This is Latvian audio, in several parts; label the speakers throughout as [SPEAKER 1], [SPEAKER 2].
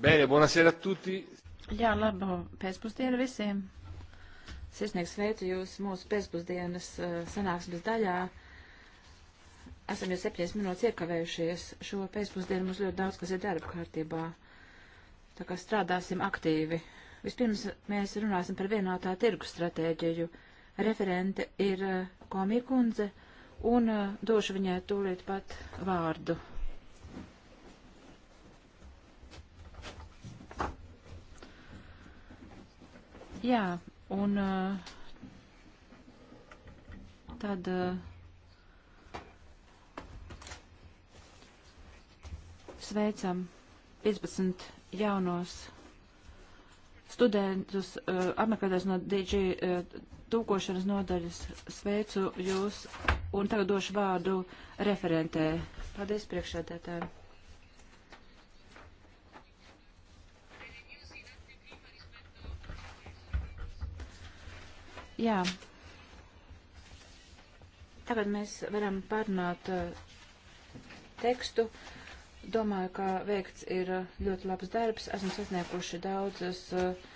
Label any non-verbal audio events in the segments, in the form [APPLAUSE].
[SPEAKER 1] Bene, buonasera a tutti.
[SPEAKER 2] Jā, labu pēcpusdienu visiem. Sirsnīgs sveicu jūs mūsu pēcpusdienas eh, sanāksmes daļā. Esam jau septiņas minūtes iekavējušies. Šo pēcpusdienu mums ļoti daudz, kas ir darba kārtībā. Tā kā strādāsim aktīvi. Vispirms mēs runāsim par vienotā tirgus stratēģiju. Referente ir eh, komikundze un eh, došu viņai tūlīt pat vārdu. Jā, un uh, tad. Uh, sveicam 15 jaunos studentus, uh, apmeklētājs no DG uh, tūkošanas nodaļas. Sveicu jūs un tagad došu vārdu referentē. Paldies priekšādētājiem. Jā. Tagad mēs varam pārnāt eh, tekstu. Domāju, ka veikts ir eh, ļoti labs darbs. Esam sasnieguši daudzas eh,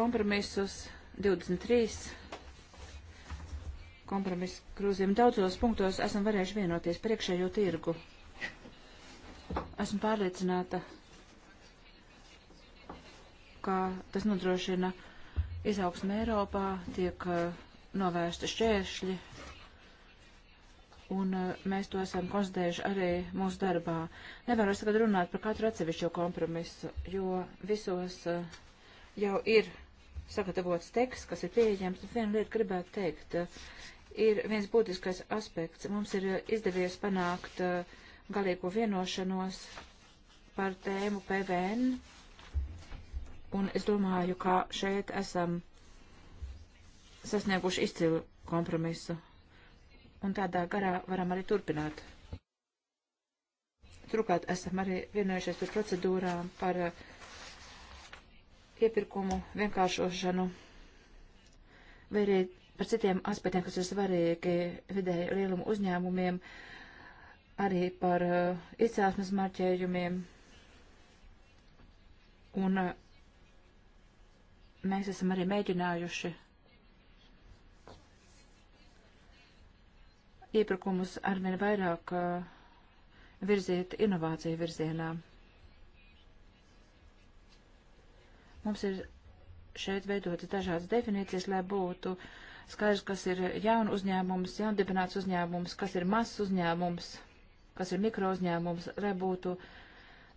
[SPEAKER 2] kompromisus. 23 kompromisu grūzījumu. Daudzos punktos esam varējuši vienoties priekšējo tirgu. Esmu pārliecināta, ka tas nodrošina izaugsme Eiropā, tiek eh, novērsti šķēršļi, un eh, mēs to esam konstatējuši arī mūsu darbā. Nevaru es tagad runāt par katru atsevišķo kompromisu, jo visos eh, jau ir sagatavots teksts, kas ir pieejams, un viena lieta gribētu teikt, ir viens būtiskais aspekts. Mums ir izdevies panākt galīgo vienošanos par tēmu PVN un es domāju, ka šeit esam sasnieguši izcilu kompromisu, un tādā garā varam arī turpināt. Turklāt esam arī vienojušies par procedūrām, par uh, iepirkumu vienkāršošanu, vai arī par citiem aspektiem, kas ir svarīgi vidēju lielumu uzņēmumiem, arī par uh, izcelsmes marķējumiem un uh, Mēs esam arī mēģinājuši iepirkumus arvien vairāk uh, virzīt inovāciju virzienā. Mums ir šeit veidotas dažādas definīcijas, lai būtu skaidrs, kas ir jauna uzņēmums, jaundibināts uzņēmums, kas ir mazs uzņēmums, kas ir mikro uzņēmums, lai būtu uh,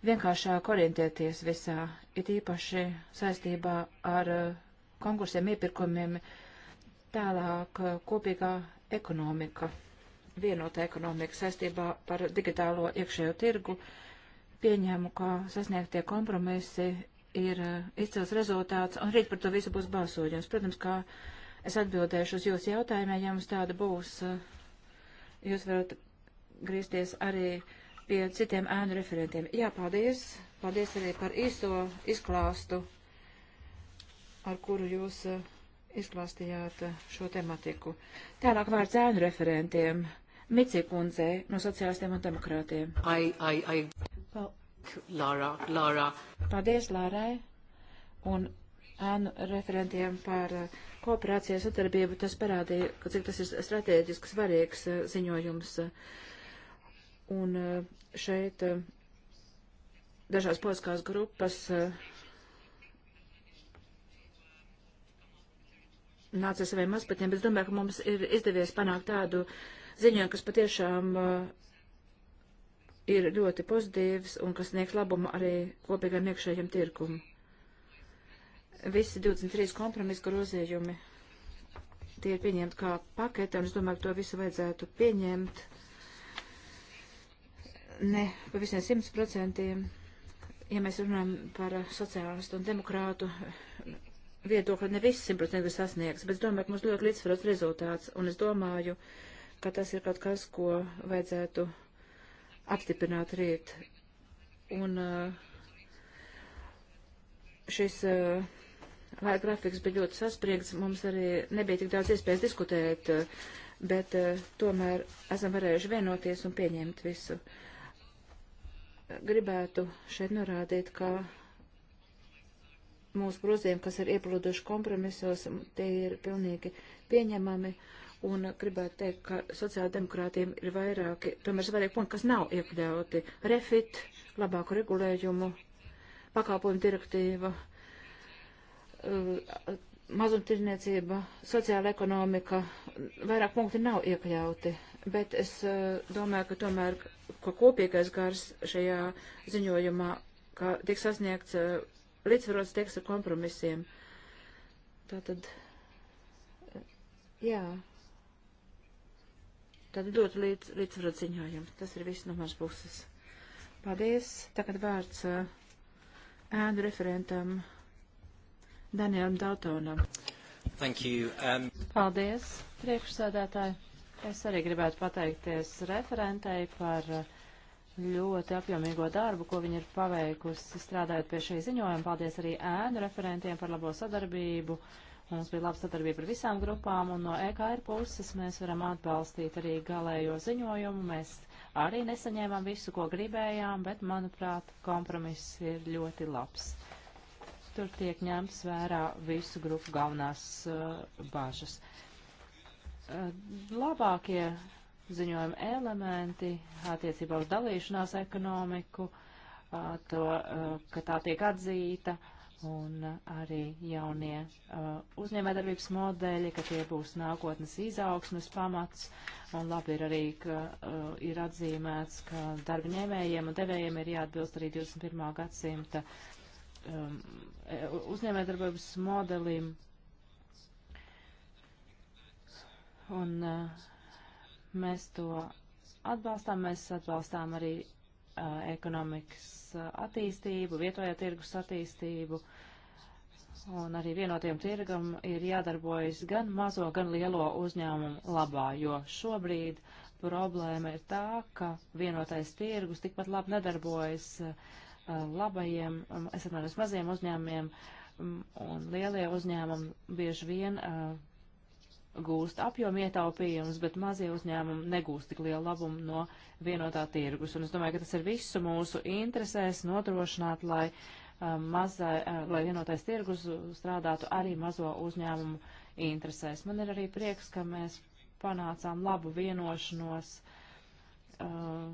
[SPEAKER 2] vienkāršāk orientēties visā, it īpaši saistībā ar uh, konkursiem, iepirkumiem, tālāk uh, kopīgā ekonomika, vienota ekonomika saistībā par digitālo iekšējo tirgu. Pieņēmu, ka sasniegtie kompromisi ir uh, izcils rezultāts, un rīt par to visu būs balsojums. Protams, kā es atbildēšu uz jūsu jautājumiem, ja mums tāda būs, jūs varat griezties arī uh, pie citiem ēnu referentiem. Jā, paldies. Paldies arī par īso izklāstu, ar kuru jūs eh, izklāstījāt eh, šo tematiku. Tālāk vārds ēnu referentiem. Mici kundzei no sociālistiem un
[SPEAKER 3] demokrātiem. Ai, ai, ai. Pal Lārā, Lārā.
[SPEAKER 2] Paldies Lārai un ēnu referentiem par eh, kooperācijas sadarbību. Tas parādīja, cik tas ir strateģiski svarīgs ziņojums. Uh, Un eh, šeit eh, dažās politiskās grupas eh, nāca saviem aspektiem, bet es domāju, ka mums ir izdevies panākt tādu ziņojumu, kas patiešām ir ļoti pozitīvs un kas sniegs labumu arī kopīgam iekšējam tirkumu. Visi 23 kompromisa grozījumi tie ir pieņemti kā pakete, un es domāju, ka to visu vajadzētu pieņemt ne pavisam 100%, ja mēs runājam par sociālistu un demokrātu viedokli, ne viss 100% ir sasniegts, bet es domāju, ka mums ļoti līdzsvarots rezultāts, un es domāju, ka tas ir kaut kas, ko vajadzētu apstiprināt rīt. Un eh, šis laika eh, grafiks bija ļoti saspringts, mums arī nebija tik daudz iespējas diskutēt, eh, bet tomēr esam varējuši vienoties un pieņemt visu. Uh, gribētu šeit norādīt, ka mūsu grozījumi, kas ir ieplūduši kompromisos, tie ir pilnīgi pieņemami. Un gribētu teikt, ka sociāldemokrātiem ir vairāki, tomēr svarīgi punkti, kas nav iekļauti. Refit, labāku regulējumu, pakāpojumu direktīva, mazumtirniecība, sociāla ekonomika, vairāk punkti nav iekļauti, bet es eh, domāju, ka tomēr, ka kopīgais gars šajā ziņojumā, ka tiek sasniegts eh, līdzsvarots teksts ar kompromisiem. Tātad, jā, tad ļoti līdz, līdzsvarots ziņojums. Tas ir viss no manas puses. Paldies. Tagad vārds eh, ēnu referentam.
[SPEAKER 3] Uh, Danielam Dautonam.
[SPEAKER 1] Thank you. Um...
[SPEAKER 3] Paldies, priekšsēdētāji. Es arī gribētu pateikties referentei par uh, ļoti apjomīgo darbu, ko viņa ir paveikusi strādājot pie šī ziņojuma. Paldies arī ēnu referentiem par labo sadarbību. Mums bija laba sadarbība ar visām grupām, un no EKR puses mēs varam atbalstīt arī galējo ziņojumu. Mēs arī nesaņēmām visu, ko gribējām, bet, manuprāt, kompromiss ir ļoti labs tur tiek ņemts vērā visu grupu galvenās uh, eh, bāžas. Uh, eh, labākie ziņojuma elementi attiecībā uz dalīšanās ekonomiku, uh, to, ka tā tiek atzīta, un arī jaunie uzņēmēdarbības modeļi, ka tie būs nākotnes izaugsmes pamats, un labi ir arī, ka ir atzīmēts, ka darba ņēmējiem un devējiem ir jāatbilst arī 21. gadsimta um, uzņēmējdarbības modelim. Un eh, mēs to atbalstām, mēs atbalstām arī eh, ekonomikas eh, attīstību, vietojā tirgus attīstību. Un arī vienotiem tirgam ir jādarbojas gan mazo, gan lielo uzņēmumu labā, jo šobrīd problēma ir tā, ka vienotais tirgus tikpat labi nedarbojas uh, labajiem, um, es atvainojos maziem uzņēmumiem um, un lielie uzņēmumi bieži vien uh, gūst apjomu ietaupījumus, bet mazie uzņēmumi negūst tik lielu labumu no vienotā tirgus. Un es domāju, ka tas ir visu mūsu interesēs nodrošināt, lai, uh, mazai, uh, lai vienotais tirgus strādātu arī mazo uzņēmumu interesēs. Man ir arī prieks, ka mēs panācām labu vienošanos. Uh,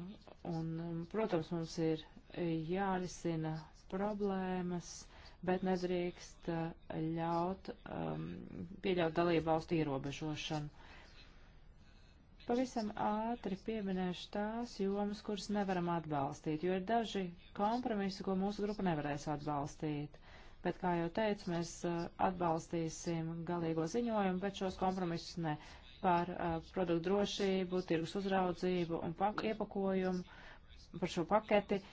[SPEAKER 3] un, protams, mums ir jārisina problēmas, bet nedrīkst eh, ļaut, um, pieļaut dalību valstu ierobežošanu. Pavisam ātri pieminēšu tās jomas, kuras nevaram atbalstīt, jo ir daži kompromisi, ko mūsu grupa nevarēs atbalstīt. Bet, kā jau teicu, mēs eh, atbalstīsim galīgo ziņojumu, bet šos kompromisus ne par uh, produktu drošību, tirgus uzraudzību un pak iepakojumu par šo paketi. Uh,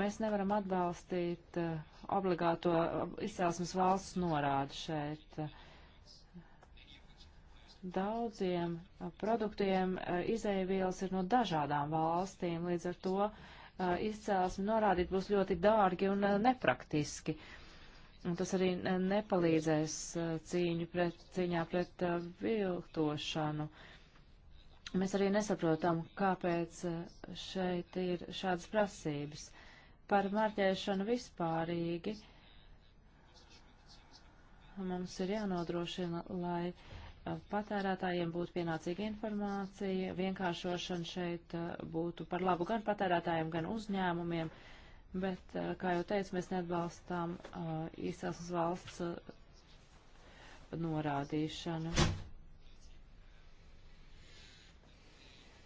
[SPEAKER 3] Mēs nevaram atbalstīt eh, obligāto izcelsmes valsts norādi šeit. Daudziem eh, produktiem eh, izēvielas ir no dažādām valstīm, līdz ar to izcelsmi norādīt būs ļoti dārgi un nepraktiski. Un tas arī nepalīdzēs cīņu pret, cīņā pret viltošanu. Mēs arī nesaprotam, kāpēc šeit ir šādas prasības. Uh, par marķēšanu vispārīgi. Mums ir jānodrošina, lai uh, patērētājiem būtu pienācīga informācija, vienkāršošana šeit uh, būtu par labu gan patērētājiem, gan uzņēmumiem, bet, uh, kā jau teicu, mēs neatbalstām izcelsmes valsts norādīšanu.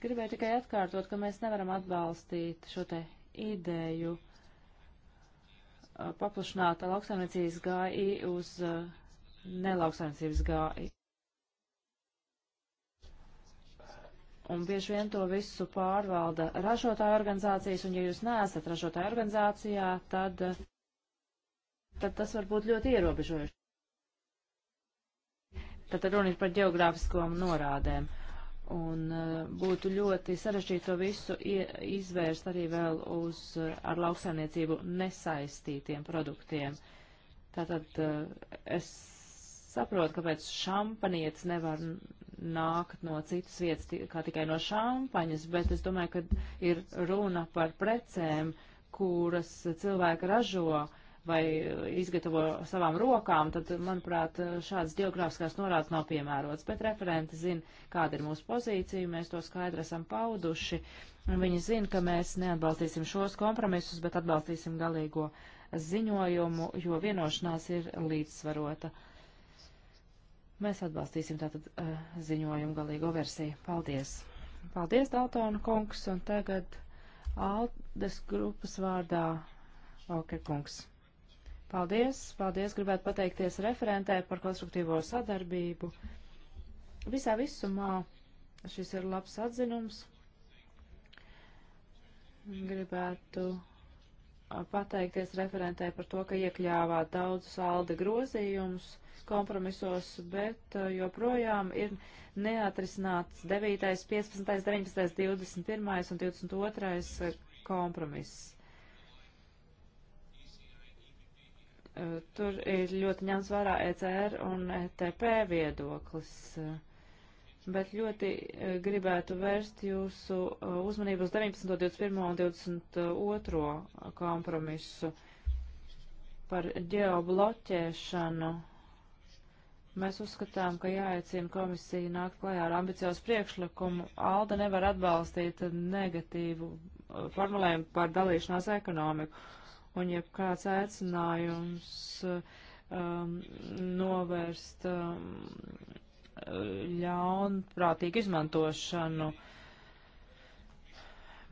[SPEAKER 3] Gribēju tikai atkārtot, ka mēs nevaram atbalstīt šo te ideju uh, Uh, paplašināta lauksaimniecības GI uz uh, nelauksaimniecības GI. Un bieži vien to visu pārvalda ražotāju organizācijas, un ja jūs neesat ražotāju organizācijā, tad, uh, tad tas var būt ļoti ierobežojuši. Tad runa ir par geogrāfiskām norādēm. Uh, Un eh, būtu ļoti sarežģīti to visu izvērst arī vēl uz eh, ar lauksaimniecību nesaistītiem produktiem. Tātad eh, es saprotu, kāpēc šampanietis nevar nākt no citas vietas, kā tikai no šampaņas, bet es domāju, ka ir runa par precēm, kuras cilvēki ražo, uh, vai izgatavo savām rokām, tad, manuprāt, šāds geogrāfiskās norādes nav piemērots. Bet referenti zina, kāda ir mūsu pozīcija, mēs to skaidri esam pauduši. Viņi zina, ka mēs neatbalstīsim šos kompromisus, bet atbalstīsim galīgo ziņojumu, jo vienošanās ir līdzsvarota. Mēs atbalstīsim tātad uh, ziņojumu galīgo versiju. Paldies! Paldies, Daltona kungs, un tagad Aldes grupas vārdā Oker kungs. Paldies, paldies, gribētu pateikties referentē par konstruktīvo sadarbību. Visā visumā šis ir labs atzinums. Gribētu pateikties referentē par to, ka iekļāvāt daudzus alda grozījumus kompromisos, bet joprojām ir neatrisināts 9., 15., 19., 21. un 22. kompromiss Eh, tur ir ļoti ņemts vērā ECR un ETP viedoklis, eh, bet ļoti eh, gribētu vērst jūsu uzmanību uz 19, 21 un 22 kompromisu par ģeobloķēšanu. Mēs uzskatām, ka jāaicina komisija nākt klajā ar ambiciozu priekšlikumu. Alda nevar atbalstīt negatīvu formulējumu par dalīšanās ekonomiku un jeb kāds aicinājums um, novērst um, ļaunprātīgu izmantošanu.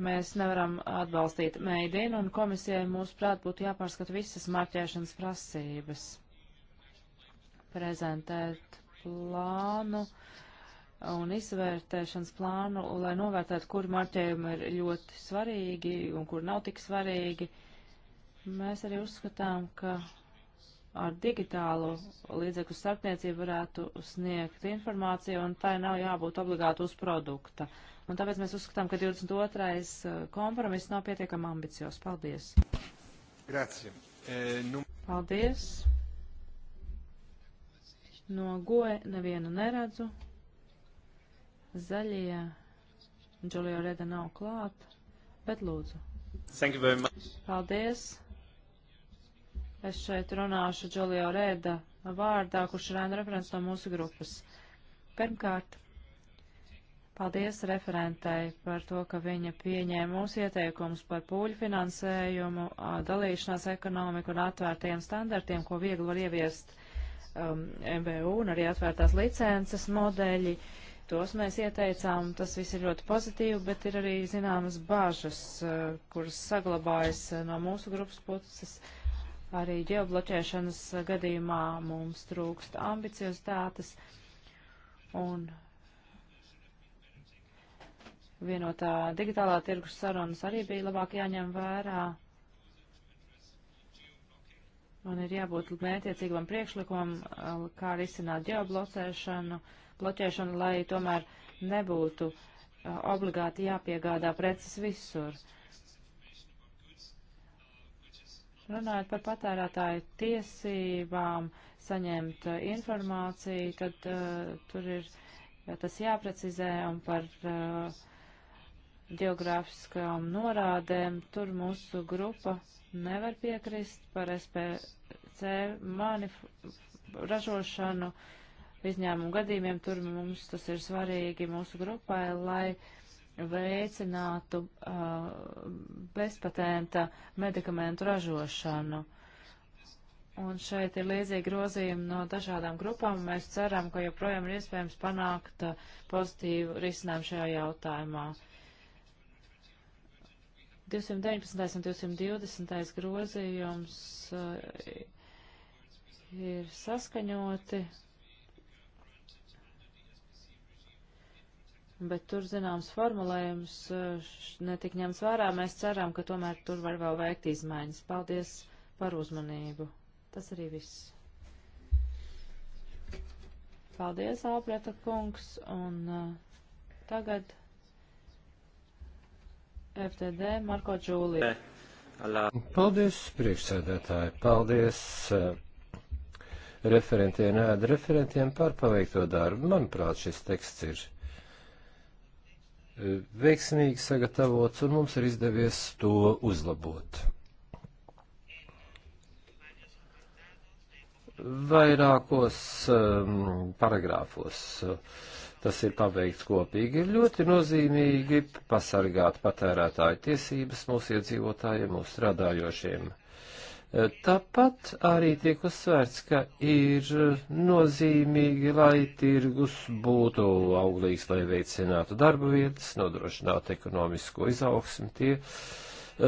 [SPEAKER 3] Mēs nevaram atbalstīt meidinu, un komisijai, mūsuprāt, būtu jāpārskata visas marķēšanas prasības. Prezentēt plānu un izvērtēšanas plānu, lai novērtētu, kur marķējumi ir ļoti svarīgi un kur nav tik svarīgi. Uh, Mēs arī uzskatām, ka ar digitālu līdzekļu starpniecību varētu sniegt informāciju, un tai nav jābūt obligāti uz produkta. Un tāpēc mēs uzskatām, ka 22. Uh, kompromiss nav pietiekami ambicios. Paldies!
[SPEAKER 1] Grazie. E, nu...
[SPEAKER 3] Paldies! No goja nevienu neredzu. Zaļie Džolio Reda nav klāt, bet lūdzu. Thank you very much. Paldies! Es šeit runāšu Džolio Rēda vārdā, kurš ir ēna referents no mūsu grupas. Pirmkārt, paldies referentai par to, ka viņa pieņēma mūsu ieteikumus par pūļu finansējumu, dalīšanās ekonomiku un atvērtiem standartiem, ko viegli var ieviest um, MBU un arī atvērtās licences modeļi. Tos mēs ieteicām, tas viss ir ļoti pozitīvi, bet ir arī zināmas bāžas, kuras saglabājas no mūsu grupas puses Arī ģeobloķēšanas gadījumā mums trūkst ambiciozitātes un vienotā digitālā tirgus sarunas arī bija labāk jāņem vērā. Un ir jābūt mētiecīgam priekšlikumam, eh, kā risināt ģeobloķēšanu, bloķēšanu, lai tomēr nebūtu eh, obligāti jāpiegādā preces visur. Uh, Runājot par patērētāju tiesībām saņemt uh, informāciju, tad uh, tur ir ja tas jāprecizē un par uh, geogrāfiskām norādēm. Tur mūsu grupa nevar piekrist par SPC ražošanu izņēmumu gadījumiem. Tur mums tas ir svarīgi mūsu grupai, lai uh, veicinātu uh, bezpatenta medikamentu ražošanu. Un šeit ir līdzīgi grozījumi no dažādām grupām. Mēs ceram, ka joprojām ir iespējams panākt uh, pozitīvu risinājumu šajā jautājumā. 219. un 220. grozījums uh, ir saskaņoti bet tur zināms formulējums e, netik ņemts vērā. Mēs ceram, ka tomēr tur var vēl veikt izmaiņas. Paldies par uzmanību. Tas arī viss. Paldies, Alpreta kungs, un uh, tagad FTD Marko Džūlija.
[SPEAKER 1] Paldies, priekšsēdētāji, paldies. Uh, referentiem, ēda referentiem par paveikto darbu. Manuprāt, šis teksts ir uh, veiksmīgi sagatavots, un mums ir izdevies to uzlabot. Vairākos um, paragrāfos uh, tas ir paveikts kopīgi. Ir ļoti nozīmīgi pasargāt patērētāju tiesības mūsu iedzīvotājiem, mūsu strādājošiem. Tāpat arī tiek uzsvērts, ka ir nozīmīgi, lai tirgus būtu auglīgs, lai veicinātu darba vietas, nodrošinātu ekonomisko izaugsmu. Tie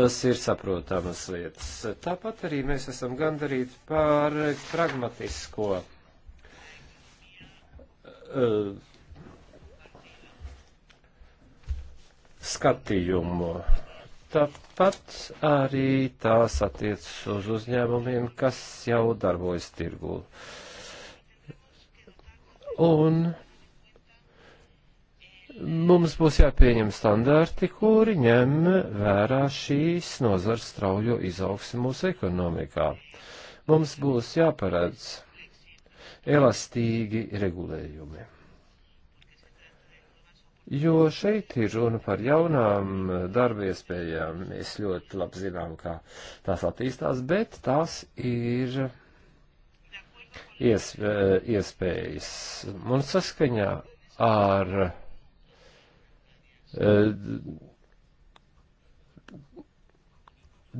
[SPEAKER 1] ir saprotamas lietas. Tāpat arī mēs esam gandarīti par pragmatisko uh, skatījumu Tāpat arī tās attiecas uz uzņēmumiem, kas jau darbojas tirgū. Un mums būs jāpieņem standarti, kuri ņem vērā šīs nozars straujo izaugsmu mūsu ekonomikā. Mums būs jāparedz elastīgi regulējumi. Jo šeit ir runa par jaunām eh, darba iespējām. Mēs ļoti labi zinām, kā tās attīstās, bet tās ir ies, eh, iespējas. Un saskaņā ar eh,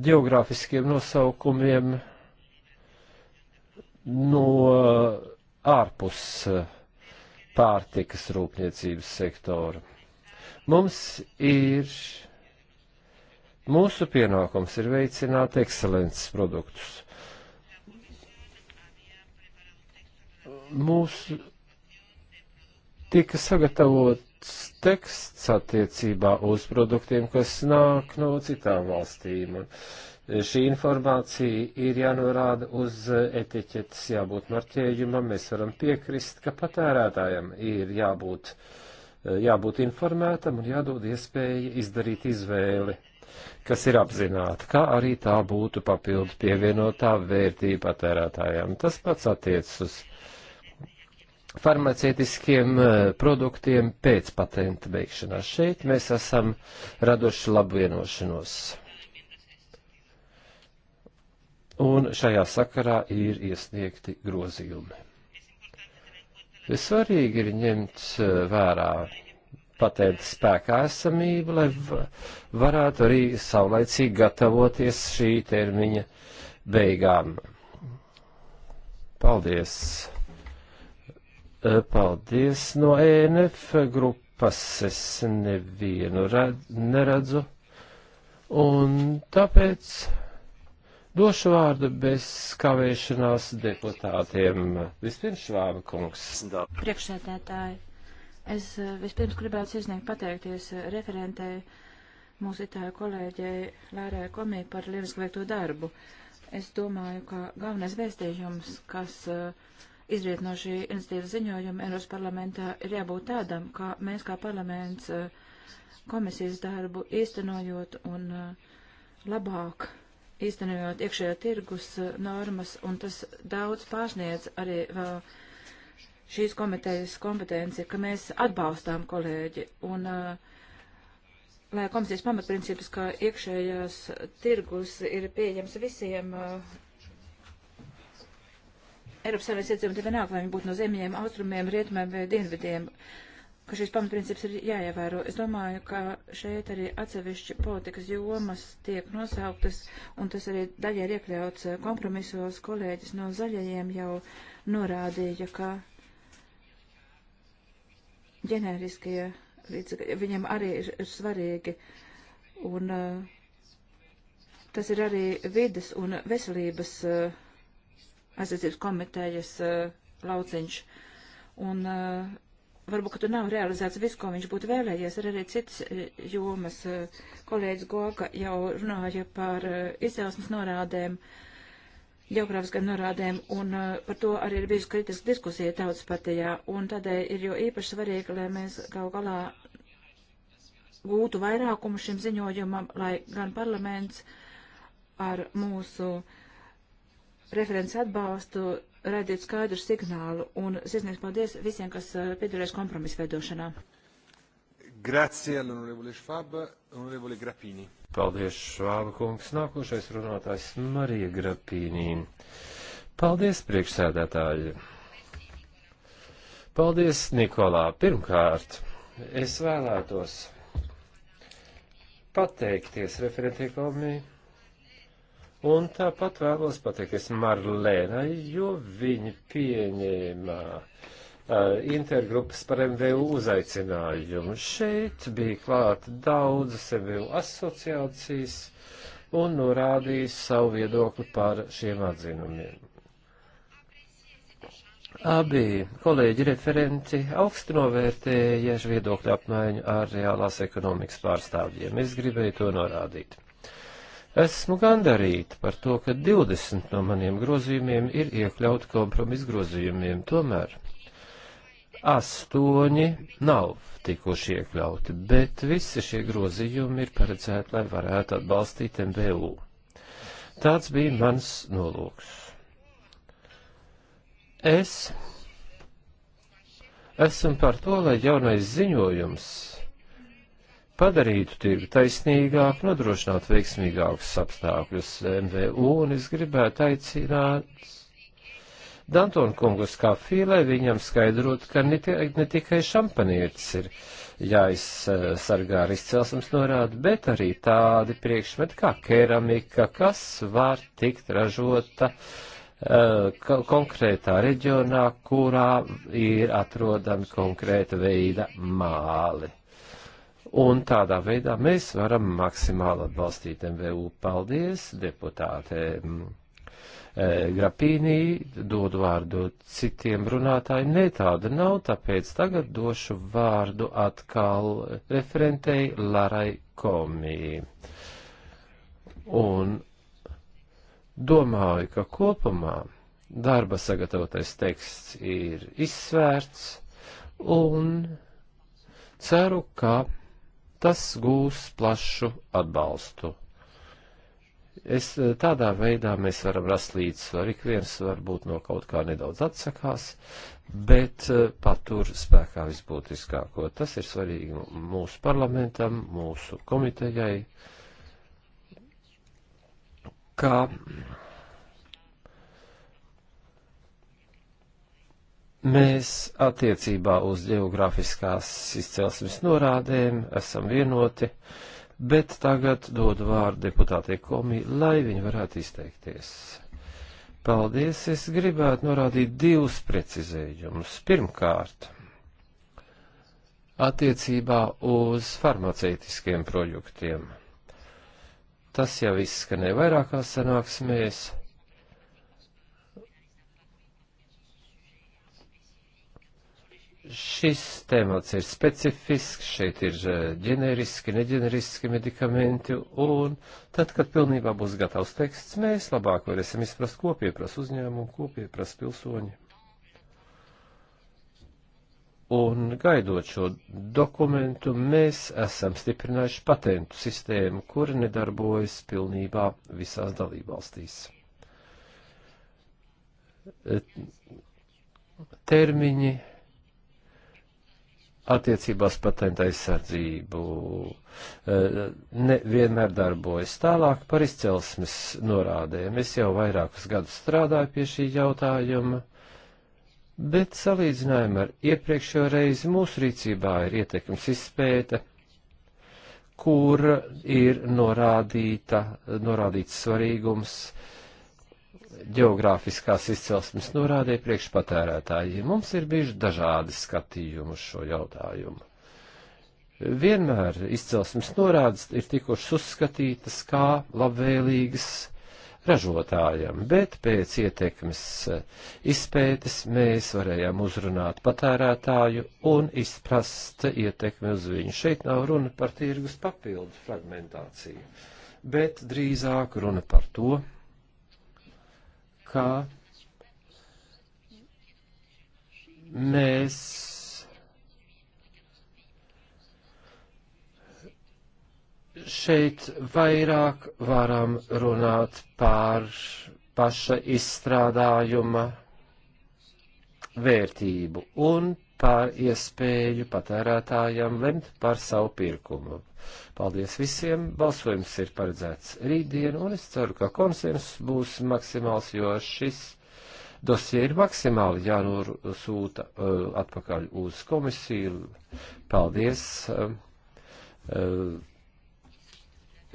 [SPEAKER 1] geogrāfiskiem nosaukumiem no ārpus uh, pārtikas rūpniecības sektoru. Mums ir, mūsu pienākums ir veicināt ekscelences produktus. Mūsu tika sagatavots teksts attiecībā uz produktiem, kas nāk no citām valstīm. Un, Šī informācija ir jānorāda uz etiķetes, jābūt marķējumam. Mēs varam piekrist, ka patērētājam ir jābūt, eh, jābūt informētam un jādod iespēja izdarīt izvēli, kas ir apzināta, kā arī tā būtu papildu pievienotā vērtība patērētājiem. Tas pats attiecas uz farmaceitiskiem eh, produktiem pēc patenta beigšanās. Šeit mēs esam radoši labu vienošanos un šajā sakarā ir iesniegti grozījumi. Svarīgi ir ņemt eh, vērā patēta spēkā esamību, lai varētu arī saulaicīgi gatavoties šī termiņa beigām. Paldies! Eh, paldies! No ENF grupas es nevienu redz, neredzu, un tāpēc. Došu vārdu bez kavēšanās deputātiem. Vispirms Švāba kungs.
[SPEAKER 2] Priekšsētētāji, es eh, vispirms gribētu iesniegt pateikties eh, referentei mūsu itāļu kolēģei Lērai Komī par lielisku veikto darbu. Es domāju, ka galvenais vēstījums, kas eh, izriet no šī institīvas ziņojuma Eiropas parlamentā, ir jābūt tādam, ka mēs kā parlaments komisijas darbu īstenojot un labāk īstenojot iekšējā tirgus eh, normas, un tas daudz pārsniedz arī vēl šīs komitejas kompetenci, ka mēs atbalstām kolēģi. Un, eh, lai komisijas pamatprincips, ka iekšējās tirgus ir pieejams visiem eh, Eiropas Savienības iedzīvotājiem vienalga, vai viņi būtu no ziemeļiem, austrumiem, rietumiem vai dienvidiem. Uh, ka šis pamatprincips ir jāievēro. Es domāju, ka šeit arī atsevišķi politikas jomas tiek nosauktas, un tas arī daļai ir iekļauts eh, kompromisos. Kolēģis no zaļajiem jau norādīja, ka ģenēriskie līdzekļi viņam arī ir, ir svarīgi, un eh, tas ir arī vides un veselības eh, aizsardzības komitejas lauciņš. Un uh, varbūt, ka tur nav realizēts viss, ko viņš būtu vēlējies, ir arī citas e, jomas. E, kolēģis Goka jau runāja par e, izcelsmes norādēm, geogrāfiskām norādēm, un par to arī ir bijusi kritiska diskusija tautas partijā, un tādēļ ir jo īpaši svarīgi, lai mēs gal galā gūtu vairākumu šim ziņojumam, lai gan parlaments ar mūsu referents atbalstu raidīt skaidru signālu un sirsnieks paldies visiem, kas eh, piedalījās kompromisu veidošanā.
[SPEAKER 1] Grazie, l'onorevole Schwab, onorevole Grappini. Paldies, Švāba kungs. Nākošais runātājs Marija Grappini. Paldies, priekšsēdētāji. Paldies, Nikolā. Pirmkārt, es vēlētos pateikties referentiekomiju Un tāpat vēlos pateikties Marlēnai, jo viņa pieņēma uh, intergrupas par MVU uzaicinājumu. Šeit bija klāt daudzas MVU asociācijas un norādīja savu viedokli par šiem atzinumiem. Abi kolēģi referenti augstu novērtēja viedokļu apmaiņu ar reālās ekonomikas pārstāvjiem. Es gribēju to norādīt. Esmu gandarīta par to, ka 20 no maniem grozījumiem ir iekļauti kompromisu grozījumiem, tomēr astoņi nav tikuši iekļauti, bet visi šie grozījumi ir paredzēti, lai varētu atbalstīt MBU. Tāds bija mans nolūks. Es esmu par to, lai jaunais ziņojums padarītu tirgu taisnīgāku, nodrošinātu veiksmīgākus apstākļus MVU, un es gribētu aicināt Dantonu kungus kafī, lai viņam skaidrotu, ka ne, ne tikai šampanietis ir jāizsargā ar izcelsmes norādu, bet arī tādi priekšmeti kā keramika, kas var tikt ražota uh, konkrētā reģionā, kurā ir atrodami konkrēta veida māli. Un tādā veidā mēs varam maksimāli atbalstīt MVU. Paldies, deputāte mm, e, Grapīnī, dodu vārdu citiem runātājiem. Nē, tāda nav, tāpēc tagad došu vārdu atkal referentei Larai Komī. Un domāju, ka kopumā darba sagatavotais teksts ir izsvērts un ceru, ka tas gūs plašu atbalstu. Es, eh, tādā veidā mēs varam rast līdzsvaru. Ik viens varbūt no kaut kā nedaudz atsakās, bet eh, patur spēkā visbūtiskāko. Tas ir svarīgi mūsu parlamentam, mūsu komitejai, kā Mēs attiecībā uz geogrāfiskās izcelsmes norādēm esam vienoti, bet tagad dodu vārdu deputātei Komī, lai viņi varētu izteikties. Paldies, es gribētu norādīt divus precizējumus. Pirmkārt, attiecībā uz farmaceitiskiem projektiem. Tas jau izskanēja vairākās sanāksmēs. Šis temats ir specifisks, šeit ir eh, ģeneriski, neģeneriski medikamenti, un tad, kad pilnībā būs gatavs teksts, mēs labāk varēsim izprast, ko pieprasa uzņēmumu, ko pieprasa pilsoņi. Un gaidot šo dokumentu, mēs esam stiprinājuši patentu sistēmu, kura nedarbojas pilnībā visās dalībvalstīs. Eh, termiņi attiecībās patenta aizsardzību eh, nevienmēr darbojas. Tālāk par izcelsmes norādēm. Es jau vairākus gadus strādāju pie šī jautājuma, bet salīdzinājumā ar iepriekšējo reizi mūsu rīcībā ir ietekmes izpēte, kur ir norādīta, norādīts svarīgums uh, ģeogrāfiskās izcelsmes norādē priekšpatērētājiem. Mums ir bijuši dažādi skatījumi uz šo jautājumu. Vienmēr izcelsmes norādes ir tikušas uzskatītas kā labvēlīgas ražotājam, bet pēc ietekmes izpētes mēs varējām uzrunāt patērētāju un izprast ietekmi uz viņu. Šeit nav runa par tirgus papildu fragmentāciju, bet drīzāk runa par to, kā mēs šeit vairāk varam runāt par paša izstrādājuma vērtību un par iespēju patērētājiem lemt par savu pirkumu. Paldies visiem! Balsojums ir paredzēts rītdien, un es ceru, ka konsens būs maksimāls, jo šis dosie ir maksimāli jānosūta uh, atpakaļ uz komisiju. Paldies! Um, uh, uh,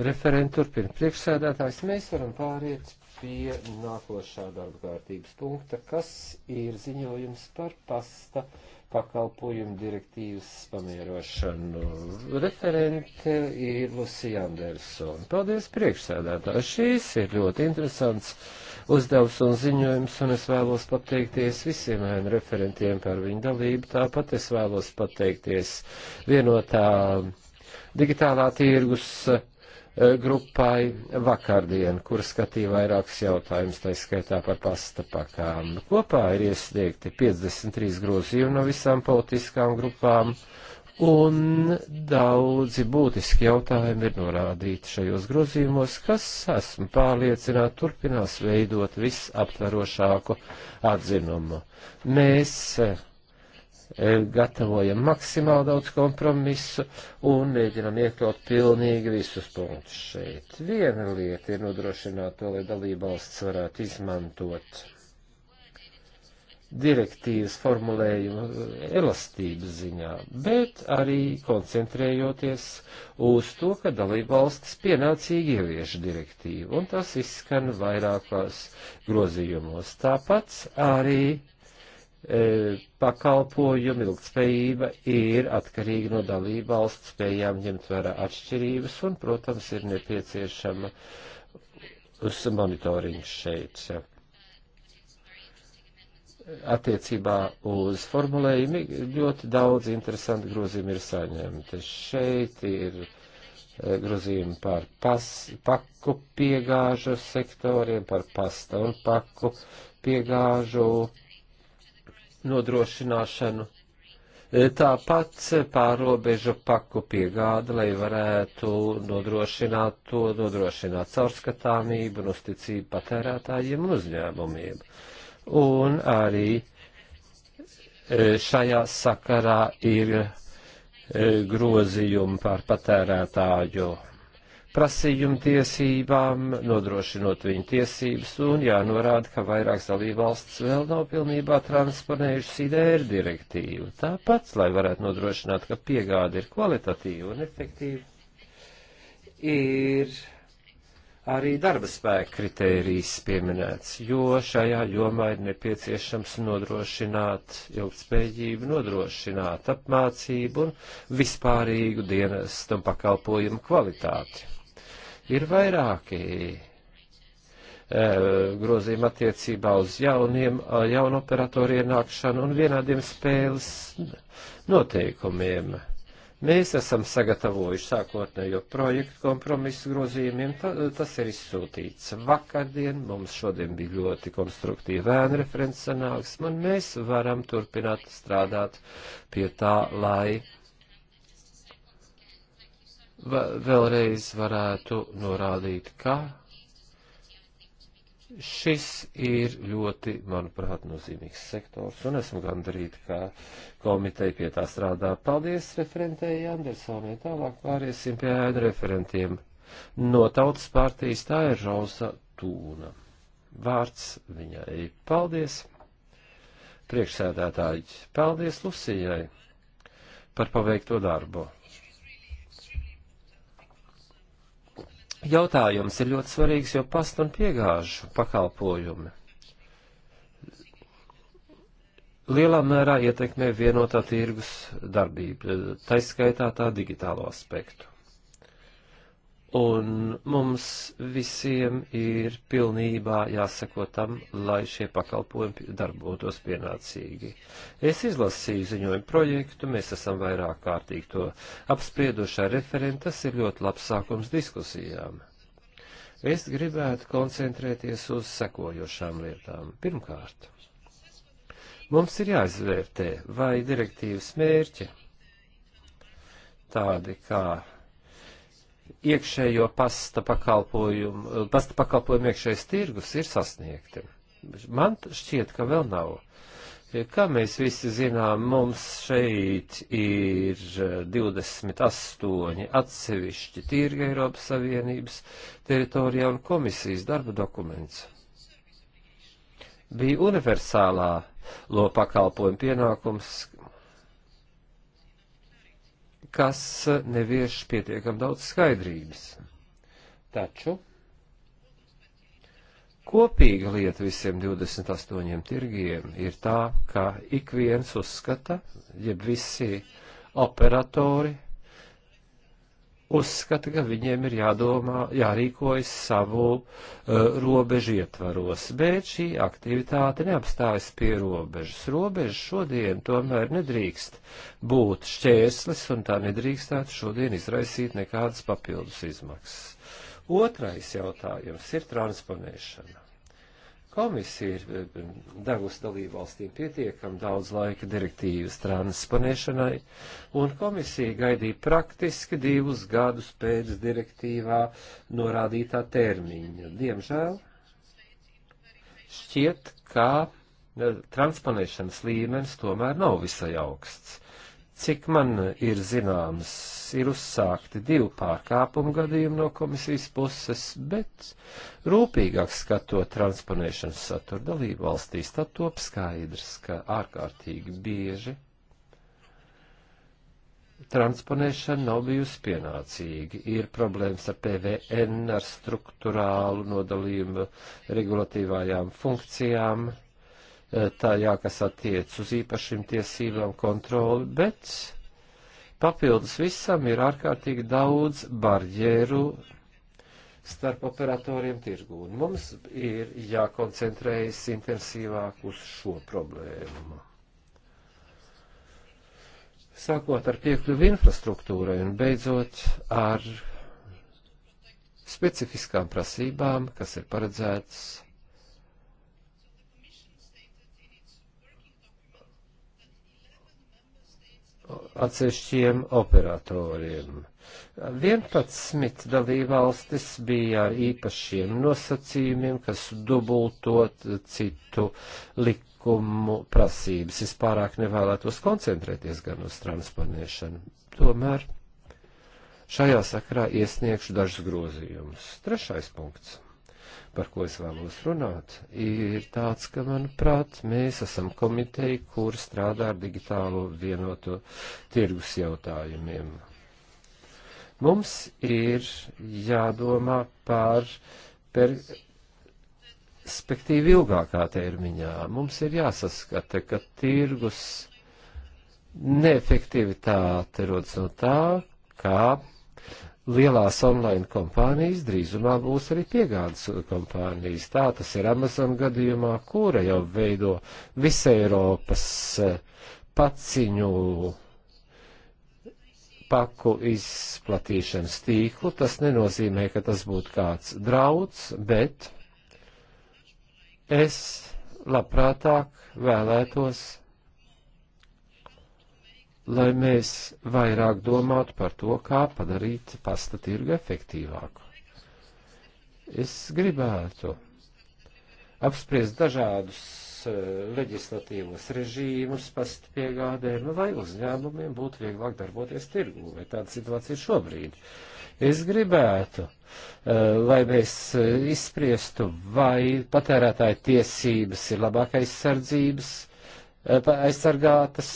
[SPEAKER 1] Referentu turpina priekšsēdētājs. Mēs varam pāriet pie nākošā darba kārtības punkta, kas ir ziņojums par pasta pakalpojumu direktīvas pamierošanu. Referente ir Lucija Andersona. Paldies priekšsēdētāji. Šīs ir ļoti interesants uzdevums un ziņojums, un es vēlos pateikties visiem ēnu referentiem par viņu dalību. Tāpat es vēlos pateikties vienotā digitālā tirgus E, grupai vakardien, kur skatīja vairākus jautājumus, tā skaitā par pasta pakām. Kopā ir iesniegti 53 grozījumi no visām politiskām grupām, un daudzi būtiski jautājumi ir norādīti šajos grozījumos, kas, esmu pārliecināta, turpinās veidot visaptverošāku atzinumu. Mēs gatavojam maksimāli daudz kompromisu un mēģinam iekļaut pilnīgi visus punktus šeit. Viena lieta ir nodrošināt to, lai dalībvalsts varētu izmantot direktīvas formulējumu elastības ziņā, bet arī koncentrējoties uz to, ka dalībvalstis pienācīgi ievieš direktīvu, un tas izskan vairākās grozījumos. Tāpat arī E, pakalpojumi, ilgspējība ir atkarīga no dalību valsts spējām ņemt vērā atšķirības un, protams, ir nepieciešama uz monitorings šeit. Attiecībā uz formulējumi ļoti daudz interesanti grozījumi ir saņemti. Šeit ir e, grozījumi par pas, paku piegāžu sektoriem, par pasta un paku piegāžu nodrošināšanu. E, tāpat pārobežu paku piegāda, lai varētu nodrošināt to, nodrošināt caurskatāmību un uzticību patērētājiem un uzņēmumiem. Un arī e, šajā sakarā ir e, grozījumi par patērētāju prasījumu tiesībām, nodrošinot viņu tiesības, un jānorāda, ka vairākas dalībvalstis vēl nav pilnībā transponējušas IDR direktīvu. Tāpat, lai varētu nodrošināt, ka piegāde ir kvalitatīva un efektīva, ir arī darba spēka kritērijs pieminēts, jo šajā jomā ir nepieciešams nodrošināt ilgspējību, nodrošināt apmācību un vispārīgu dienestu un pakalpojumu kvalitāti Ir vairāki eh, grozījuma attiecībā uz jauniem, eh, jaunu operatoru ienākšanu un vienādiem spēles noteikumiem. Mēs esam sagatavojuši sākotnējo projektu kompromisu grozījumiem, ta, tas ir izsūtīts vakardien, mums šodien bija ļoti konstruktīva ēna referents sanāksme, un mēs varam turpināt strādāt pie tā, lai vēlreiz varētu norādīt, ka šis ir ļoti, manuprāt, nozīmīgs sektors, un esmu gandarīti, ka komiteja pie tā strādā. Paldies referentēji Andersonai, tālāk pāriesim pie ēnu referentiem. No tautas partijas tā ir Roza Tūna. Vārds viņai. Paldies! Priekšsēdētāji, paldies Lucijai par paveikto darbu. jautājums ir ļoti svarīgs, jo pastu un piegāžu pakalpojumi lielā mērā ietekmē vienotā tirgus darbību, taiskaitā tā digitālo aspektu. Un mums visiem ir pilnībā jāseko tam, lai šie pakalpojumi darbotos pienācīgi. Es izlasīju ziņojumu projektu, mēs esam vairāk kārtīgi to apsprieduši ar referentu, tas ir ļoti labs sākums diskusijām. Es gribētu koncentrēties uz sekojošām lietām. Pirmkārt, mums ir jāizvērtē, vai direktīvas mērķi tādi kā iekšējo pasta pakalpojumu, eh, pasta pakalpojumu iekšējais tirgus ir sasniegti. Man šķiet, ka vēl nav. Kā mēs visi zinām, mums šeit ir 28 eh, atsevišķi tirgi Eiropas Savienības teritorijā un komisijas darba dokuments. Bija universālā lo pakalpojumu pienākums, kas nevieš pietiekam daudz skaidrības. Taču kopīga lieta visiem 28 tirgiem ir tā, ka ik viens uzskata, jeb visi operatori uzskata, ka viņiem ir jādomā, jārīkojas savu uh, robežu ietvaros, bet šī aktivitāte neapstājas pie robežas. Robeža šodien tomēr nedrīkst būt šķērslis, un tā nedrīkstētu šodien izraisīt nekādas papildus izmaksas. Otrais jautājums ir transponēšana. Komisija ir eh, devusi dalībvalstīm pietiekam daudz laika direktīvas transponēšanai, un komisija gaidīja praktiski divus gadus pēc direktīvā norādītā termiņa. Diemžēl šķiet, ka eh, transponēšanas līmenis tomēr nav visai augsts. Cik man ir zināms, ir uzsākti divi pārkāpumu gadījumi no komisijas puses, bet rūpīgāk skatot transponēšanas saturu dalību valstīs, tad top skaidrs, ka ārkārtīgi bieži transponēšana nav bijusi pienācīga. Ir problēmas ar PVN, ar struktūrālu nodalījumu regulatīvajām funkcijām. Eh, tajā, kas attiec uz īpašiem tiesībām kontroli, bet papildus visam ir ārkārtīgi daudz barjeru starp operatoriem tirgū. Un mums ir jākoncentrējas intensīvāk uz šo problēmu. Sākot ar piekļuvi infrastruktūrai un beidzot ar specifiskām prasībām, kas ir paredzētas atsevišķiem operatoriem. 11 dalībvalstis bija ar īpašiem nosacījumiem, kas dubultot citu likumu prasības. Es pārāk nevēlētos koncentrēties gan uz transponēšanu. Tomēr šajā sakarā iesniegšu dažus grozījumus. Trešais punkts par ko es vēlos runāt, ir tāds, ka, manuprāt, mēs esam komiteja, kur strādā ar digitālo vienoto tirgus jautājumiem. Mums ir jādomā par perspektīvu ilgākā termiņā. Mums ir jāsaskata, ka tirgus neefektivitāte rodas no tā, kā lielās online kompānijas drīzumā būs arī piegādes kompānijas. Tā tas ir Amazon gadījumā, kura jau veido visu Eiropas eh, paciņu paku izplatīšanas tīklu. Tas nenozīmē, ka tas būtu kāds drauds, bet es labprātāk vēlētos lai mēs vairāk domātu par to, kā padarīt pasta tirgu efektīvāku. Es gribētu apspriest dažādus eh, leģislatīvos režīmus pasta piegādēm, lai uzņēmumiem būtu vieglāk darboties tirgū, vai tāda situācija ir šobrīd. Es gribētu, eh, lai mēs eh, izspriestu, vai patērētāja tiesības ir labāk aizsardzības, aizsargātas,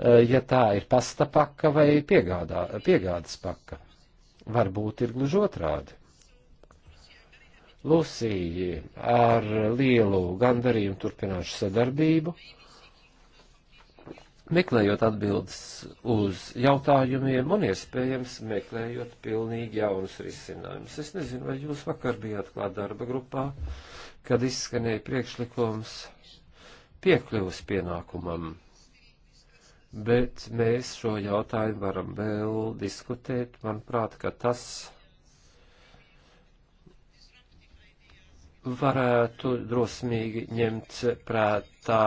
[SPEAKER 1] Eh, ja tā ir pasta paka vai piegādā, piegādas paka. Varbūt ir gluži otrādi. Lūsija ar lielu gandarījumu turpināšu sadarbību, meklējot atbildes uz jautājumiem un iespējams meklējot pilnīgi jaunus risinājumus. Es nezinu, vai jūs vakar bijāt klāt darba grupā, kad izskanēja priekšlikums piekļuvas pienākumam bet mēs šo jautājumu varam vēl diskutēt. Manuprāt, ka tas varētu drosmīgi ņemt prātā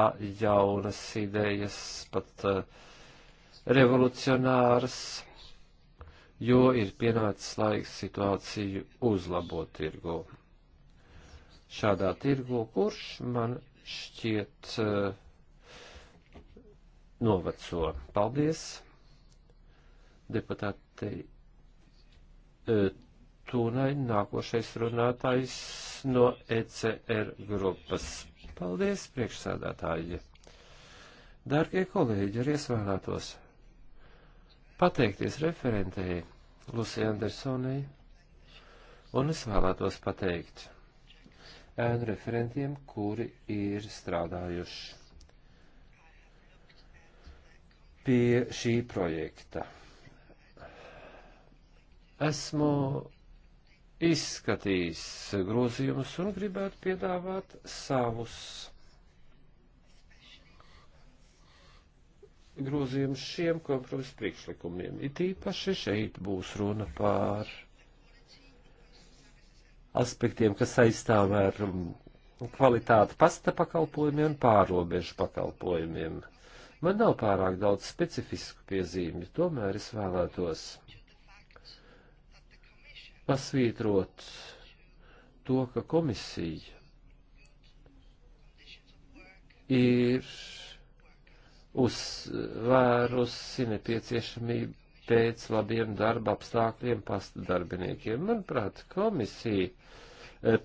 [SPEAKER 1] jaunas idejas, pat uh, revolucionāras, jo ir pienācis laiks situāciju uzlabot tirgu. Šādā tirgu, kurš man šķiet uh, noveco. Paldies, deputātei. E, Tūnai nākošais runātājs no ECR grupas. Paldies, priekšsēdētāji! Dārgie kolēģi, arī es vēlētos pateikties referentei Lucija Andersonai, un es vēlētos pateikt ēnu referentiem, kuri ir strādājuši pie šī projekta. Esmu izskatījis grozījumus un gribētu piedāvāt savus grozījumus šiem kompromisu priekšlikumiem. It īpaši šeit būs runa pār aspektiem, kas saistām ar kvalitāti pasta pakalpojumiem un pārobežu pakalpojumiem. Man nav pārāk daudz specifisku piezīmi, tomēr es vēlētos pasvītrot to, ka komisija ir uzsvērusi nepieciešamību pēc labiem darba apstākļiem pasta darbiniekiem. Manuprāt, komisija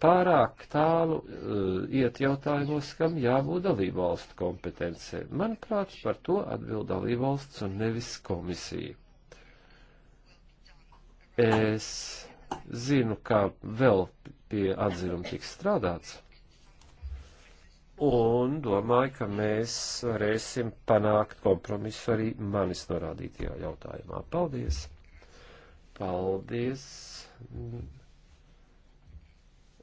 [SPEAKER 1] pārāk tālu eh, iet jautājumos, kam jābūt dalību valstu kompetencē. Manuprāt, par to atbild dalību valsts un nevis komisija. Es zinu, kā vēl pie atzinuma tiks strādāts. Un domāju, ka mēs varēsim panākt kompromisu arī manis norādītajā jautājumā. Paldies! Paldies!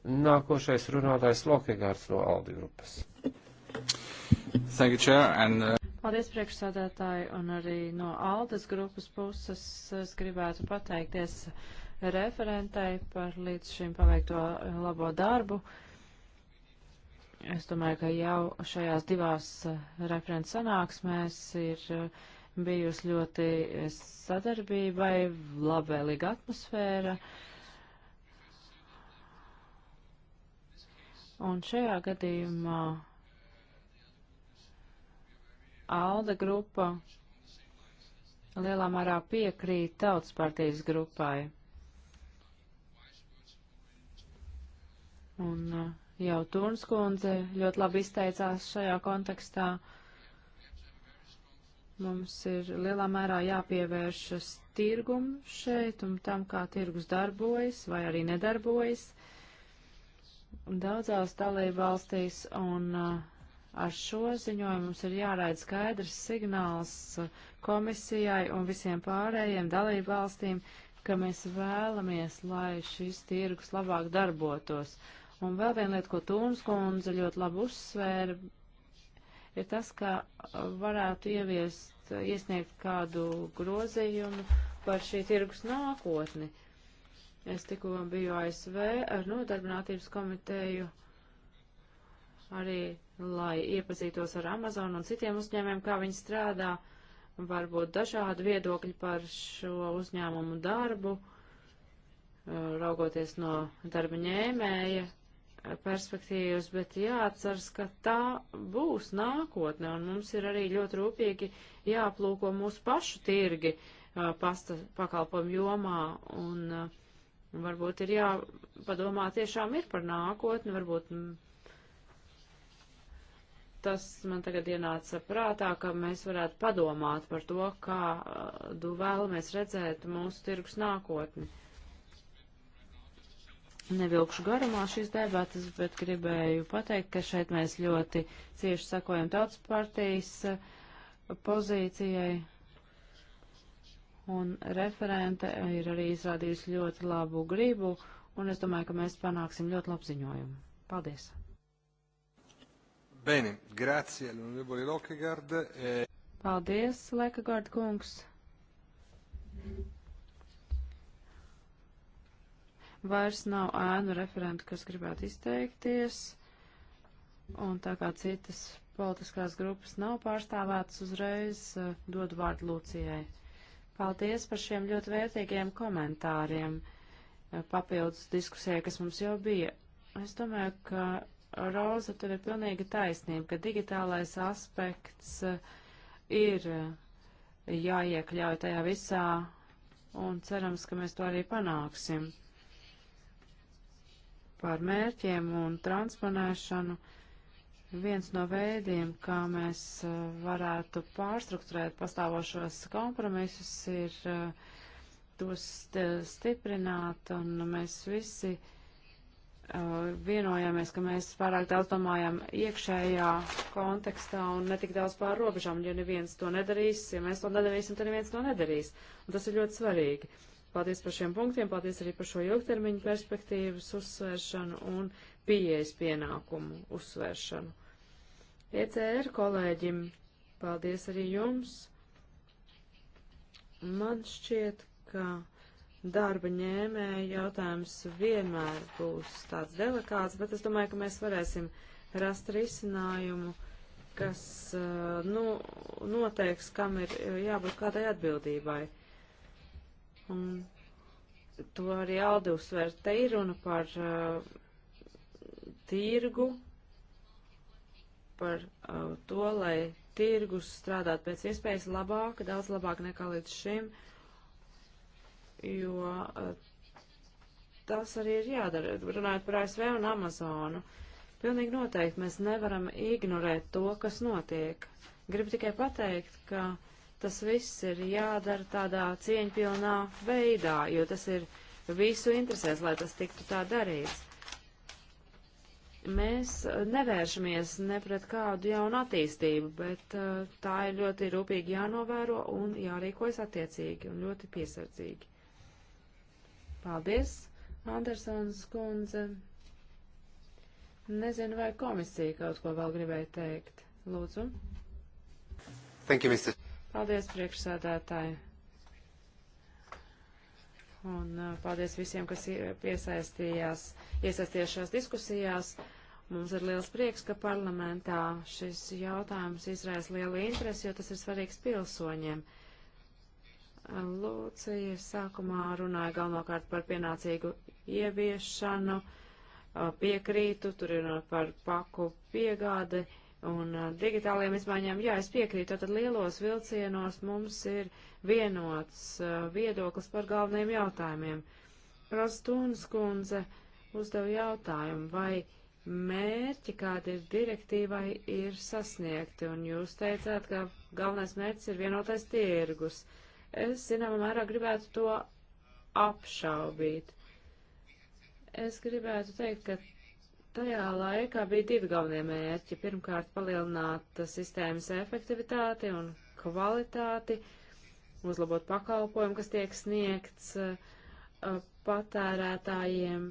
[SPEAKER 1] Nākošais runātājs Lokegārds no Aldi grupas. Thank you, Chair, and, uh...
[SPEAKER 3] Paldies priekšsādātāji un arī no Aldas grupas puses es gribētu pateikties referentai par līdz šim paveikto labo darbu. Es domāju, ka jau šajās divās uh, referents sanāksmēs ir uh, bijusi ļoti uh, sadarbībai, labvēlīga atmosfēra. Uh, Un šajā gadījumā Alda grupa lielā mērā piekrīt tautas partijas grupai. Un uh, jau Turns kundze ļoti labi izteicās šajā kontekstā. Mums ir lielā mērā jāpievēršas tirgumu šeit un tam, kā tirgus darbojas vai arī nedarbojas daudzās dalībvalstīs, un uh, ar šo ziņojumu mums ir jāraida skaidrs signāls uh, komisijai un visiem pārējiem dalībvalstīm, ka mēs vēlamies, lai šis tirgus labāk darbotos. Un vēl viena lieta, ko Tūnas kundze ļoti labi uzsvēra, ir tas, ka varētu ieviest, iesniegt kādu grozījumu par šī tirgus nākotni. Uh, Es tikko biju ASV ar nodarbinātības komiteju arī, lai iepazītos ar Amazon un citiem uzņēmiem, kā viņi strādā. Varbūt dažādi viedokļi par šo uzņēmumu darbu, eh, raugoties no darba ņēmēja eh, perspektīvas, bet jāatceras, ka tā būs nākotne, un mums ir arī ļoti rūpīgi jāplūko mūsu pašu tirgi eh, pasta pakalpojumu jomā. Un, uh, Varbūt ir jāpadomā tiešām ir par nākotni, varbūt tas man tagad ienāca prātā, ka mēs varētu padomāt par to, kādu uh, vēlamies redzēt mūsu tirgus nākotni. Nevilkšu garumā šīs debatas, bet gribēju pateikt, ka šeit mēs ļoti cieši sakojam tautas partijas uh, pozīcijai un referente ir arī izrādījusi ļoti labu gribu, un es domāju, ka mēs panāksim ļoti labu ziņojumu. Paldies!
[SPEAKER 1] Bene, grazie, l'onorevole Lockegaard. E...
[SPEAKER 3] Paldies, Lekagard kungs. Vairs nav ēnu referentu, kas gribētu izteikties, un tā kā citas politiskās grupas nav pārstāvētas uzreiz, e, dod vārdu Lūcijai. Paldies par šiem ļoti vērtīgiem komentāriem papildus diskusijai, kas mums jau bija. Es domāju, ka Roza tur ir pilnīga taisnība, ka digitālais aspekts eh, ir eh, jāiekļauj tajā visā un cerams, ka mēs to arī panāksim. Par mērķiem un transponēšanu. Uh, Viens no veidiem, kā mēs uh, varētu pārstruktūrēt pastāvošos kompromisus, ir uh, tos stiprināt, un mēs visi uh, vienojāmies, ka mēs pārāk daudz domājam iekšējā kontekstā un netik daudz pār robežām. Ja neviens to nedarīs, ja mēs to nedarīsim, tad neviens to nedarīs. Un tas ir ļoti svarīgi. Paldies par šiem punktiem, paldies arī par šo ilgtermiņu perspektīvas uzsvēršanu un pieejas pienākumu uzsvēršanu. ECR kolēģim, paldies arī jums. Man šķiet, ka darba ņēmēja jautājums vienmēr būs tāds delikāts, bet es domāju, ka mēs varēsim rast risinājumu, kas eh, nu, noteiks, kam ir eh, jābūt kādai atbildībai. Un to arī Aldi uzsver, te ir runa par uh, tirgu, par uh, to, lai tirgus strādātu pēc iespējas labāk, daudz labāk nekā līdz šim, jo uh, tas arī ir jādara. Runājot par ASV un Amazonu, pilnīgi noteikti mēs nevaram ignorēt to, kas notiek. Gribu tikai pateikt, ka tas viss ir jādara tādā cieņpilnā veidā, jo tas ir visu interesēs, lai tas tiktu tā darīts. Mēs eh, nevēršamies ne pret kādu jaunu attīstību, bet eh, tā ir ļoti rūpīgi jānovēro un jārīkojas attiecīgi un ļoti piesardzīgi. Paldies, Andersons kundze. Nezinu, vai komisija kaut ko vēl gribēja teikt. Lūdzu. Thank you, Mr. Paldies, priekšsēdētāji. Un eh, paldies visiem, kas piesaistījās, iesaistījās šās diskusijās. Mums ir liels prieks, ka parlamentā šis jautājums izraisa lielu interesi, jo tas ir svarīgs pilsoņiem. Lūcija sākumā runāja galvenokārt par pienācīgu ieviešanu, piekrītu, tur ir par paku piegādi un digitāliem izmaiņām. Jā, es piekrītu, tad lielos vilcienos mums ir vienots viedoklis par galvenajiem jautājumiem. Rastūnas kundze uzdeva jautājumu, vai mērķi, kādi ir direktīvai, ir sasniegti, un jūs teicāt, ka galvenais mērķis ir vienotais tirgus. Es, zināmā mērā, gribētu to apšaubīt. Es gribētu teikt, ka tajā laikā bija divi galvenie mērķi. Pirmkārt, palielināt sistēmas efektivitāti un kvalitāti, uzlabot pakalpojumu, kas tiek sniegts uh, patērētājiem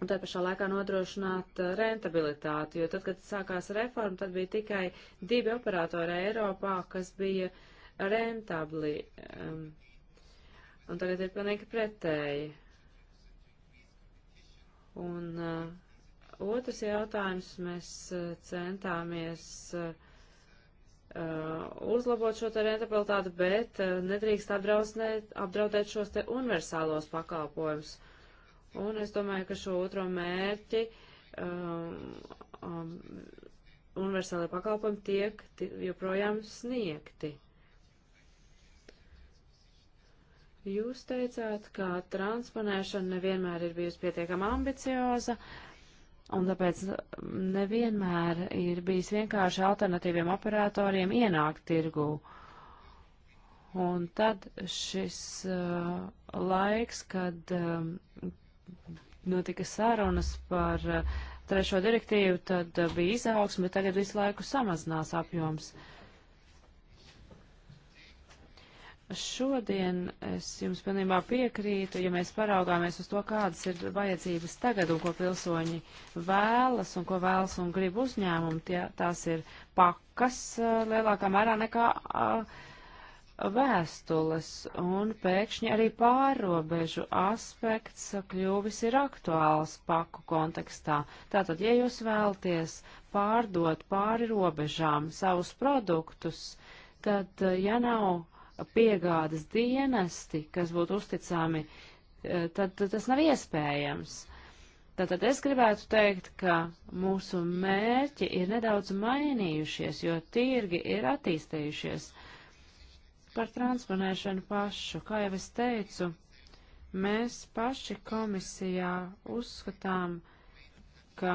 [SPEAKER 3] un tā pašā laikā nodrošināt uh, rentabilitāti, jo tad, kad sākās reforma, tad bija tikai divi operatori Eiropā, kas bija rentabli, um, un tagad ir pilnīgi pretēji. Un uh, otrs jautājums, mēs uh, centāmies uh, uh uzlabot šo te rentabilitāti, bet uh, nedrīkst apdraudēt šos te universālos pakalpojumus. Uh, Un es domāju, ka šo otro mērķi um, um, universālajā pakalpojumi tiek joprojām sniegti. Jūs teicāt, ka transponēšana nevienmēr ir bijusi pietiekama ambicioza, un tāpēc nevienmēr ir bijis vienkārši alternatīviem operatoriem ienākt tirgū. Un tad šis uh, laiks, kad um, notika sarunas par eh, trešo direktīvu, tad eh, bija izaugsme, bet tagad visu laiku samazinās apjoms. Šodien es jums pilnībā piekrītu, ja mēs paraugāmies uz to, kādas ir vajadzības tagad un ko pilsoņi vēlas un ko vēlas un grib uzņēmumi, tie, tās ir pakas eh, lielākā mērā nekā. Uh, vēstules, un pēkšņi arī pārrobežu aspekts kļuvis ir aktuāls paku kontekstā. Tātad, ja jūs vēlties pārdot pāri robežām savus produktus, tad, eh, ja nav piegādes dienesti, kas būtu uzticami, eh, tad tas nav iespējams. Tātad es gribētu teikt, ka mūsu mērķi ir nedaudz mainījušies, jo tirgi ir attīstījušies. Uh, Par transponēšanu pašu, kā jau es teicu, mēs paši komisijā uzskatām, ka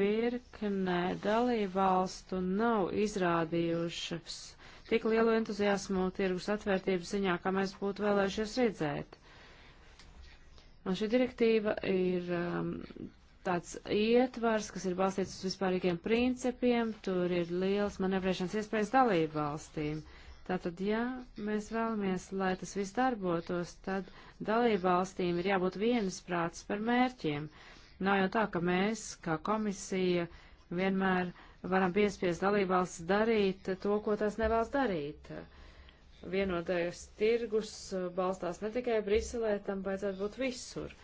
[SPEAKER 3] virkne dalībvalstu nav izrādījušas tik lielu entuziasmu tirgus atvērtības ziņā, kā mēs būtu vēlējušies redzēt. Un šī direktīva ir um, tāds ietvars, kas ir balstīts uz vispārīgiem principiem, tur ir liels manevrēšanas iespējas dalībvalstīm. valstīm Tātad, ja mēs vēlamies, lai tas viss darbotos, tad dalībvalstīm ir jābūt vienasprāts par mērķiem. Nav jau tā, ka mēs, kā komisija, vienmēr varam piespiest dalībvalsts darīt to, ko tās nevēlas darīt. Vienotais tirgus balstās ne tikai Briselē, tam vajadzētu būt visur.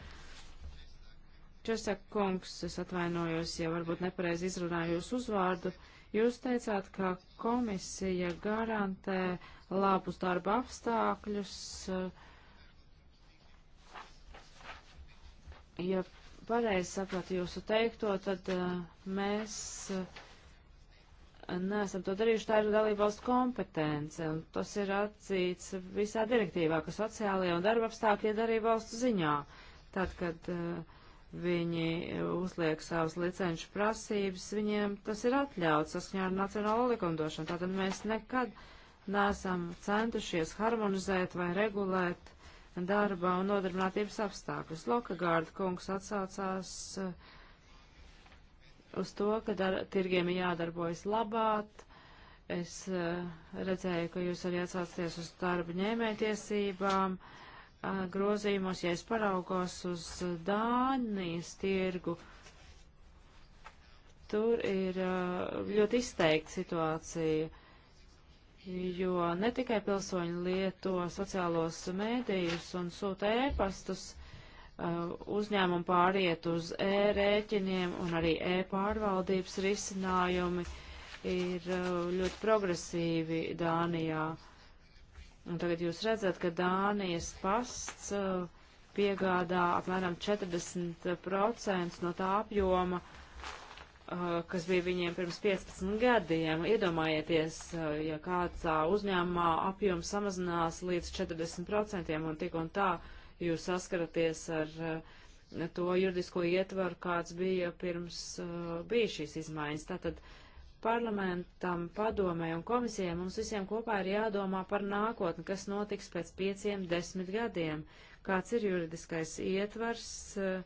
[SPEAKER 3] Česak kungs, es atvainojos, ja varbūt nepareiz izrunāju jūsu uzvārdu. Uh, Jūs teicāt, ka komisija garantē labus darba apstākļus, eh, ja pareizi sapratu jūsu teikto, tad eh, mēs eh, neesam to darījuši, tā ir dalībvalstu kompetence, un tas ir atzīts visā direktīvā, ka sociālajie un darba apstākļi ir dalībvalstu ziņā. Tad, kad uh, viņi uzliek savas licenšu prasības, viņiem tas ir atļauts saskaņā ar nacionālo likumdošanu. Tātad mēs nekad neesam centušies harmonizēt vai regulēt darba un nodarbinātības apstākļus. Lokagārda kungs atsaucās eh, uz to, ka dar, tirgiem ir jādarbojas labāk. Es eh, redzēju, ka jūs arī atsaucaties uz darba ņēmētiesībām. tiesībām grozījumos, ja es paraugos uz Dānijas tirgu, tur ir ļoti izteikta situācija, jo ne tikai pilsoņi lieto sociālos mēdījus un sūta ēpastus, uzņēmumu pāriet uz e-rēķiniem un arī e-pārvaldības risinājumi ir ļoti progresīvi Dānijā. Uh, Un tagad jūs redzat, ka Dānijas pasts uh, piegādā apmēram 40% uh, no tā apjoma, uh, kas bija viņiem pirms 15 gadiem. Iedomājieties, ja kādā uzņēmumā apjoms samazinās līdz 40% un tik un tā jūs saskaraties ar to juridisko ietvaru, kāds bija pirms bija šīs izmaiņas. Tātad, uh, parlamentam, padomē un komisijai mums visiem kopā ir jādomā par nākotni, kas notiks pēc pieciem, desmit gadiem, kāds ir juridiskais ietvars, eh,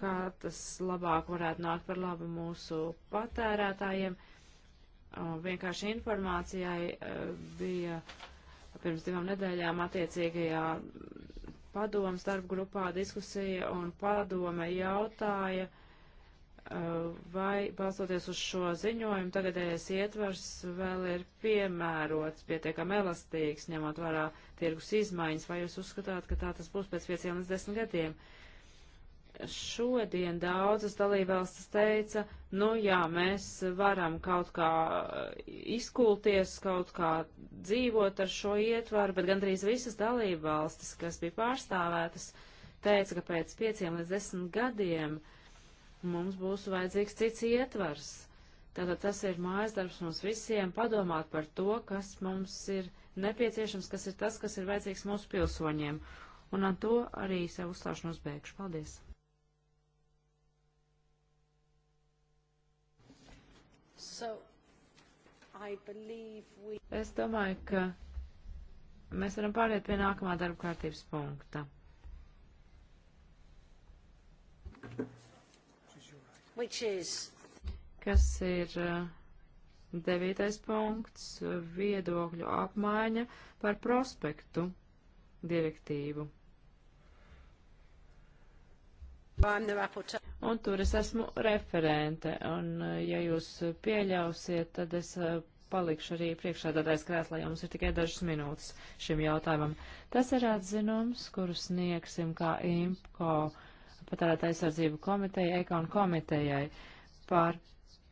[SPEAKER 3] kā tas labāk varētu nākt par labu mūsu patērētājiem. Eh, vienkārši informācijai eh, bija pirms divām nedēļām attiecīgajā padomas darba grupā diskusija un padome jautāja, vai balstoties uz šo ziņojumu tagadējais ietvars vēl ir piemērots, pietiekam elastīgs, ņemot vērā tirgus izmaiņas, vai jūs uzskatāt, ka tā tas būs pēc 5 līdz 10 gadiem? Šodien daudzas dalībvalstis teica, nu jā, mēs varam kaut kā uh, izkulties, kaut kā dzīvot ar šo ietvaru, bet gandrīz visas dalībvalstis, kas bija pārstāvētas, teica, ka pēc 5 līdz 10 gadiem uh, mums būs vajadzīgs cits ietvars. Tātad tas ir mājas darbs mums visiem padomāt par to, kas mums ir nepieciešams, kas ir tas, kas ir vajadzīgs mūsu pilsoņiem. Un ar to arī savu uzstāšanos beigšu. Paldies! So, we... Es domāju, ka mēs varam pāriet pie nākamā darba kārtības punkta. is... kas ir uh, devītais punkts - viedokļu apmaiņa par prospektu direktīvu. Un tur es esmu referente, un uh, ja jūs pieļausiet, tad es uh, palikšu arī priekšādātais krēslā, jo mums ir tikai dažas minūtes šim jautājumam. Tas ir atzinums, kuru sniegsim kā IMCO patērētā aizsardzību komiteja, ekonu komitejai par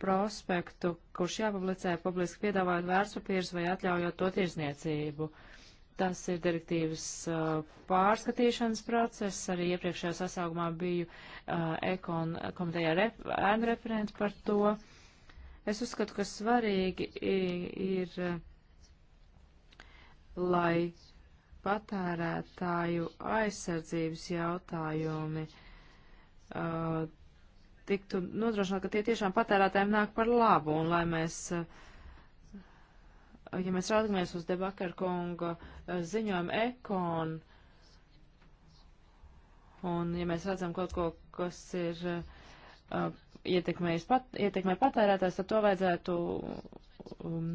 [SPEAKER 3] prospektu, kurš jāpublicē publiski piedāvājot vērtspapīrus vai atļaujot to tirzniecību. Tas ir direktīvas uh, pārskatīšanas process. Arī iepriekšējā sasaukumā biju uh, ekon komitejā ref, referents par to. Es uzskatu, ka svarīgi ir, uh, lai patērētāju aizsardzības jautājumi uh, uh, tiktu nodrošināt, ka tie tiešām patērētājiem nāk par labu, un lai mēs, uh, ja mēs rādāmies uz debakarkunga uh, ziņojumu ekon, un ja mēs redzam kaut ko, kas ir uh, ietekmējis pat, ietekmē patērētājs, tad to vajadzētu. Um,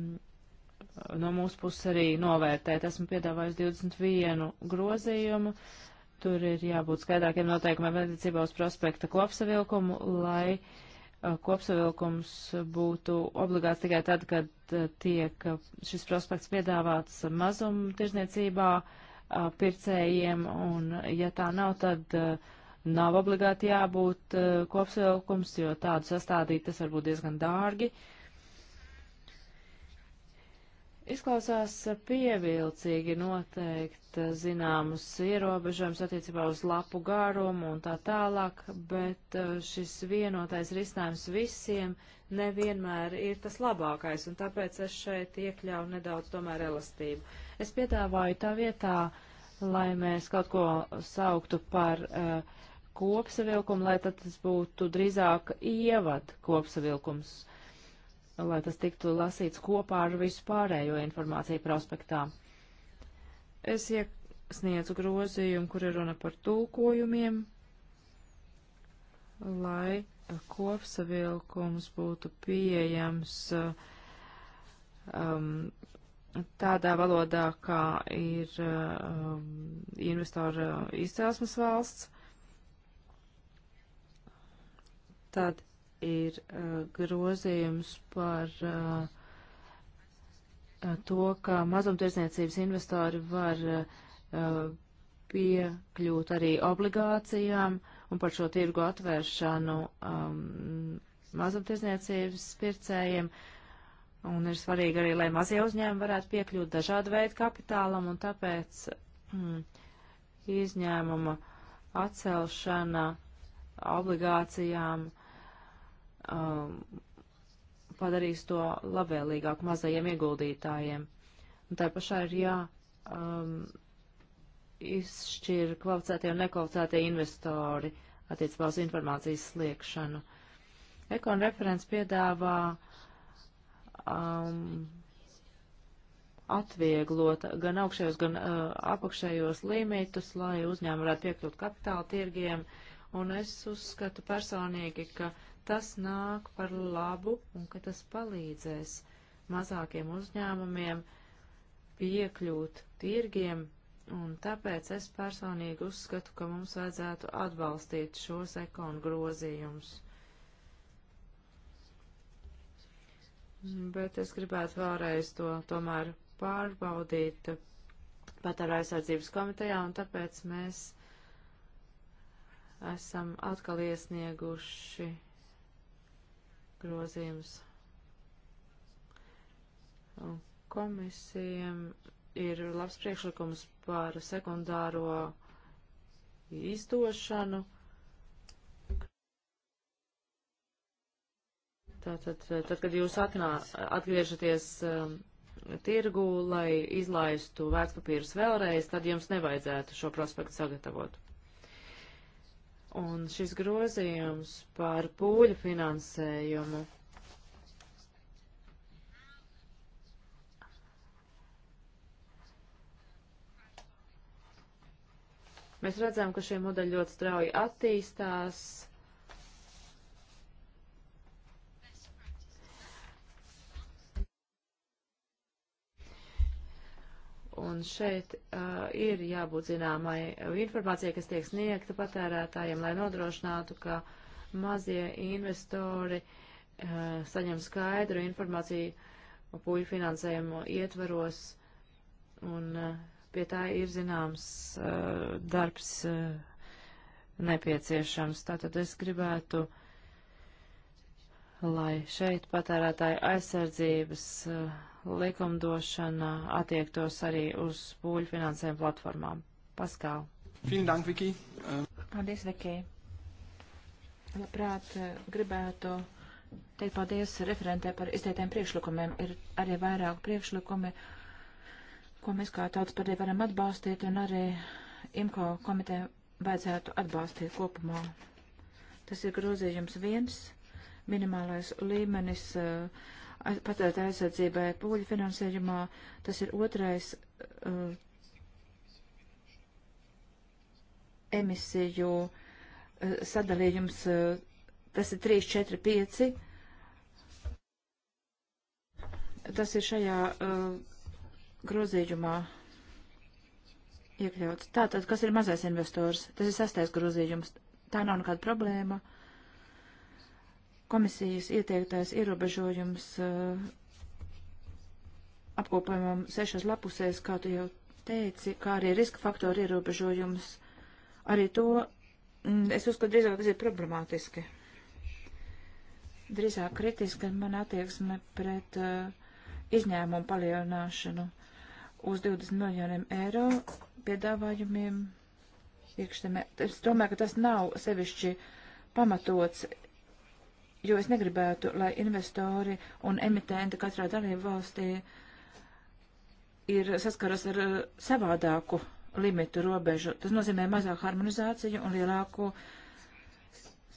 [SPEAKER 3] no mūsu puses arī novērtēt. Esmu piedāvājis 21 grozījumu. Uh, Tur ir jābūt skaidrākiem noteikumiem attiecībā uz prospekta kopsavilkumu, lai uh, kopsavilkums būtu obligāts tikai tad, kad uh, tiek uh, šis prospekts piedāvāts mazumtirdzniecībā pircējiem, un ja tā nav, tad nav obligāti jābūt kopsavilkums, jo tādu sastādīt tas var būt diezgan dārgi. Uh, Izklausās pievilcīgi noteikt eh, zināmus ierobežojumus attiecībā uz lapu garumu un tā tālāk, bet eh, šis vienotais risinājums visiem nevienmēr ir tas labākais, un tāpēc es šeit iekļauju nedaudz tomēr elastību. Es piedāvāju tā vietā, lai mēs kaut ko sauktu par uh, kopsavilkumu, lai tad tas būtu drīzāk ievad kopsavilkums. Uh, lai tas tiktu lasīts kopā ar visu pārējo informāciju prospektā. Es iesniedzu grozījumu, kur ir runa par tulkojumiem, lai kopsavilkums būtu pieejams um, tādā valodā, kā ir um, investora izcelsmes valsts. Tad ir uh, grozījums par uh, uh, to, ka mazumtirdzniecības investori var piekļūt arī obligācijām un par šo tirgu atvēršanu um, mazumtirdzniecības pircējiem. Un ir svarīgi arī, lai mazie uzņēmumi varētu piekļūt dažādu veidu kapitālam, un tāpēc mm, izņēmuma atcelšana obligācijām uh, um, padarīs to labvēlīgāk mazajiem ieguldītājiem. Un tā pašā ir jā. Um, izšķir kvalificētie un nekvalificētie investori attiecībā uz informācijas sliekšanu. Ekon referents piedāvā um, atvieglot gan augšējos, gan uh, apakšējos limitus, lai uzņēmumi varētu piekļūt kapitāla tirgiem. Un es uzskatu personīgi, ka tas nāk par labu un ka tas palīdzēs mazākiem uzņēmumiem piekļūt tirgiem, un tāpēc es personīgi uzskatu, ka mums vajadzētu atbalstīt šos ekonu grozījumus. Bet es gribētu vēlreiz to tomēr pārbaudīt patērā aizsardzības komitejā, un tāpēc mēs esam atkal iesnieguši grozījums. Un komisijam ir labs priekšlikums par sekundāro izdošanu. Tātad, tad, kad jūs atnā, atgriežaties um, tirgu, lai izlaistu vērtspapīrus vēlreiz, tad jums nevajadzētu šo prospektu sagatavot. Un šis grozījums par pūļu finansējumu. Mēs redzam, ka šie modeļi ļoti strauji attīstās Un šeit uh, ir jābūt zināmai informācijai, kas tiek sniegta patērētājiem, lai nodrošinātu, ka mazie investori uh, saņem skaidru informāciju puļu finansējumu ietvaros. Un uh, pie tā ir zināms uh, darbs uh, nepieciešams. Tātad es gribētu, lai šeit patērētāju aizsardzības. Uh, likumdošana attiektos arī uz pūļu finansēm platformām. Paskāl.
[SPEAKER 2] Dank, Viki. Paldies, Viki. Labprāt, eh, gribētu teikt paldies referentē par izteiktiem priekšlikumiem. Ir arī vairāk priekšlikumi, ko mēs kā tautas partija varam atbalstīt, un arī IMCO komiteja vajadzētu atbalstīt kopumā. Tas ir grozījums viens, minimālais līmenis. Uh, patērētāju aizsardzībai pūļu finansējumā. Tas ir otrais uh, emisiju uh, sadalījums. Uh, tas ir 3, 4, 5. Tas ir šajā uh, grozījumā iekļauts. Tātad, kas ir mazais investors? Tas ir sastais grozījums. Tā nav nekāda problēma. Uh, komisijas ieteiktais ierobežojums uh, apkopojumam sešas lapusēs, kā tu jau teici, kā arī riska faktoru ierobežojums, arī to mm, es uzskatu drīzāk, tas ir problemātiski. Drīzāk kritiski man attieksme pret uh, izņēmumu palielināšanu uz 20 miljoniem eiro piedāvājumiem iekštemē. Es domāju, ka tas nav sevišķi pamatots jo es negribētu, lai investori un emitenti katrā dalību valstī ir saskaras ar eh, savādāku limitu robežu. Tas nozīmē mazāku harmonizāciju un lielāku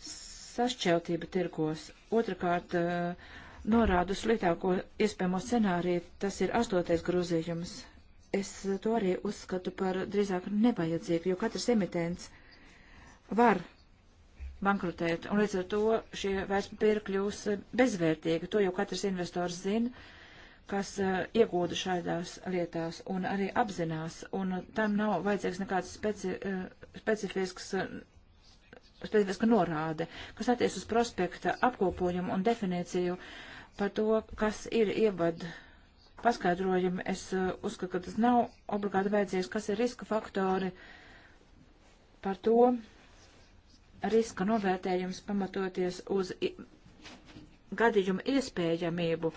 [SPEAKER 2] sašķeltību tirgos. Otrakārt, eh, norādu sliktāko iespējamo scenāriju, tas ir astotais grozījums. Es to arī uzskatu par drīzāk nevajadzīgu, jo katrs emitents var bankrutēt, un līdz ar to šie vērtspapīri kļūs eh, bezvērtīgi. To jau katrs investors zina, kas uh, iegūda šādās lietās un arī apzinās, un tam nav vajadzīgs nekāds speci, uh, specifisks. Uh, specifiska norāde, kas attiec uz prospekta apkopojumu un definīciju par to, kas ir ievad paskaidrojumi. Es uzskatu, ka tas nav obligāti vajadzīgs, kas ir riska faktori par to, riska novērtējums pamatoties uz gadījumu iespējamību.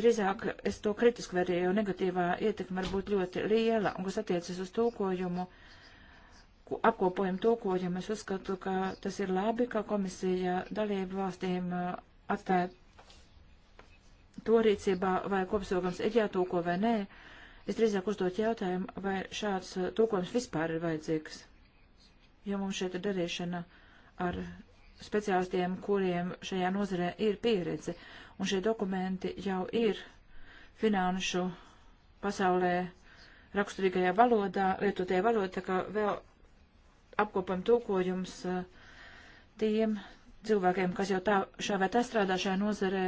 [SPEAKER 2] Drīzāk es to kritiski vērēju, jo negatīvā ietekme var būt ļoti liela, un kas attiecas uz tūkojumu, apkopojumu tūkojumu, es uzskatu, ka tas ir labi, ka komisija dalību valstīm uh, atstāja to rīcībā, vai kopsaugums ir jātūko vai nē. Es drīzāk uzdot jautājumu, vai šāds uh, tūkojums vispār ir vajadzīgs, jo mums šeit ir darīšana. Uh, ar speciālistiem, kuriem šajā nozarē ir pieredze, un šie dokumenti jau ir finanšu pasaulē raksturīgajā valodā, lietotajā valodā, ka vēl apkopam tūkojums eh, tiem cilvēkiem, kas jau tā šā vai tā strādā šajā nozarē,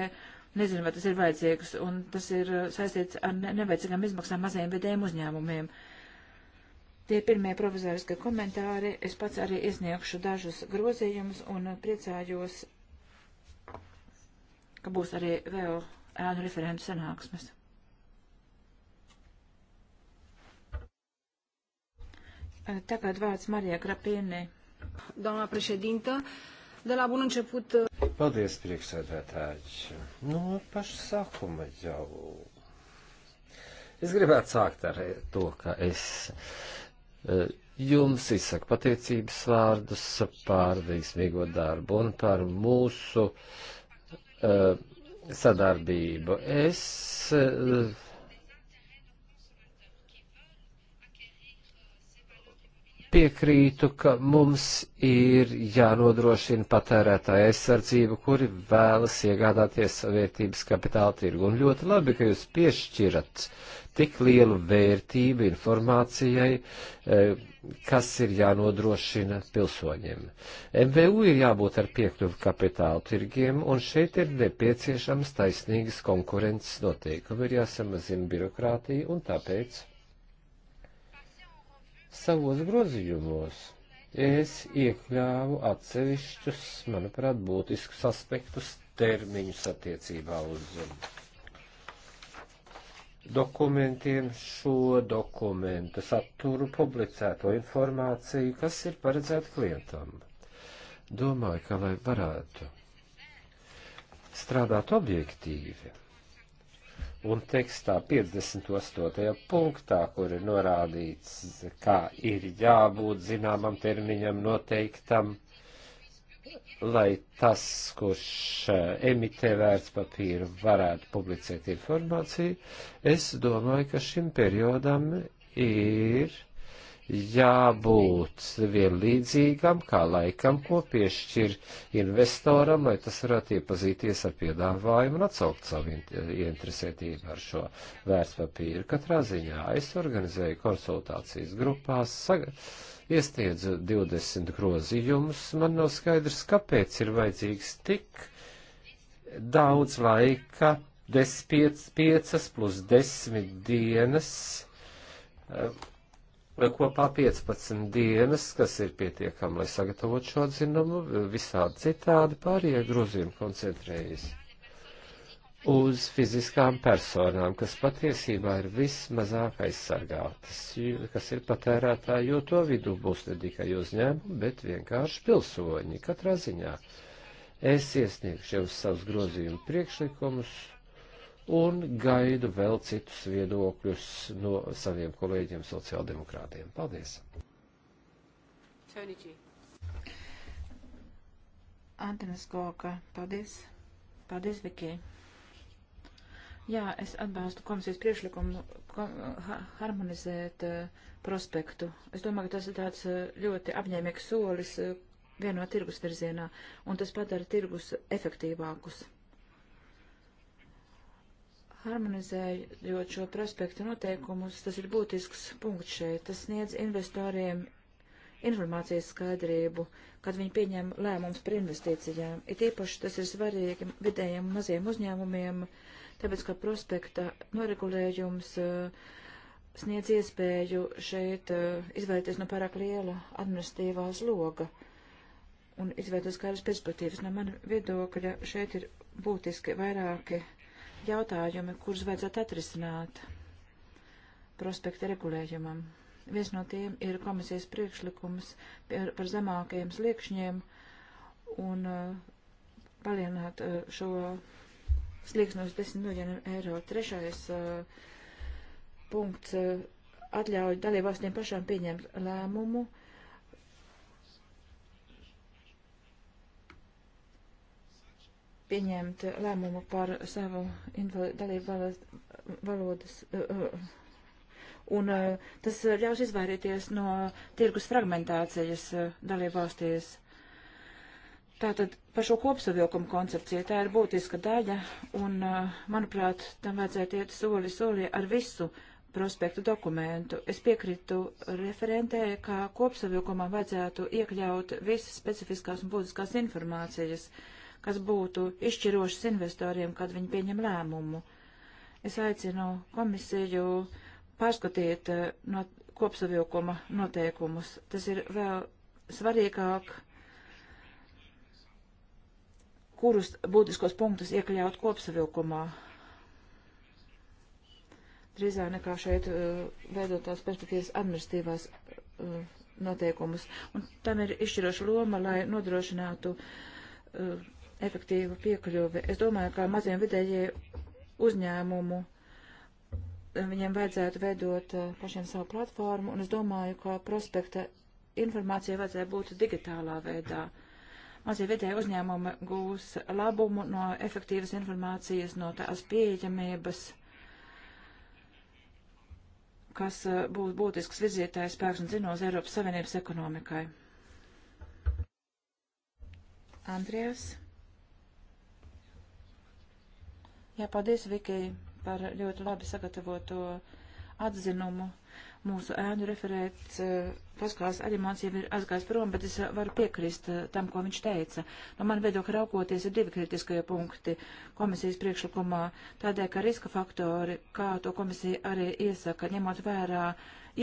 [SPEAKER 2] nezinu, vai tas ir vajadzīgs, un tas ir eh, saistīts ar nevajadzīgām izmaksām mazajiem vidējiem uzņēmumiem. Uh, Tie ir pirmie provizoriskie komentāri. Es pats arī iesniegšu dažus grozījumus un priecājos, ka būs arī vēl ēnu referentu sanāksmes. Tagad vārds Marija Grapienē. Domā prešedinta. De la bun început...
[SPEAKER 1] Paldies, priekšsēdētāji. Nu, no paša sākuma jau. Es gribētu sākt ar to, ka es Eh, jums izsaka pateicības vārdus par veiksmīgo darbu un par mūsu uh, sadarbību. Es uh, piekrītu, ka mums ir jānodrošina patērētāja aizsardzība, kuri vēlas iegādāties vērtības kapitāla tirgu. Un ļoti labi, ka jūs piešķirat tik lielu vērtību informācijai, e, kas ir jānodrošina pilsoņiem. MVU ir jābūt ar piekļuvu kapitālu tirgiem, un šeit ir nepieciešams taisnīgas konkurences noteikumi, ir jāsamazina birokrātija, un tāpēc savos grozījumos es iekļāvu atsevišķus, manuprāt, būtiskus aspektus termiņus attiecībā uz. Um, dokumentiem šo dokumentu saturu publicēto informāciju, kas ir paredzēta klientam. Domāju, ka lai varētu strādāt objektīvi, un tekstā 58. punktā, kur ir norādīts, kā ir jābūt zināmam termiņam noteiktam, lai tas, kurš eh, emitē vērtspapīru, varētu publicēt informāciju, es domāju, ka šim periodam ir jābūt vienlīdzīgam kā laikam, ko piešķir investoram, lai tas varētu iepazīties ar piedāvājumu un atsaukt savu interesētību ar šo vērtspapīru. Katrā ziņā es organizēju konsultācijas grupās, sagatavoju iesniedzu 20 grozījumus. Man nav skaidrs, kāpēc ir vajadzīgs tik daudz laika, 5 plus 10 dienas, eh, kopā 15 dienas, kas ir pietiekami, lai sagatavotu šo atzinumu, visādi citādi pārējie grozījumi koncentrējas uz fiziskām personām, kas patiesībā ir vismazāk aizsargātas, kas ir patērētāji, jo to vidū būs ne tikai uzņēmumi, bet vienkārši pilsoņi katrā ziņā. Es iesniegšu jums savus grozījumu priekšlikumus un gaidu vēl citus viedokļus no saviem kolēģiem sociāldemokrātiem. Paldies!
[SPEAKER 2] Tony G. Antanas Goka, paldies! Paldies, Vikija! Jā, es atbalstu komisijas priekšlikumu kom, ha, harmonizēt uh, prospektu. Es domāju, ka tas ir tāds uh, ļoti apņēmīgs solis uh, vienā tirgus virzienā, un tas padara tirgus efektīvākus. Harmonizējot šo prospektu noteikumus, tas ir būtisks punkts šeit. Tas sniedz investoriem informācijas skaidrību, kad viņi pieņem lēmumus par investīcijām. It īpaši tas ir svarīgi vidējiem maziem uzņēmumiem, uh, tāpēc, ka prospekta noregulējums eh, sniedz iespēju šeit eh, izvairīties no pārāk liela administratīvā sloga un izveidot skaidrs perspektīvas. No mana viedokļa šeit ir būtiski vairāki jautājumi, kurus vajadzētu atrisināt prospekta regulējumam. Viens no tiem ir komisijas priekšlikums par, par zemākajiem sliekšņiem un uh, palielināt uh, šo slieksnos 10 miljoniem eiro. Trešais uh, punkts uh, atļauj dalībvalstīm pašām pieņemt lēmumu. pieņemt lēmumu par savu dalību valodas. Uh, uh, un uh, tas ļaus izvairīties no tirgus fragmentācijas uh, dalībvalstīs. Tātad par šo kopsavilkumu koncepciju tā ir būtiska daļa, un, uh, manuprāt, tam vajadzētu iet soli soli ar visu prospektu dokumentu. Es piekrītu referentē, ka kopsavilkumam vajadzētu iekļaut visas specifiskās un būtiskās informācijas, kas būtu izšķirošas investoriem, kad viņi pieņem lēmumu. Es aicinu komisiju pārskatīt uh, no kopsavilkuma noteikumus. Tas ir vēl svarīgāk kurus būtiskos punktus iekļaut kopsavilkumā. Drīzāk nekā šeit uh, veidot tās perspektīvas administratīvās uh, noteikumus. Un tam ir izšķiroša loma, lai nodrošinātu uh, efektīvu piekļuvi. Es domāju, ka maziem vidējie uzņēmumu viņiem vajadzētu veidot pašiem savu platformu, un es domāju, ka prospekta informācija vajadzēja būt digitālā veidā. Uh, mazie vidēji uzņēmumi gūs labumu no efektīvas informācijas, no tās pieejamības, kas uh, būs būtisks virzītājs spēks un zinos Eiropas Savienības ekonomikai. Andrijas. Jā, paldies, Vikija, par ļoti labi sagatavoto atzinumu. Mūsu ēnu referēts eh, Paskās Aļemons jau ir aizgājis prom, bet es eh, varu piekrist eh, tam, ko viņš teica. No man viedokļa raukoties ir divi kritiskie punkti komisijas priekšlikumā, tādēļ, ka riska faktori, kā to komisija arī iesaka, ņemot vērā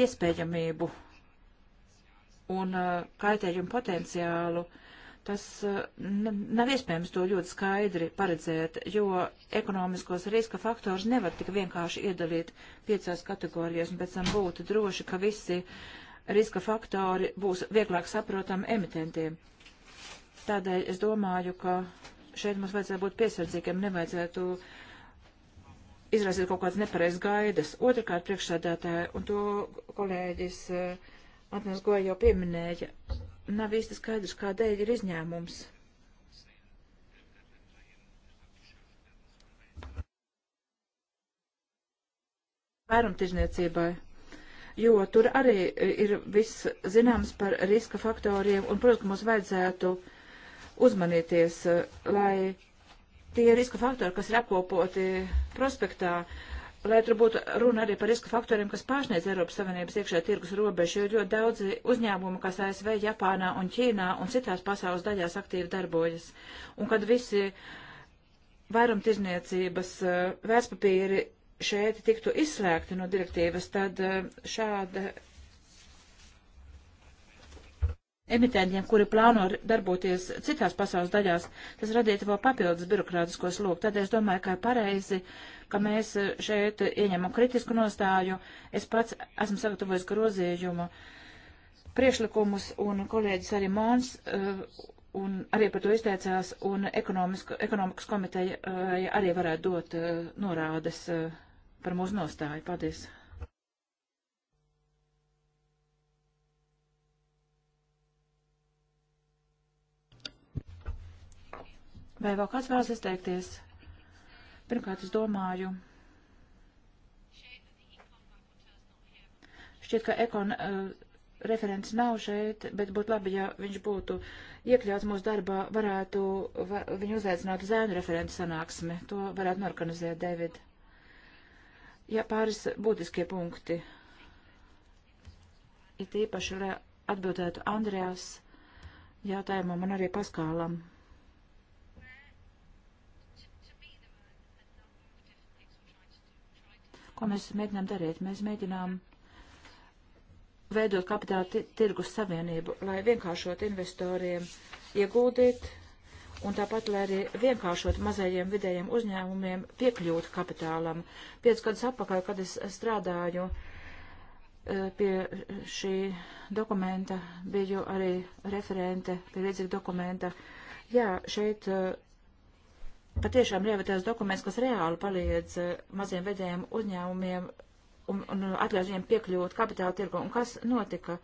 [SPEAKER 2] iespējamību un kaitējumu potenciālu, uh, Tas eh, nav iespējams to ļoti skaidri paredzēt, jo ekonomiskos riska faktors nevar tik vienkārši iedalīt piecās kategorijās un pēc tam būtu droši, ka visi riska faktori būs vieglāk saprotami emitentiem. Tādēļ es domāju, ka šeit mums vajadzētu būt piesardzīgiem, nevajadzētu izraisīt kaut kādas nepareizas gaidas. Otrakārt, priekšsēdētāji, un to kolēģis eh, Antons Goja jau pieminēja, nav īsti skaidrs, kādēļ ir izņēmums. Vairumtirzniecībai jo tur arī ir viss zināms par riska faktoriem, un, protams, mums vajadzētu uzmanīties, lai tie riska faktori, kas ir apkopoti prospektā, lai tur būtu runa arī par riska faktoriem, kas pārsniedz Eiropas Savienības iekšē tirgus robežu, jo ļoti daudzi uzņēmumi, kas ASV, Japānā un Ķīnā un citās pasaules daļās aktīvi darbojas. Un kad visi vairumtirniecības eh, vērtspapīri šeit tiktu izslēgti no direktīvas, tad eh, šāda emitentiem, kuri plāno darboties citās pasaules daļās, tas radītu vēl papildus birokrātiskos lūk. Tad es domāju, ka pareizi ka mēs e, šeit ieņemam kritisku nostāju. Es pats esmu sagatavojis grozījumu priešlikumus un kolēģis arī Mons e, un arī par to izteicās un ekonomikas komiteja e, arī varētu dot norādes par mūsu nostāju. Paldies! Vai vēl kāds vēlas izteikties? Pirmkārt, es domāju, šķiet, ka ekon uh, referents nav šeit, bet būtu labi, ja viņš būtu iekļauts mūsu darbā, varētu va, viņu uzaicināt uz ēnu referentu sanāksmi. To varētu norganizēt, David. Ja pāris būtiskie punkti. Ir tīpaši, lai atbildētu Andrēs jautājumu man arī Paskālam. Ko mēs mēģinām darīt? Mēs mēģinām veidot kapitāla tirgus savienību, lai vienkāršot investoriem ieguldīt un tāpat, lai arī vienkāršot mazajiem vidējiem uzņēmumiem piekļūt kapitālam. Pēc gadus apakaļ, kad es strādāju e, pie šī dokumenta, biju arī referente pie līdzīga dokumenta. Jā, šeit e, patiešām rievatās dokuments, kas reāli palīdz eh, maziem vedējiem uzņēmumiem un, un atļauj viņiem piekļūt kapitāla tirgu. Un kas notika?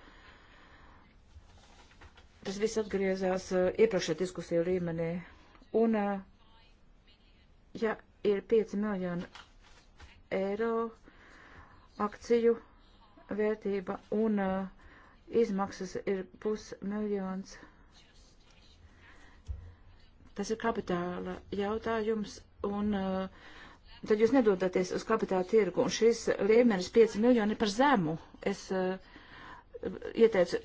[SPEAKER 2] Tas viss atgriezās eh, iepriekšējā diskusiju līmenī. Un, eh, ja ir 5 miljoni eiro akciju vērtība un izmaksas ir pusmiljons eiro Tas ir kapitāla jautājums, un uh, tad jūs nedodaties uz kapitāla tirgu, un šis līmenis 5 miljoni par zemu. Es uh, ieteicu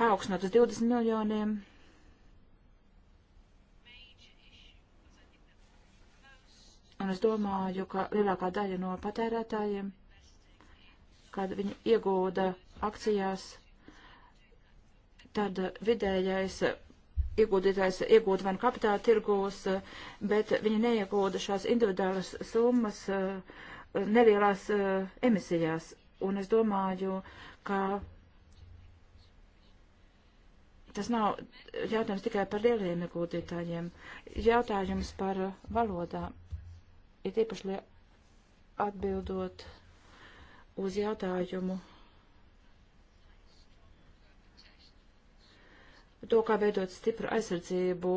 [SPEAKER 2] paaugstināt uz 20 miljoniem. Un es domāju, ka lielākā daļa no patērētājiem, kad viņi iegūda akcijās, tad vidējais ieguldītājs iegūda vai nu kapitāla tirgūs, eh, bet viņi neiegūda šās individuālas summas eh, nelielās eh, emisijās. Un es domāju, ka tas nav jautājums tikai par lieliem ieguldītājiem. Jautājums par valodām ir īpaši atbildot uz jautājumu to, kā veidot stipru aizsardzību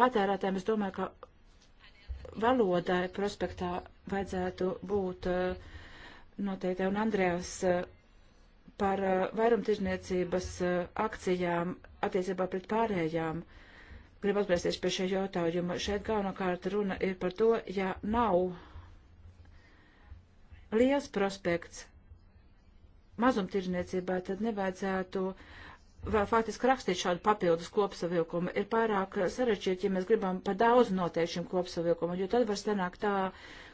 [SPEAKER 2] patērētājiem. Es domāju, ka valodai prospektā vajadzētu būt eh, noteikti, un Andrēvs eh, par eh, vairumtirdzniecības akcijām attiecībā pret pārējām. Gribu atgriezties pie šī jautājuma. Šeit galvenokārt runa ir par to, ja nav liels prospekts, mazumtirdzniecībā, tad nevajadzētu vēl faktiski rakstīt šādu papildus kopsavilkumu. Ir pārāk sarežģīti, ja mēs gribam par daudz noteikt šim kopsavilkumam, jo tad var sanākt tā,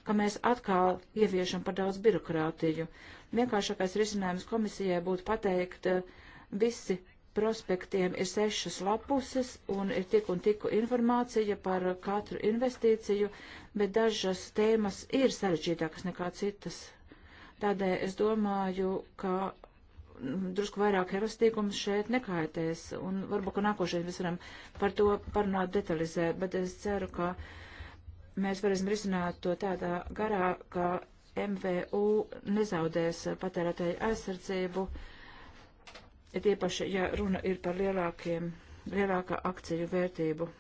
[SPEAKER 2] ka mēs atkal ieviešam par daudz birokrātiju. Vienkāršākais risinājums komisijai būtu pateikt, eh, visi prospektiem ir sešas lapuses un ir tik un tiku informācija par katru investīciju, bet dažas tēmas ir sarežģītākas nekā citas. Tādēļ es domāju, ka mm, drusku vairāk elastīgums šeit nekaitēs, un varbūt, ka nākošais mēs varam par to parunāt detalizēt, bet es ceru, ka mēs varēsim risināt to tādā garā, ka MVU nezaudēs patērētāju aizsardzību, ir īpaši, ja runa ir par lielākiem, lielākā akciju vērtību.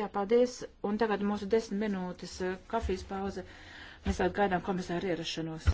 [SPEAKER 2] Jā, paldies, un tagad mūsu desmit minūtes kafijas pauze. Mēs vēl gaidām komisāru ierašanos.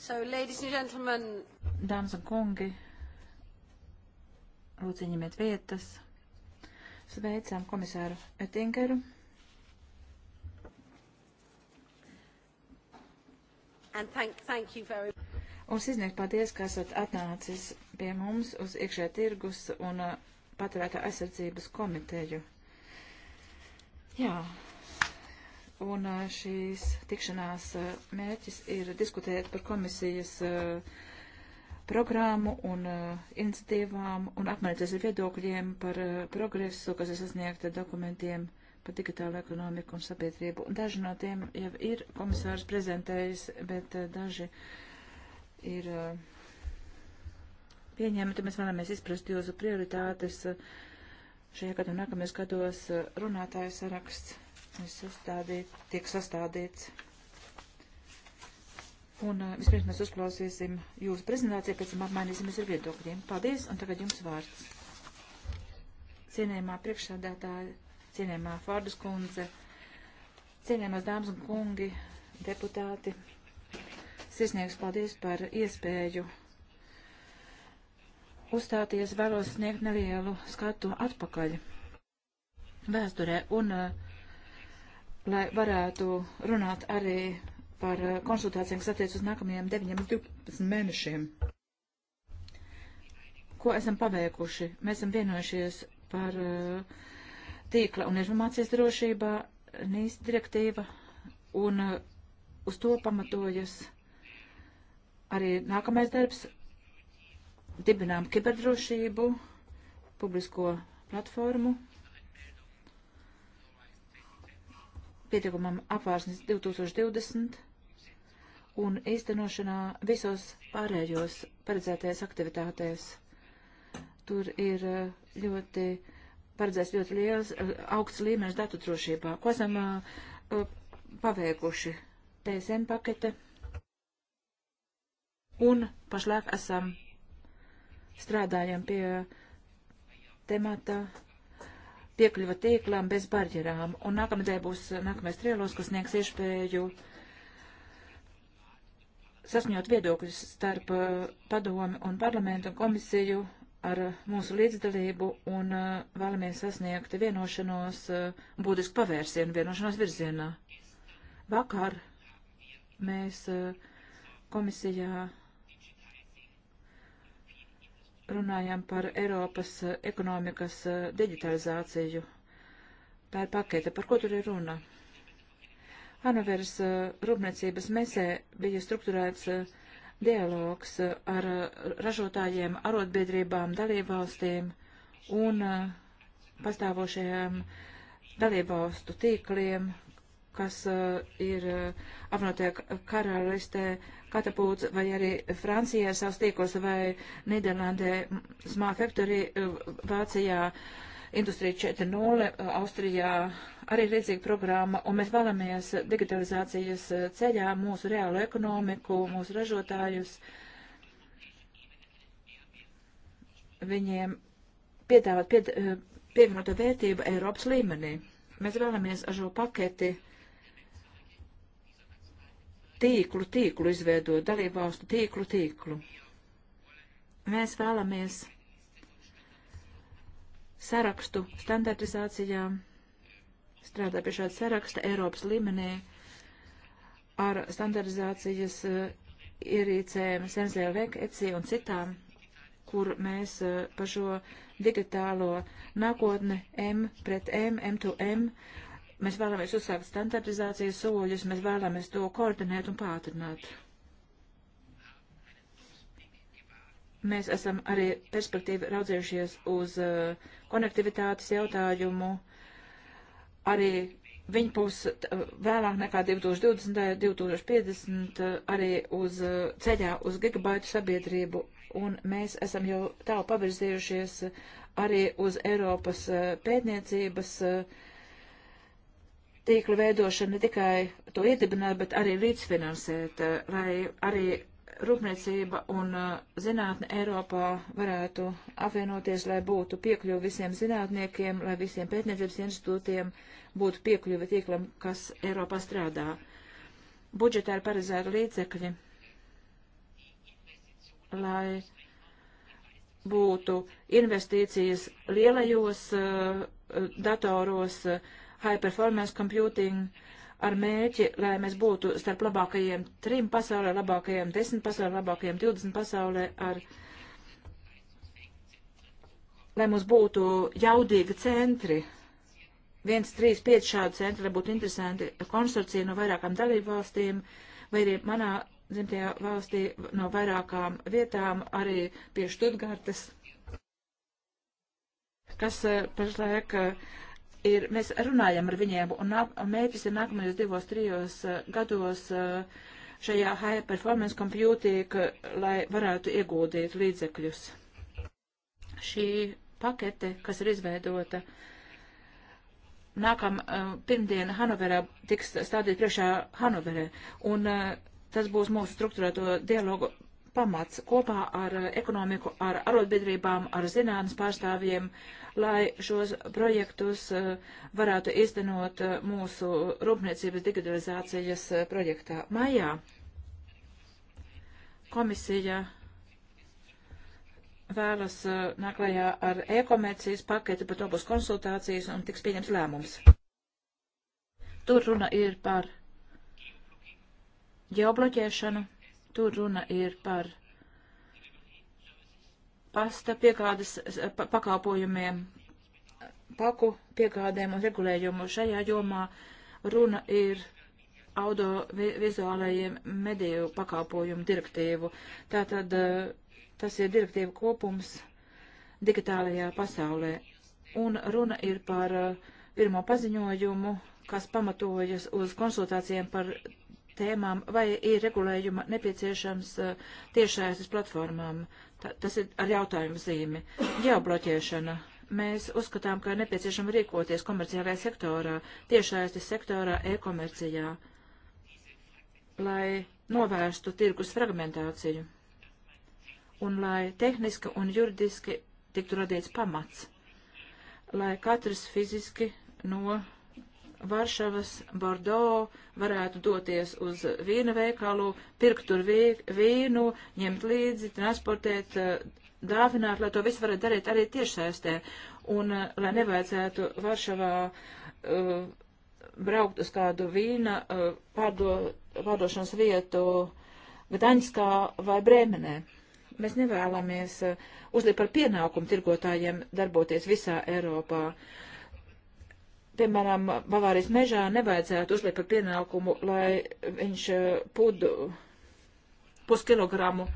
[SPEAKER 2] So, ladies and gentlemen. Dāmas un kungi, lūdzu ņemiet vietas. Sveicām komisāru Ettingeru. And thank, thank you very much. Un sniegt paldies, ka esat atnācis pie mums uz iekšē tirgus un uh, paturētā aizsardzības komiteju. Jā, Un šīs tikšanās mērķis ir diskutēt par komisijas programmu un iniciatīvām un apmainīties ar viedokļiem par progresu, kas ir sasniegta dokumentiem par digitālu ekonomiku un sabiedrību. Daži no tiem jau ir komisārs prezentējis, bet daži ir pieņemti. Mēs vēlamies izprast jūsu prioritātes šajā gadu un nākamajos gados runātāju saraksts Sanāksmes uzstādīt, tiek sastādīts. Un eh, vispirms mēs uzklausīsim jūsu prezentāciju, pēc tam apmainīsimies ar viedokļiem. Paldies, un tagad jums vārds. Cienējumā priekšsādātāja, cienējumā Fārdas kundze, cienējumās dāmas un kungi, deputāti, sirsnieks paldies par iespēju uzstāties, vēlos sniegt nelielu skatu atpakaļ vēsturē un uh, lai varētu runāt arī par eh, konsultācijām, kas attiec uz nākamajiem 9-12 mēnešiem. Ko esam paveikuši? Mēs esam vienojušies par eh, tīkla un informācijas drošībā NIS direktīva, un eh, uz to pamatojas arī nākamais darbs. Dibinām kiberdrošību, publisko platformu pietiekumam apvārsnes 2020 un īstenošanā visos pārējos paredzētajās aktivitātēs. Tur ir eh, ļoti paredzēts ļoti liels, eh, augsts līmenis datu drošībā. Ko esam eh, paveikuši? TSN pakete. Un pašlaik esam strādājam pie temata piekļuva tīklam bez barjerām. Un nākamnedēļ būs nākamais trielos, kas sniegs iespēju sasņot viedokļus starp eh, padomi un parlamentu un komisiju ar eh, mūsu līdzdalību un eh, vēlamies sasniegt vienošanos, būtisku pavērsienu vienošanos virzienā. Vakar mēs komisijā runājam par Eiropas eh, ekonomikas eh, digitalizāciju. Tā ir pakete. Par ko tur ir runa? Hanoveras eh, rūpniecības mesē bija strukturēts dialogs ar ražotājiem, arotbiedrībām, dalībvalstīm un pastāvošajām dalībvalstu tīkliem, kas eh, ir eh, apvienotajā karalistē katapults vai arī Francijā savus tīklus vai Nīderlandē Smart Factory eh, Vācijā. Industrija 4.0, Austrijā arī līdzīga programma, un mēs vēlamies digitalizācijas ceļā mūsu reālo ekonomiku, mūsu ražotājus, viņiem piedāvāt pied, pievienoto vērtību Eiropas līmenī. Mēs vēlamies ar šo paketi uh, tīklu, tīklu izveidot, dalībvalstu tīklu, tīklu. Mēs vēlamies sarakstu standartizācijā, strādā pie šāda saraksta Eiropas līmenī ar standartizācijas eh, ierīcēm Sensei Vek, ECI un citām, kur mēs eh, par šo digitālo nākotni M pret M, M to M Mēs vēlamies uzsākt standartizācijas soļus, mēs vēlamies to koordinēt un pātrināt. Mēs esam arī perspektīvi raudzējušies uz uh, konektivitātes jautājumu. Arī viņa puses uh, vēlāk nekā 2020. 2050 uh, arī uz uh, ceļā uz gigabaitu sabiedrību. Un mēs esam jau tālu pavirzījušies arī uz Eiropas uh, pētniecības uh, tīkla veidošanu ne tikai to iedibināt, bet arī līdzfinansēt, eh, lai arī rūpniecība un eh, zinātne Eiropā varētu apvienoties, lai būtu piekļuvi visiem zinātniekiem, lai visiem pētniecības institūtiem būtu piekļuvi tīklam, kas Eiropā strādā. Budžetā ir paredzēta līdzekļi, lai būtu investīcijas lielajos uh, datoros, uh, High Performance Computing ar mēķi, lai mēs būtu starp labākajiem trim pasaulē, labākajiem desmit pasaulē, labākajiem divdesmit pasaulē ar lai mums būtu jaudīgi centri, viens, trīs, pieci šādi centri, lai būtu interesanti konsorcija no vairākām dalību valstīm, vai arī manā dzimtajā valstī no vairākām vietām, arī pie Študgartes, kas eh, pašlaik eh, ir, mēs runājam ar viņiem, un, un mērķis ir nākamajos divos, trijos eh, gados eh, šajā high performance computing, eh, lai varētu ieguldīt līdzekļus. Šī pakete, kas ir izveidota, nākam pirmdien Hanoverā tiks stādīt priekšā Hanoverē, un tas būs mūsu struktūrēto dialogu pamats kopā ar eh, ekonomiku, ar arotbiedrībām, ar zinātnes pārstāvjiem, lai šos projektus eh, varētu iztenot eh, mūsu rūpniecības digitalizācijas projektā. Maijā komisija vēlas nāklajā ar e-komercijas paketi, par to būs konsultācijas un tiks pieņems lēmums. Tur runa ir par ģeobloķēšanu. Tur runa ir par pasta piegādes pa, pakalpojumiem, paku piegādēm un regulējumu. Šajā jomā runa ir audiovizuālajiem mediju pakalpojumu direktīvu. Tātad eh, tas ir direktīva kopums digitālajā pasaulē. Un runa ir par eh, pirmo paziņojumu, kas pamatojas uz konsultācijām par tēmām, vai ir regulējuma nepieciešams eh, tiešsaistes platformām. Tā, tas ir ar jautājumu zīmi. Geobloķēšana. Mēs uzskatām, ka ir nepieciešama rīkoties komerciālajā sektorā, tiešsaistes sektorā, e-komercijā, lai novērstu tirgus fragmentāciju un lai tehniski un juridiski tiktu radīts pamats, lai katrs fiziski no Varšavas, Bordeaux, varētu doties uz vīna veikalu, pirkt tur vīnu, ņemt līdzi, transportēt, eh, dāvināt, lai to visu varētu darīt arī tiešsaistē. Un eh, lai nevajadzētu Varšavā uh, braukt uz kādu vīna uh, pārdo, pārdošanas vietu Gdaņskā vai Brēmenē. Mēs nevēlamies uh, uzlikt par pienākumu tirgotājiem darboties visā Eiropā. Uh, piemēram, Bavārijas mežā nevajadzētu uzlikt par pienākumu, lai viņš eh, pudu puskilogramu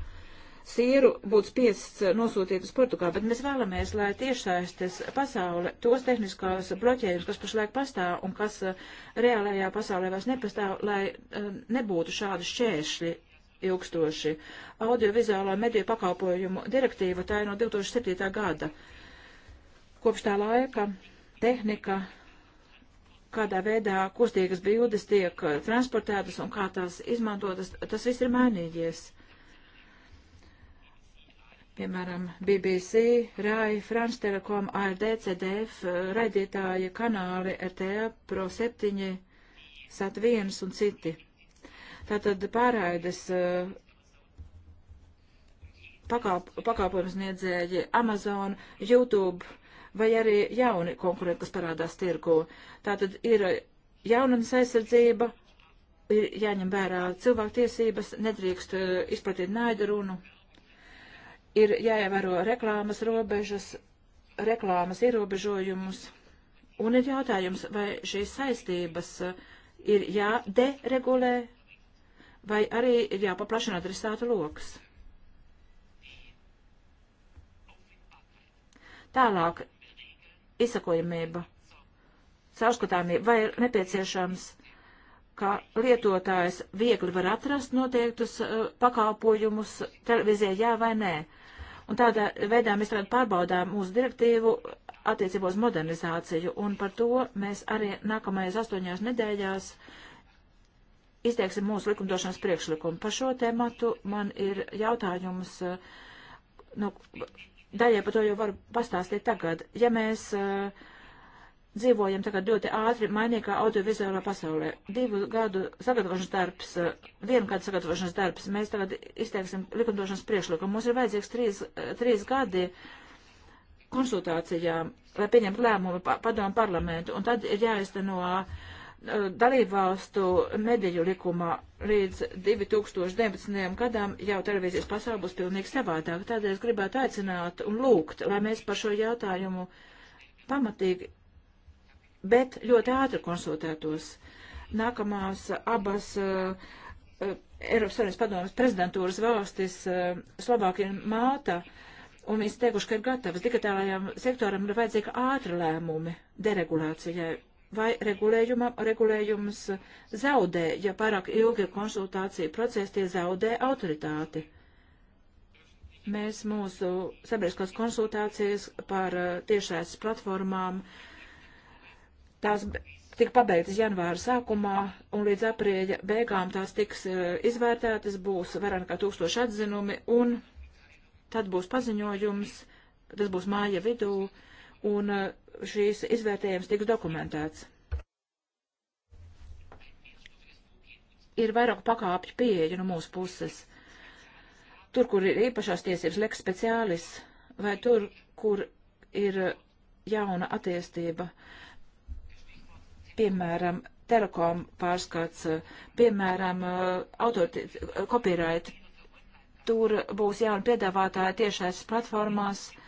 [SPEAKER 2] sieru būtu spiests nosūtīt uz Portugālu, bet mēs vēlamies, lai tiešsaistes pasaule tos tehniskās bloķējumus, kas pašlaik pastāv un kas eh, reālajā pasaulē vairs nepastāv, lai eh, nebūtu šādi šķēršļi ilgstoši. Audiovizuālo mediju pakalpojumu direktīva tā ir no 2007. gada. Kopš tā laika tehnika kādā veidā kustīgas bildes tiek eh, transportētas un kā tās izmantotas, tas viss ir mainījies. Piemēram, BBC, RAI, France Telecom, ARD, CDF, eh, raidītāji, kanāli, RTA, Pro 7, Sat 1 un citi. Tātad pārraides eh, pakalpojums niedzēji Amazon, YouTube, vai arī jauni konkurenti, kas parādās tirgu. Tātad ir jaunums aizsardzība, ir jāņem vērā cilvēktiesības, nedrīkst e, izplatīt naidu runu, ir jāievēro reklāmas robežas, reklāmas ierobežojumus, un ir jautājums, vai šīs saistības e, ir jāderegulē, vai arī ir jāpaplašina adresātu lokus. Tālāk izsakojamība, caurskatāmība, vai ir nepieciešams, ka lietotājs viegli var atrast noteiktus uh, pakalpojumus televīzijā, jā vai nē. Un tādā veidā mēs tagad pārbaudām mūsu direktīvu attiecībos modernizāciju, un par to mēs arī nākamajās astoņās nedēļās izteiksim mūsu likumdošanas priekšlikumu. Par šo tēmatu man ir jautājums. Uh, nu, Daļai par to jau varu pastāstīt tagad. Ja mēs uh, dzīvojam tagad ļoti ātri mainīgā audiovizuālā pasaulē. Divu gadu sagatavošanas darbs, eh, vienu gadu sagatavošanas darbs, mēs tagad izteiksim likumdošanas priekšlikumu. Mums ir vajadzīgs trīs, eh, trīs gadi konsultācijām, lai pieņemtu lēmumu padomu parlamentu, un tad ir jāizteno uh, dalībvalstu mediju likumā līdz 2019. gadam jau televīzijas pasauli būs pilnīgi savādāk. Tādēļ es gribētu aicināt un lūgt, lai mēs par šo jautājumu pamatīgi, bet ļoti ātri konsultētos. Nākamās abas uh, uh, Eiropas Savienības padomas prezidentūras valstis uh, Slovākija un Māta. Un viņi teikuši, ka ir gatavs digitālajam sektoram ir vajadzīga ātra lēmumi deregulācijai vai regulējumam regulējums zaudē, ja pārāk ilgi konsultācija procesi tie zaudē autoritāti. Mēs mūsu sabiedriskās konsultācijas par eh, tiešās platformām, tās tika pabeigtas janvāra sākumā, un līdz aprīļa beigām tās tiks eh, izvērtētas, būs vairāk kā tūkstoši atzinumi, un tad būs paziņojums, tas būs māja vidū, uh, un eh, šīs izvērtējums tiks dokumentēts. Ir vairāk pakāpju pieeja no mūsu puses. Tur, kur ir īpašās tiesības leks speciālis, vai tur, kur ir eh, jauna attīstība, piemēram, telekom pārskats, eh, piemēram, autorti, copyright, tur būs jauni piedāvātāji tiešais platformās. Mm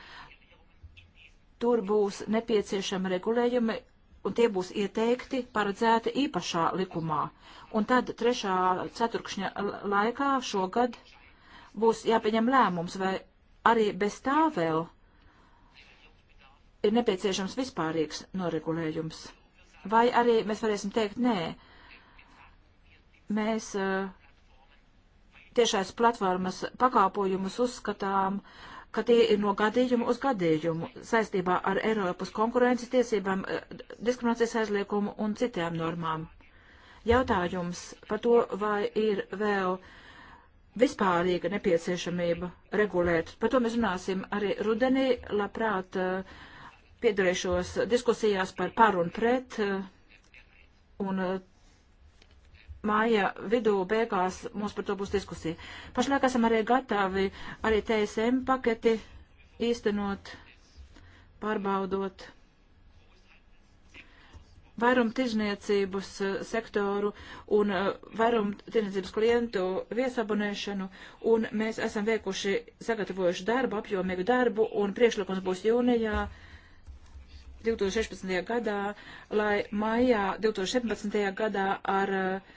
[SPEAKER 2] Tur būs nepieciešami regulējumi, un tie būs ieteikti, paredzēti īpašā likumā. Un tad trešā ceturkšņa laikā šogad būs jāpieņem lēmums, vai arī bez tā vēl ir nepieciešams vispārīgs noregulējums. Vai arī mēs varēsim teikt, nē, mēs eh, tiešais platformas pakāpojumus uzskatām uh, ka tie ir no gadījuma uz gadījumu saistībā ar Eiropas konkurences tiesībām, eh, diskriminācijas aizliekumu un citām normām. Jautājums par to, vai ir vēl vispārīga nepieciešamība regulēt. Par to mēs runāsim arī rudenī, labprāt eh, piedalīšos diskusijās par par un pret. Eh, un māja vidū beigās mums par to būs diskusija. Pašlaik esam arī gatavi arī TSM paketi īstenot, pārbaudot vairum tirzniecības eh, sektoru un eh, vairum tirzniecības klientu viesabunēšanu, un mēs esam veikuši sagatavojuši darbu, apjomīgu darbu, un priekšlikums būs jūnijā 2016. gadā, lai maijā 2017. gadā ar uh,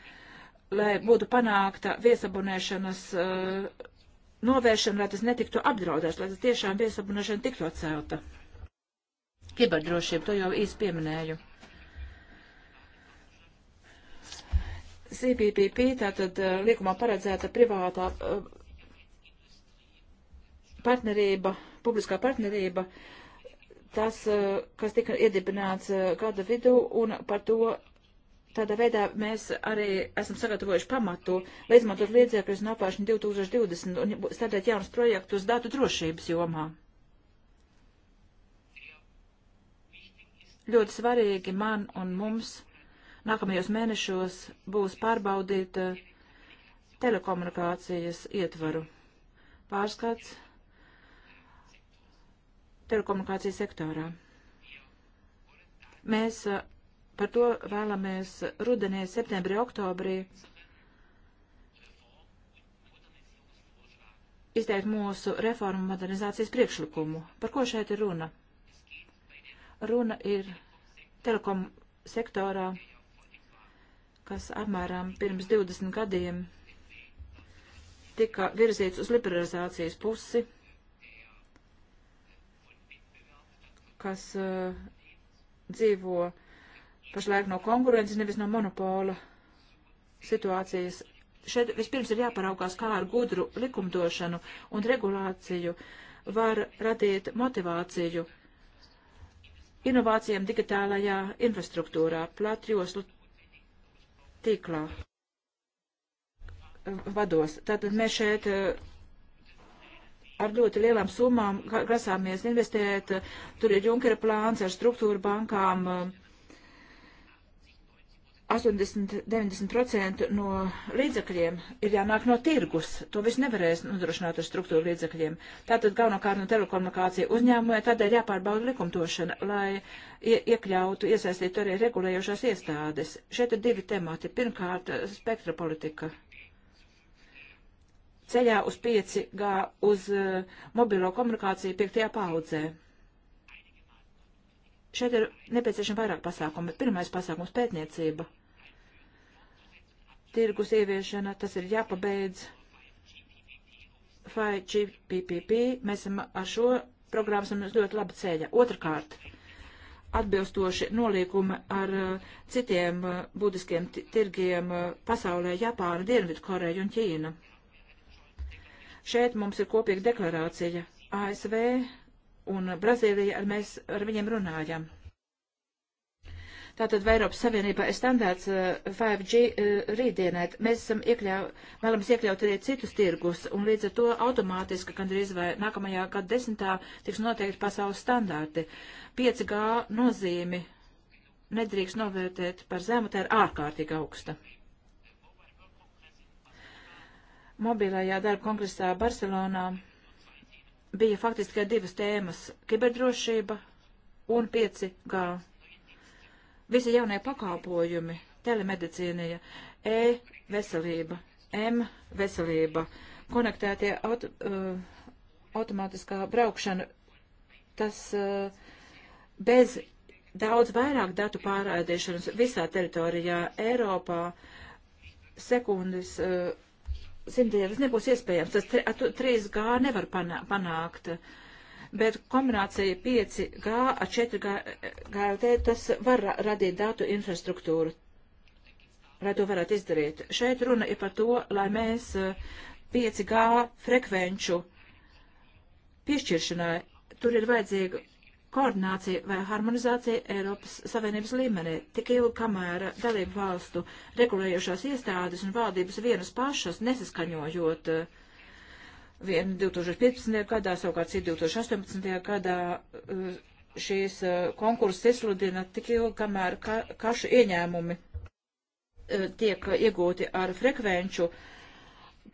[SPEAKER 2] lai būtu panākta viesabunēšanas uh, novēršana, lai tas netiktu apdraudēts, lai tas tiešām viesabunēšana tiktu atcelta. Kiberdrošība, to jau īsti pieminēju. CPPP, tātad uh, likumā paredzēta privātā uh, partnerība, publiskā partnerība, tas, kas tika iedibināts gada vidū, un par to Tādā veidā mēs arī esam sagatavojuši pamatu, lai izmantot līdzekļus no apāršņa 2020 un startēt jaunus projektus datu drošības jomā. Ļoti svarīgi man un mums nākamajos mēnešos būs pārbaudīt eh, telekomunikācijas ietvaru. Pārskats telekomunikācijas sektorā. Mēs eh, Par to vēlamies rudenī, septembrī, oktobrī izteikt mūsu reformu modernizācijas priekšlikumu. Par ko šeit ir runa? Runa ir telekom sektorā, kas apmēram pirms 20 gadiem tika virzīts uz liberalizācijas pusi, kas uh, dzīvo pašlaik no konkurences, nevis no monopola situācijas. Šeit vispirms ir jāparaugās, kā ar gudru likumdošanu un regulāciju var radīt motivāciju inovācijām digitālajā infrastruktūrā, platjoslu tīklā eh, vados. Tātad mēs šeit eh, ar ļoti lielām summām grasāmies investēt. Tur ir Junkera plāns ar struktūru bankām, eh, 80-90% no līdzekļiem ir jānāk no tirgus. To viss nevarēs nodrošināt ar struktūru līdzekļiem. Tātad galvenokārt no telekomunikāciju uzņēmumiem, tādēļ jāpārbauda likumdošana, lai ie iekļautu, iesaistītu arī regulējošās iestādes. Šeit ir divi temati. Pirmkārt, spektra politika. Ceļā uz 5G, uz uh, mobilo komunikāciju 5. paudzē. Šeit ir nepieciešama vairāk pasākumu. Pirmais pasākums - pētniecība tirgus ieviešana, tas ir jāpabeidz. Vai GPPP, mēs esam ar šo programmu esam uz ļoti laba ceļa. Otrakārt, atbilstoši nolīgumi ar uh, citiem uh, budiskiem tirgiem uh, pasaulē - Japāna, Dienvidkoreja un Ķīna. Šeit mums ir kopīga deklarācija ASV un Brazīlija, ar mēs ar viņiem runājam Tātad vai Eiropas Savienībā ir standārts 5G eh, eh, rītdienai. Mēs esam iekļau, vēlamies iekļaut arī citus tirgus, un līdz ar to automātiski, gandrīz vai nākamajā gada desmitā, tiks noteikti pasaules standārti. 5G nozīmi nedrīkst novērtēt par zemu, tā ir ārkārtīgi augsta. Mobilajā darba kongresā Barcelonā bija faktiski divas tēmas - kiberdrošība un 5G Visi jaunie pakalpojumi, telemedicīnija, e-veselība, m-veselība, konektētie aut uh, automātiskā braukšana, tas uh, bez daudz vairāk datu pārraidīšanas visā teritorijā Eiropā sekundes. Uh, simtdienas nebūs iespējams. Tas 3G nevar panākt. Uh, bet kombinācija 5G ar 4G LTE tas var ra radīt datu infrastruktūru, lai to varētu izdarīt. Šeit runa ir par to, lai mēs 5G eh, frekvenču piešķiršanai, tur ir vajadzīga koordinācija vai harmonizācija Eiropas Savienības līmenī, tik ilgi, kamēr dalību valstu regulējušās iestādes un valdības vienas pašas nesaskaņojot uh, Viena 2015. gadā, savukārt cita 2018. gadā uh, šīs uh, konkursas izsludina tik ilgi, kamēr ka, kašu ieņēmumi uh, tiek iegūti ar frekvenču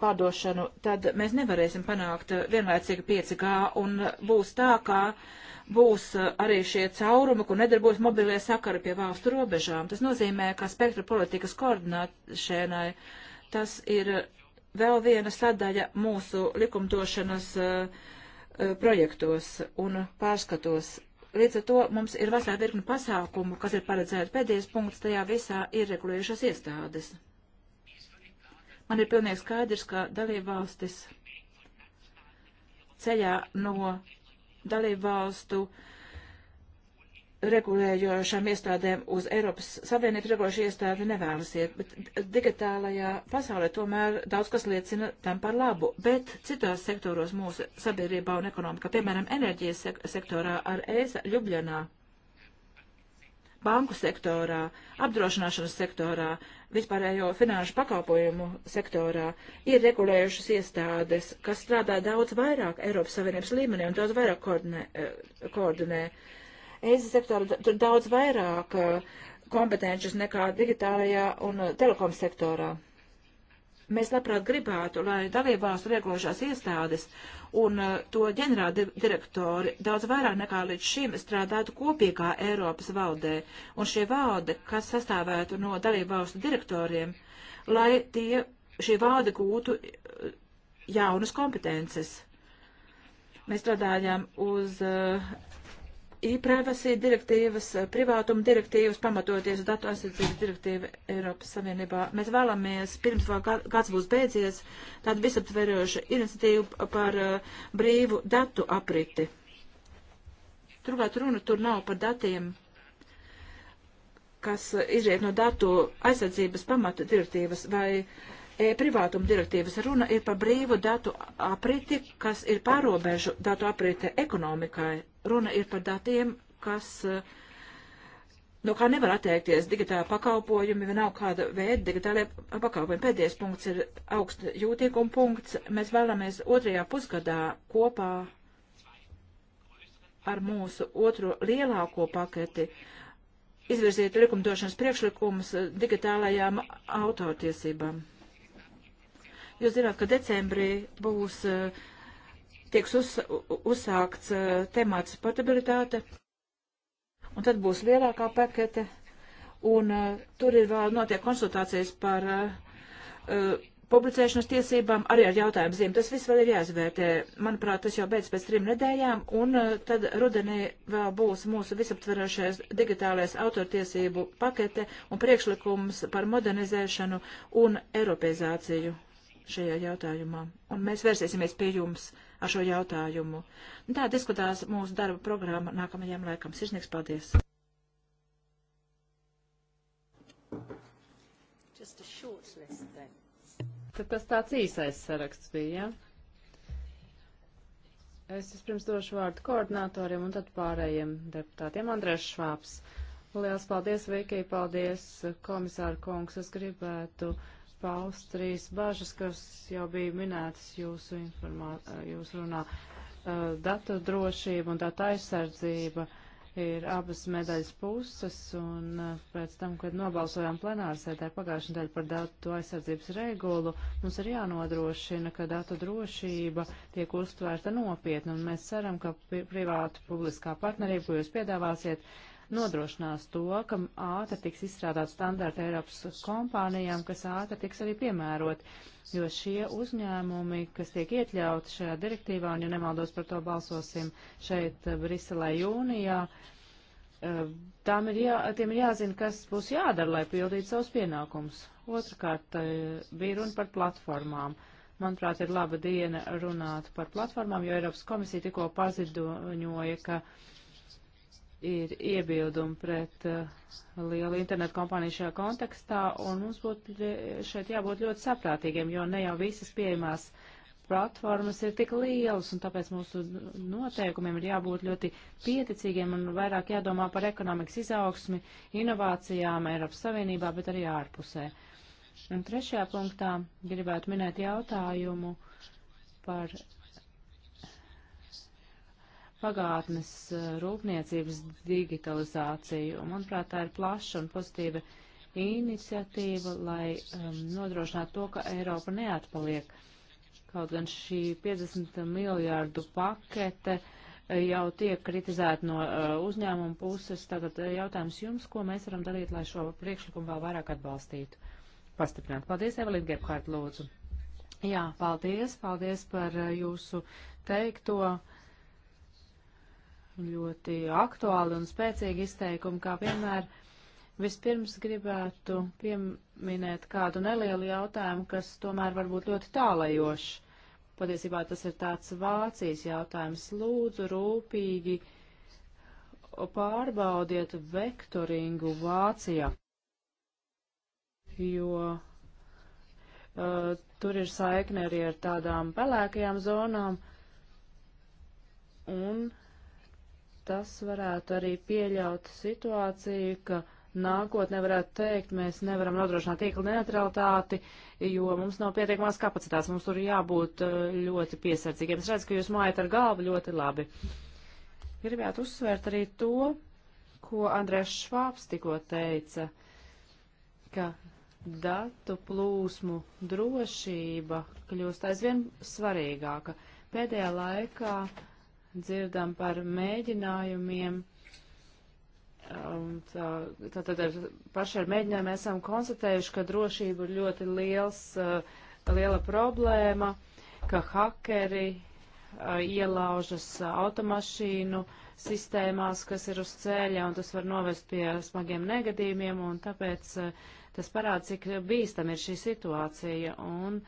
[SPEAKER 2] pārdošanu, tad mēs nevarēsim panākt vienlaicīgi 5G un būs tā, ka būs arī šie caurumi, kur nedarbūs mobilie sakari pie valstu robežām. Tas nozīmē, ka spektra politikas koordināšanai tas ir vēl viena sadaļa mūsu likumdošanas uh, projektos un pārskatos. Līdz ar to mums ir vesela virkni pasākumu, kas ir paredzēti pēdējais punkts, tajā visā ir regulējušas iestādes. Man ir pilnīgi skaidrs, ka dalībvalstis ceļā no dalībvalstu uh, regulējošām iestādēm uz Eiropas Savienības regulējušu iestādi nevēlas iet, bet digitālajā pasaulē tomēr daudz kas liecina tam par labu. Bet citos sektoros mūsu sabiedrībā un ekonomikā, piemēram, enerģijas sek sektorā ar ESA Ljubljanā, banku sektorā, apdrošināšanas sektorā, vispārējo finanšu pakalpojumu sektorā, ir regulējušas iestādes, kas strādā daudz vairāk Eiropas Savienības līmenī un daudz vairāk koordinē. Eh, koordinē ESA sektora tur daudz vairāk uh, kompetences nekā digitālajā un uh, telekom sektorā. Mēs labprāt gribētu, lai dalībvalstu regulošās iestādes un uh, to ģenerāldirektori daudz vairāk nekā līdz šim strādātu kopīgā Eiropas valdē, un šie valde, kas sastāvētu no dalībvalstu direktoriem, lai tie, šī valde gūtu jaunas kompetences. Mēs strādājām uz uh, e-privacy direktīvas, eh, privātuma direktīvas, pamatoties datu aizsardzības direktīva Eiropas Savienībā. Mēs vēlamies, pirms vēl gads būs beidzies, tādu visaptverošu iniciatīvu par uh, brīvu datu apriti. Turklāt runa tur nav par datiem, kas eh, izriet no datu aizsardzības pamata direktīvas vai uh, E privātuma direktīvas runa ir par brīvu datu apriti, kas ir pārobežu datu aprite ekonomikai. Runa ir par datiem, kas, e, no kā nevar atteikties digitāla pakalpojumi, vienalga kāda veida digitālajie pakalpojumi. Pēdējais punkts ir augsta jūtīguma punkts. Mēs vēlamies otrajā pusgadā kopā ar mūsu otro lielāko paketi izvirzīt likumdošanas priekšlikumus digitālajām autortiesībām. Jūs zināt, ka decembrī būs, eh, tieks uz, uzsākts eh, temats portabilitāte, un tad būs lielākā pakete, un eh, tur ir vēl notiek konsultācijas par uh, publicēšanas tiesībām arī ar jautājumu zīm. Tas viss vēl ir jāizvērtē. Manuprāt, tas jau beidz pēc trim nedēļām, un tad rudenī vēl būs mūsu visaptverošais digitālais autortiesību pakete un priekšlikums par modernizēšanu un eiropeizāciju šajā jautājumā, un mēs vērsīsimies pie jums ar šo jautājumu. Tā diskutās mūsu darba programma nākamajam laikam. Sirsnieks,
[SPEAKER 3] paldies! Tad tas tāds īsais saraksts bija, ja? Es vispirms došu vārdu koordinatoriem un tad pārējiem deputātiem. Andrēs Švāps. Liels paldies, Viki, paldies, komisāra kungs. Es gribētu uh, paust trīs bažas, kas jau bija minētas jūsu, jūsu runā. Datu drošība un datu aizsardzība ir abas medaļas puses, un pēc tam, kad nobalsojām plenārsēdē pagājušajā nedēļā par datu aizsardzības regulu, mums ir jānodrošina, ka datu drošība tiek uztvērta nopietni, un mēs ceram, ka privātu publiskā partnerība, ko jūs piedāvāsiet, uh, nodrošinās to, ka ātri tiks izstrādāt standarti Eiropas kompānijām, kas ātri tiks arī piemērot, jo šie uzņēmumi, kas tiek iekļauti šajā direktīvā, un ja nemaldos par to balsosim šeit eh, Briselē jūnijā, eh, tām ir, jā, tiem ir jāzina, kas būs jādara, lai pildītu savus pienākumus. Otrakārt eh, bija runa par platformām manuprāt, ir laba diena runāt par platformām, jo Eiropas komisija tikko paziņoja, ka ir iebildumi pret uh, lielu internetu kompāniju šajā kontekstā, un mums būtu šeit jābūt ļoti saprātīgiem, jo ne jau visas pieejamās platformas ir tik lielas, un tāpēc mūsu noteikumiem ir jābūt ļoti pieticīgiem un vairāk jādomā par ekonomikas izaugsmi, inovācijām Eiropas Savienībā, bet arī ārpusē. Un trešajā punktā gribētu minēt jautājumu par pagātnes eh, rūpniecības digitalizāciju. Un, manuprāt, tā ir plaša un pozitīva iniciatīva, lai um, nodrošinātu to, ka Eiropa neatpaliek. Kaut gan šī 50 miljārdu pakete eh, jau tiek kritizēta no uh, uzņēmuma puses, tātad jautājums jums, ko mēs varam darīt, lai šo priekšlikumu vēl vairāk atbalstītu. Pastiprināt. Paldies, Evelīna Gebkārt, lūdzu. Jā, paldies, paldies par uh, jūsu teikto. Uh, ļoti aktuāli un spēcīgi izteikumi, kā vienmēr. Vispirms gribētu pieminēt kādu nelielu jautājumu, kas tomēr var būt ļoti tālajošs. Patiesībā tas ir tāds Vācijas jautājums. Lūdzu, rūpīgi pārbaudiet vektoringu Vācijā, jo uh, tur ir saikne arī ar tādām pelēkajām zonām. Un uh, tas varētu arī pieļaut situāciju, ka nākotnē varētu teikt, mēs nevaram nodrošināt tīkla neutralitāti, jo mums nav pietiekamās kapacitātes, mums tur jābūt eh, ļoti piesardzīgiem. Es redzu, ka jūs mājat ar galvu ļoti labi. Gribētu uzsvērt arī to, ko Andrēs Švāps tikko teica, ka datu plūsmu drošība kļūst aizvien svarīgāka. Pēdējā laikā uh, dzirdam par mēģinājumiem. Tā, tā tad ar paši ar mēģinājumu esam konstatējuši, ka drošība ir ļoti liels, uh, liela problēma, ka hakeri uh, ielaužas automašīnu sistēmās, kas ir uz ceļa, un tas var novest pie smagiem negadījumiem, un tāpēc uh, tas parāda, cik bīstam ir šī situācija, un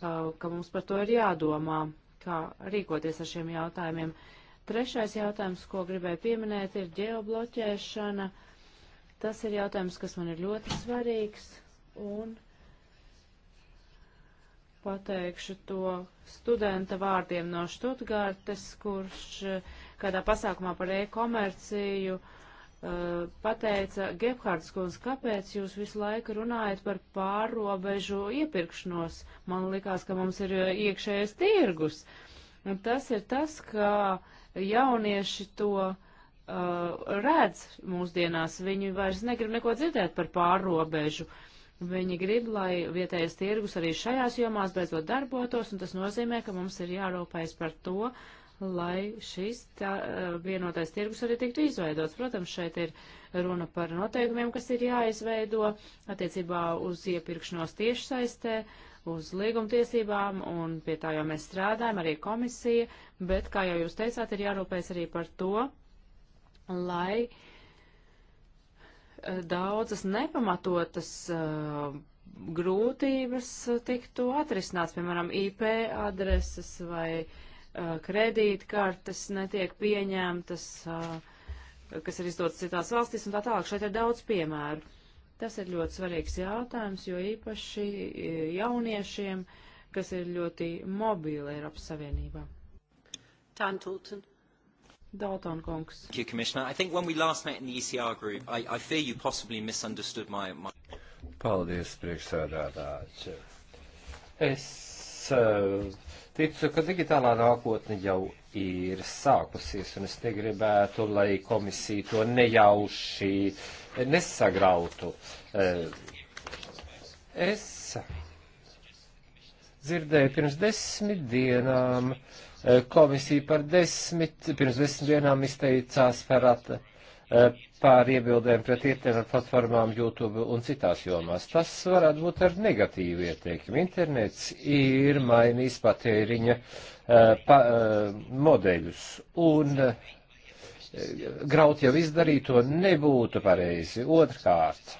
[SPEAKER 3] ka mums par to ir jādomā kā rīkoties ar šiem jautājumiem. Trešais jautājums, ko gribēju pieminēt, ir ģeobloķēšana. Tas ir jautājums, kas man ir ļoti svarīgs, un pateikšu to studenta vārdiem no Štutgārtes, kurš eh, kādā pasākumā par e-komerciju uh, Eh, pateica Gebhards kundz, kāpēc jūs visu laiku runājat par pārrobežu iepirkšanos? Man likās, ka mums ir eh, iekšējais tirgus. Un tas ir tas, ka jaunieši to uh, redz mūsdienās. Viņi vairs negrib neko dzirdēt par pārrobežu. Viņi grib, lai vietējais tirgus arī šajās jomās beidzot darbotos, un tas nozīmē, ka mums ir jārūpējas par to, uh, lai šis tā, eh, vienotais tirgus arī tiktu izveidots. Protams, šeit ir runa par noteikumiem, kas ir jāizveido attiecībā uz iepirkšanos tiešsaistē, uz līgumtiesībām, un pie tā jau mēs strādājam, arī komisija, bet, kā jau jūs teicāt, ir jārūpēs arī par to, lai eh, daudzas nepamatotas uh, grūtības tiktu atrisināts, piemēram, IP adreses vai uh, Uh, kredītkartes netiek pieņemtas, uh, kas ir izdotas citās valstīs un tā tālāk. Šeit ir daudz piemēru. Tas ir ļoti svarīgs jautājums, jo īpaši uh, jauniešiem, kas ir ļoti mobīli Eiropas Savienībā. Tantulten. Dalton Kongs.
[SPEAKER 1] Thank you, Commissioner. I think when we last met in the ECR group, I, I fear you possibly misunderstood my... my... Paldies, priekšsēdētāji. Es uh, ticu, ka digitālā nākotne jau ir sākusies, un es negribētu, lai komisija to nejauši nesagrautu. Eh, es dzirdēju pirms desmit dienām, eh, komisija par desmit, pirms desmit dienām izteicās par attīstību Eh, pār iebildēm pret internetu platformām YouTube un citās jomās. Tas varētu būt ar negatīvu ieteikumu. Internets ir mainījis patēriņa eh, pa, eh, modeļus un graut jau izdarīto nebūtu pareizi. Otrkārt,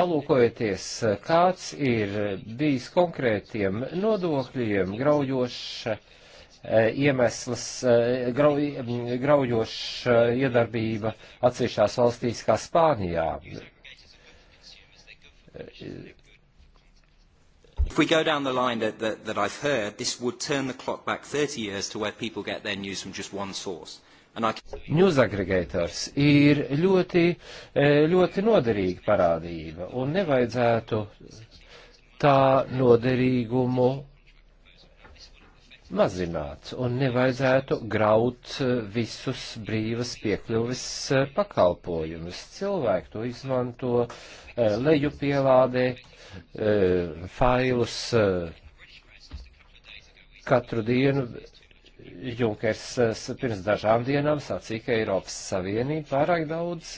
[SPEAKER 1] palūkojieties, kāds ir bijis konkrētiem nodokļiem graujoša E, iemesls e, graujoša iedarbība atsevišķās valstīs kā Spānijā. If we go down the line that, that, that I've heard, this would turn the clock back 30 years to where people get their news from just one source. News aggregators ir ļoti, e, ļoti noderīga parādība, un nevajadzētu tā noderīgumu mazināt un nevajadzētu graut eh, visus brīvas piekļuvis eh, pakalpojumus. Cilvēki to izmanto, eh, leju pielādē failus katru dienu. Junkers pirms dažām dienām sacīja, ka Eiropas Savienība pārāk daudz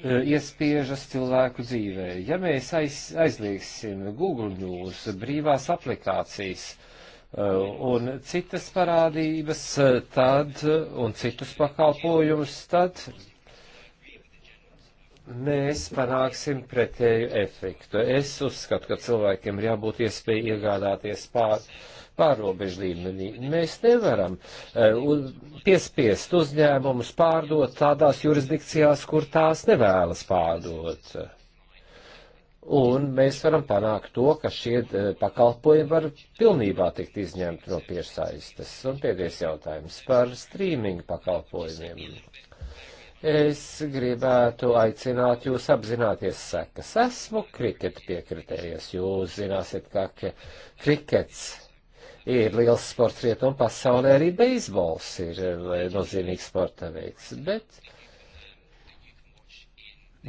[SPEAKER 1] E, iespiežas cilvēku dzīvē. Ja mēs aiz, aizliegsim Google News, brīvās aplikācijas e, un citas parādības, e, tad, un citus pakalpojumus, tad mēs panāksim pretēju efektu. Es uzskatu, ka cilvēkiem ir jābūt iespēja iegādāties pār pārobežu līmenī. Mēs nevaram uh, piespiest uzņēmumus pārdot tādās jurisdikcijās, kur tās nevēlas pārdot. Un mēs varam panākt to, ka šie eh, pakalpojumi var pilnībā tikt izņemti no piešsaistes. Un pēdējais jautājums par strīmingu pakalpojumiem. Es gribētu aicināt jūs apzināties sekas. Esmu kriketa piekritējies. Jūs zināsiet, kā krikets ir liels sports rietumu pasaulē, arī beisbols ir eh, nozīmīgs sporta veids, bet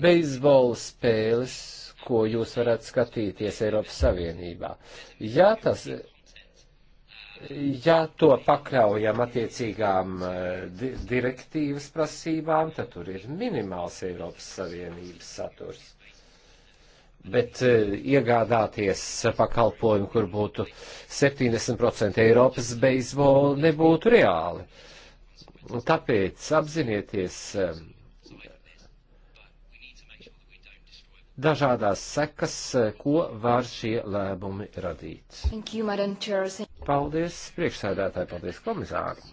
[SPEAKER 1] beisbola spēles, ko jūs varat skatīties Eiropas Savienībā. Ja tas, ja to pakļaujam attiecīgām eh, direktīvas prasībām, tad tur ir minimāls Eiropas Savienības saturs bet e, iegādāties pakalpojumu, kur būtu 70% Eiropas beisbolu, nebūtu reāli. Tāpēc apzinieties e, dažādās sekas, e, ko var šie lēmumi radīt. You, Paldies priekšsēdētāji, paldies komisāram.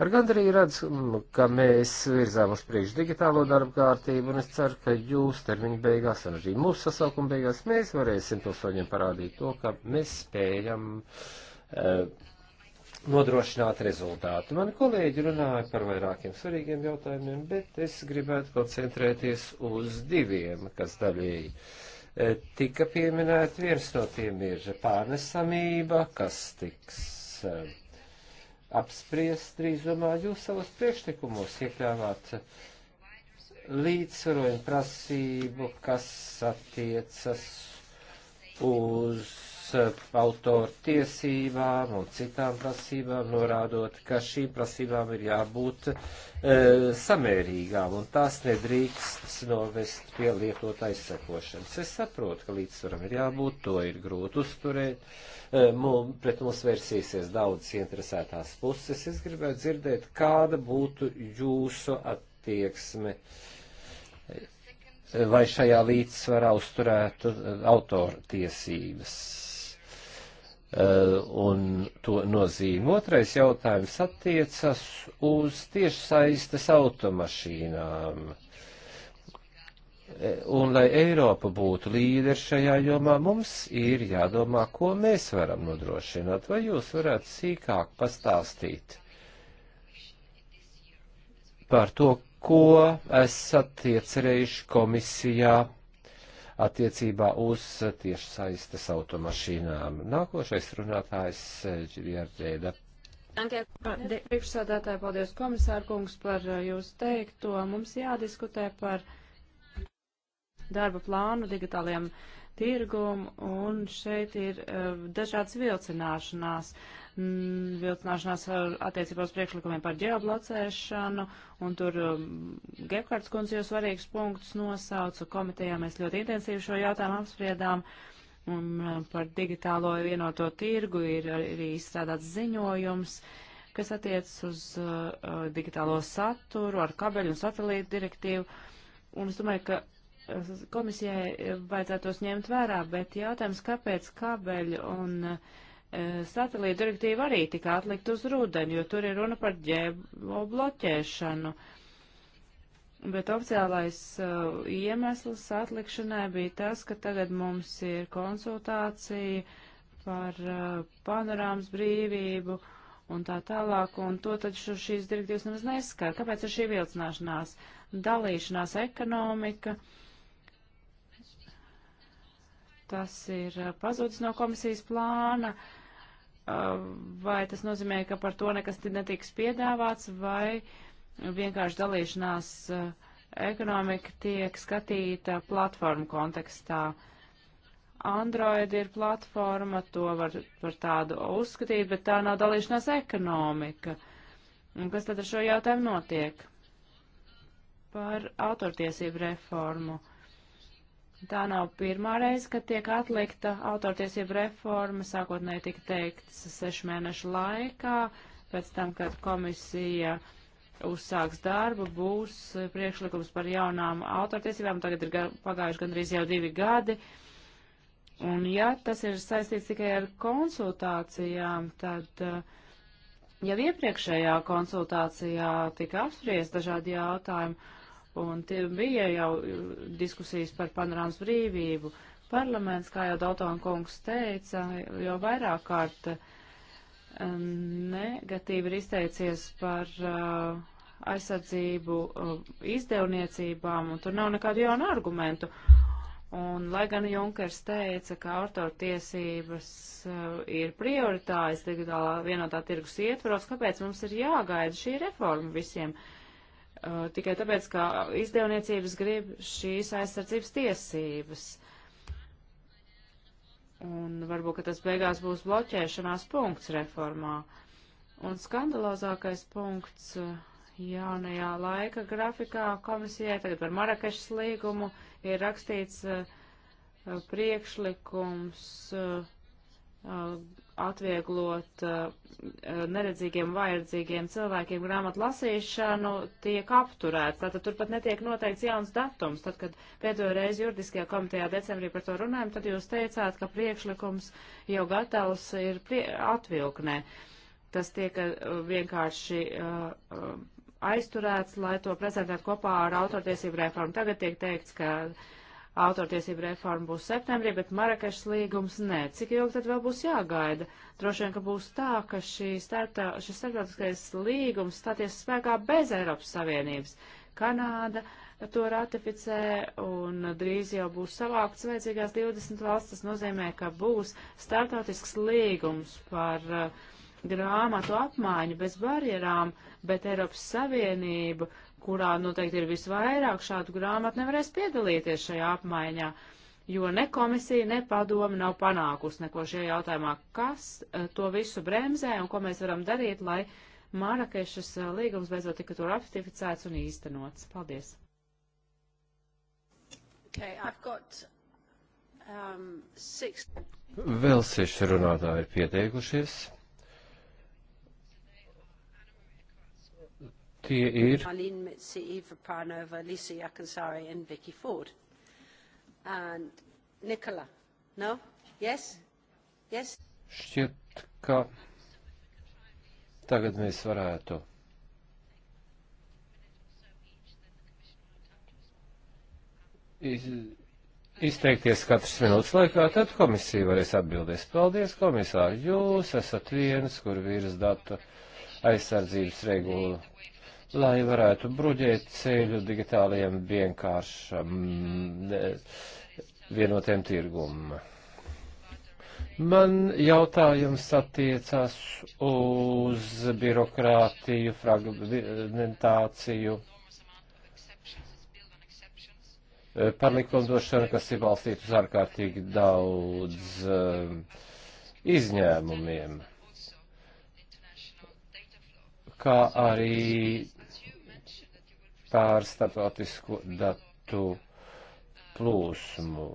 [SPEAKER 1] Ar gandarīju redz, nu, ka mēs virzām uz priekšu digitālo darbu kārtību, un es ceru, ka jūs termiņu beigās, un arī mūsu sasaukuma beigās, mēs varēsim pilsoņiem parādīt to, ka mēs spējam eh, nodrošināt rezultātu. Mani kolēģi runāja par vairākiem svarīgiem jautājumiem, bet es gribētu koncentrēties uz diviem, kas daļēji eh, tika pieminēti. Viens no tiem ir pārnesamība, kas tiks eh, apspriest drīzumā. Jūs savos priekšlikumos iekļāvāt līdzsvarojumu prasību, kas attiecas uz Eh, autoru tiesībām un citām prasībām, norādot, ka šīm prasībām ir jābūt e, samērīgām un tās nedrīkst novest pie lietotā aizsekošanas. Es saprotu, ka līdzsvaram ir jābūt, to ir grūti uzturēt, e, eh, mums, pret mums vērsīsies daudzas interesētās puses. Es gribētu dzirdēt, kāda būtu jūsu attieksme lai šajā līdzsvarā uzturētu autortiesības. Eh, un to nozīme. Otrais jautājums attiecas uz tiešsaistes automašīnām. Eh, un, lai Eiropa būtu līderi šajā jomā, mums ir jādomā, ko mēs varam nodrošināt. Vai jūs varētu sīkāk pastāstīt par to, ko esat iecerējuši komisijā attiecībā uz tiešsaistes automašīnām. Nākošais runātājs Ģirģēda.
[SPEAKER 3] Eh, priekšsādātāji, paldies komisāru kungs par eh, jūsu teikto. Mums jādiskutē par darba plānu digitāliem tirgumu, un šeit ir uh, dažādas vilcināšanās. Uh, Mm, vilcināšanās ar attiecībā uz priekšlikumiem par ģeoblocēšanu, un tur um, Gepkārts kundze jau svarīgs punkts nosauca. Komitejā mēs ļoti intensīvi šo jautājumu apspriedām, un um, par digitālo vienoto tirgu ir arī izstrādāts ziņojums kas attiecas uz uh, uh, digitālo saturu ar kabeļu un satelītu direktīvu. Un es domāju, ka uh, komisijai vajadzētu tos ņemt vērā, bet jautājums, kāpēc kabeļu un uh, E, satelīta direktīva arī tika atlikt uz rudeni, jo tur ir runa par ģēbo bloķēšanu. Bet oficiālais uh, iemesls atlikšanai bija tas, ka tagad mums ir konsultācija par uh, panorāmas brīvību un tā tālāk, un to taču šīs direktīvas nemaz neskar. Kāpēc ir šī vilcināšanās? Dalīšanās ekonomika. Tas ir pazudis no komisijas plāna. Uh, vai tas nozīmē, ka par to nekas netiks piedāvāts, vai vienkārši dalīšanās ekonomika tiek skatīta platformu kontekstā. Android ir platforma, to var par tādu uzskatīt, bet tā nav dalīšanās ekonomika. Un kas tad ar šo jautājumu notiek? Par autortiesību reformu. Tā nav pirmā reize, kad tiek atlikta autortiesību reforma, sākotnēji tika teikts sešu mēnešu laikā, pēc tam, kad komisija uzsāks darbu, būs priekšlikums par jaunām autortiesībām, tagad ir pagājuši gandrīz jau divi gadi. Un ja tas ir saistīts tikai ar konsultācijām, tad eh, jau iepriekšējā konsultācijā tika apspriest dažādi jautājumi un tie bija jau diskusijas par panorāmas brīvību. Parlaments, kā jau Daltona kungs teica, jau vairāk kārt um, negatīvi ir izteicies par uh, aizsardzību uh, izdevniecībām, un tur nav nekādu jaunu argumentu. Un, lai gan Junkers teica, ka autortiesības uh, ir prioritājas digitālā vienotā tirgus ietvaros, kāpēc mums ir jāgaida šī reforma visiem? Uh, Uh, tikai tāpēc, ka izdevniecības grib šīs aizsardzības tiesības. Un varbūt, ka tas beigās būs bloķēšanās punkts reformā. Un skandalozākais punkts uh, jaunajā laika grafikā komisijai tagad par Marakešas līgumu ir rakstīts uh, priekšlikums atvieglot eh, eh, neredzīgiem vajadzīgiem cilvēkiem grāmatu lasīšanu, tiek apturēts. Tātad turpat netiek noteikts jauns datums. Tad, kad pēdējo reizi juridiskajā komitejā decembrī par to runājam, tad jūs teicāt, ka priekšlikums jau gatavs ir prie, atvilknē. Tas tiek eh, vienkārši uh, aizturēts, lai to prezentētu kopā ar autortiesību reformu. Tagad tiek teikts, ka uh, autortiesību reforma būs septembrī, bet Marakešas līgums nē. Cik ilgi tad vēl būs jāgaida? Droši vien, ka būs tā, ka starta, šis starptautiskais līgums stāties spēkā bez Eiropas Savienības. Kanāda to ratificē un drīz jau būs savākts vajadzīgās 20 valsts. Tas nozīmē, ka būs startautisks līgums par uh, grāmatu apmaiņu bez barjerām, bet Eiropas Savienību uh, kurā noteikti ir visvairāk šādu grāmatu, nevarēs piedalīties šajā apmaiņā, jo ne komisija, ne padoma nav panākusi neko šajā jautājumā. Kas eh, to visu bremzē un ko mēs varam darīt, lai Mārakešas eh, līgums beidzot tika tur apstificēts un īstenots? Paldies! Okay, I've got um, six.
[SPEAKER 1] Vēl seši runātāji ir pieteikušies. tie ir. Marlene
[SPEAKER 2] Mitzi, Eva Parnova, Lisa Yakansari and Vicky Ford. And Nicola, no? Yes? Yes?
[SPEAKER 1] Šķiet, ka tagad mēs varētu. Iz, izteikties katras minūtes laikā, tad komisija varēs atbildēs. Paldies, komisāri, jūs esat viens, kur vīras datu aizsardzības regula lai varētu bruģēt ceļu digitāliem vienkāršam vienotiem tirgumam. Man jautājums attiecās uz birokrātiju, fragmentāciju, par likumdošanu, kas ir balstīta uz ārkārtīgi daudz eh, izņēmumiem, kā arī pār starptautisku datu plūsmu.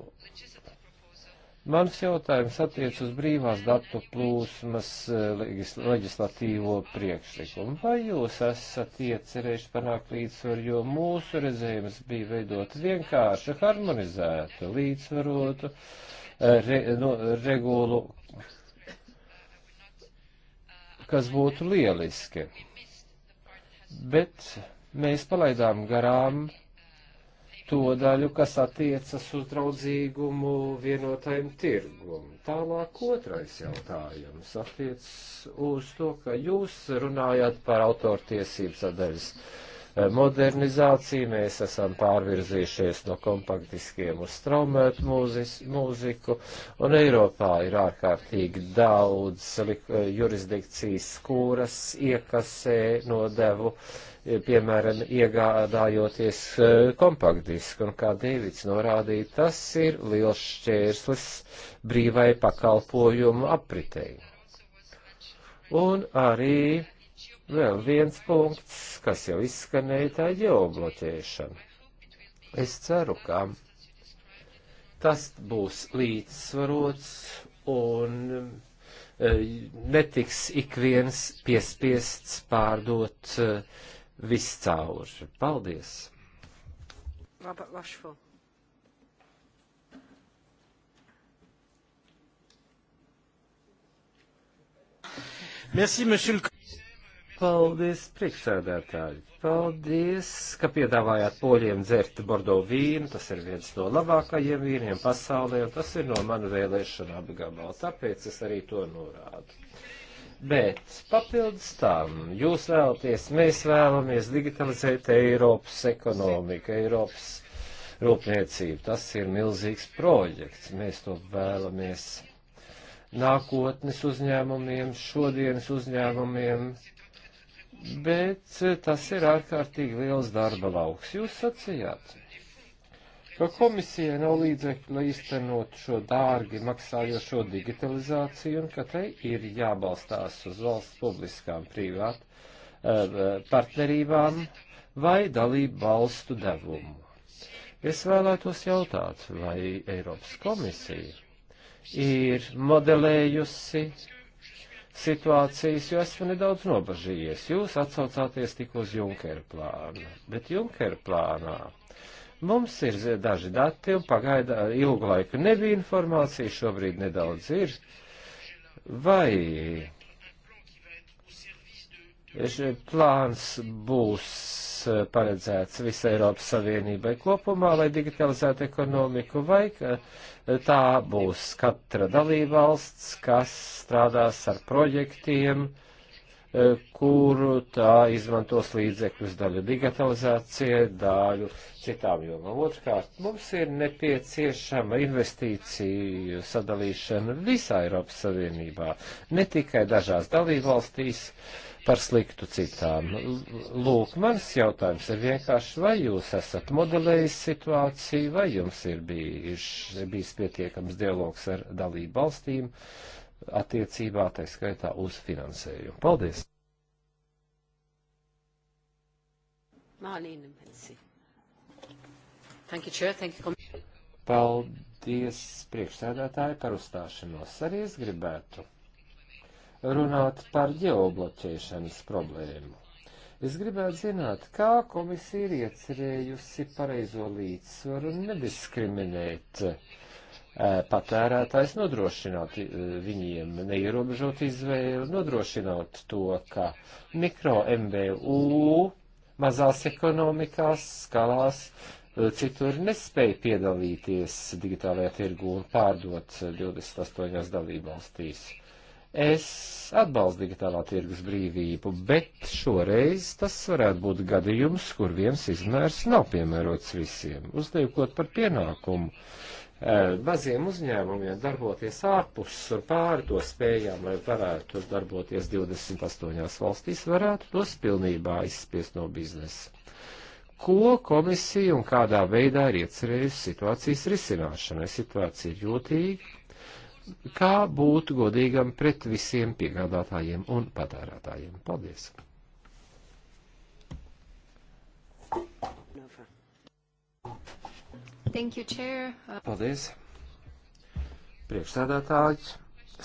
[SPEAKER 1] Mans jautājums attiec uz brīvās datu plūsmas eh, leģislatīvo priekšlikumu. Vai jūs esat iecerējuši panākt līdzsvaru, jo mūsu redzējums bija veidot vienkārši harmonizētu, līdzsvarotu eh, re, no, regulu, kas būtu lieliski. Bet mēs palaidām garām to daļu, kas attiecas uz draudzīgumu vienotajam tirgum. Tālāk otrais jautājums attiecas uz to, ka jūs runājāt par autortiesības sadaļas Eh, modernizāciju, mēs esam pārvirzījušies no kompaktiskiem uz straumētu mūzis, mūziku, un Eiropā ir ārkārtīgi daudz eh, jurisdikcijas, kuras iekasē nodevu, eh, piemēram, iegādājoties kompaktdisku, un kā Dēvids norādīja, tas ir liels šķērslis brīvai pakalpojumu apritei. Un arī Vēl viens punkts, kas jau izskanēja, tā ģeobloķēšana. Es ceru, ka tas būs līdzsvarots un e, netiks ik viens piespiests pārdot e, viscauri. Paldies!
[SPEAKER 3] Robert Rochefort.
[SPEAKER 1] Merci, monsieur le Paldies, priekšsēdētāji. Paldies, ka piedāvājāt poļiem dzert bordo vīnu. Tas ir viens no labākajiem vīniem pasaulē, un tas ir no mana vēlēšana apgabala. Tāpēc es arī to norādu. Bet papildus tam, jūs vēlaties, mēs vēlamies digitalizēt Eiropas ekonomiku, Eiropas rūpniecību. Tas ir milzīgs projekts. Mēs to vēlamies nākotnes uzņēmumiem, šodienas uzņēmumiem bet eh, tas ir ārkārtīgi liels darba lauks. Jūs sacījāt, ka komisijai nav līdzekļu, lai īstenot šo dārgi maksājošo digitalizāciju un ka tai ir jābalstās uz valsts publiskām privātu eh, partnerībām vai dalību valstu devumu. Es vēlētos jautāt, vai Eiropas komisija ir modelējusi situācijas, jo esmu nedaudz nobažījies. Jūs atsaucāties tik uz Junkera plānu, bet Junkera plānā mums ir daži dati un pagaida ilgu laiku nebija informācija, šobrīd nedaudz ir. Vai plāns būs eh, paredzēts visai Eiropas Savienībai kopumā, lai digitalizētu ekonomiku, vai tā būs katra dalībvalsts, kas strādās ar projektiem, e, kuru tā izmantos līdzekļus daļu digitalizācijai, daļu citām jomām. Otrkārt, mums ir nepieciešama investīciju sadalīšana visā Eiropas Savienībā, ne tikai dažās dalībvalstīs. valstīs par sliktu citām. Lūk, mans jautājums ir vienkārši, vai jūs esat modelējis situāciju, vai jums ir bijis, bijis pietiekams dialogs ar dalību valstīm attiecībā, tā skaitā, uz finansējumu. Paldies!
[SPEAKER 3] Marlīna Mensi. Thank you, Chair. Thank you,
[SPEAKER 1] Paldies priekšsēdētāji par uzstāšanos. Arī es gribētu runāt par ģeobloķēšanas problēmu. Es gribētu zināt, kā komisija ir iecerējusi pareizo līdzsvaru nediskriminēt e, patērētājs, nodrošināt e, viņiem neierobežot izvēli, nodrošināt to, ka mikro MBU mazās ekonomikās, skalās eh, citur nespēja piedalīties digitālajā tirgu un pārdot 28 dalībvalstīs. Es atbalstu digitālā tirgus brīvību, bet šoreiz tas varētu būt gadījums, kur viens izmērs nav piemērots visiem, uzliekot par pienākumu eh, maziem uzņēmumiem darboties ārpus un pāri to spējām, lai varētu darboties 28 valstīs, varētu tos pilnībā izspiest no biznesa. Ko komisija un kādā veidā ir iecerējusi situācijas risināšanai? Situācija ir jūtīga, kā būt godīgam pret visiem piegādātājiem un patērētājiem. Paldies! Thank you, Chair. Paldies! Priekšsēdētāji!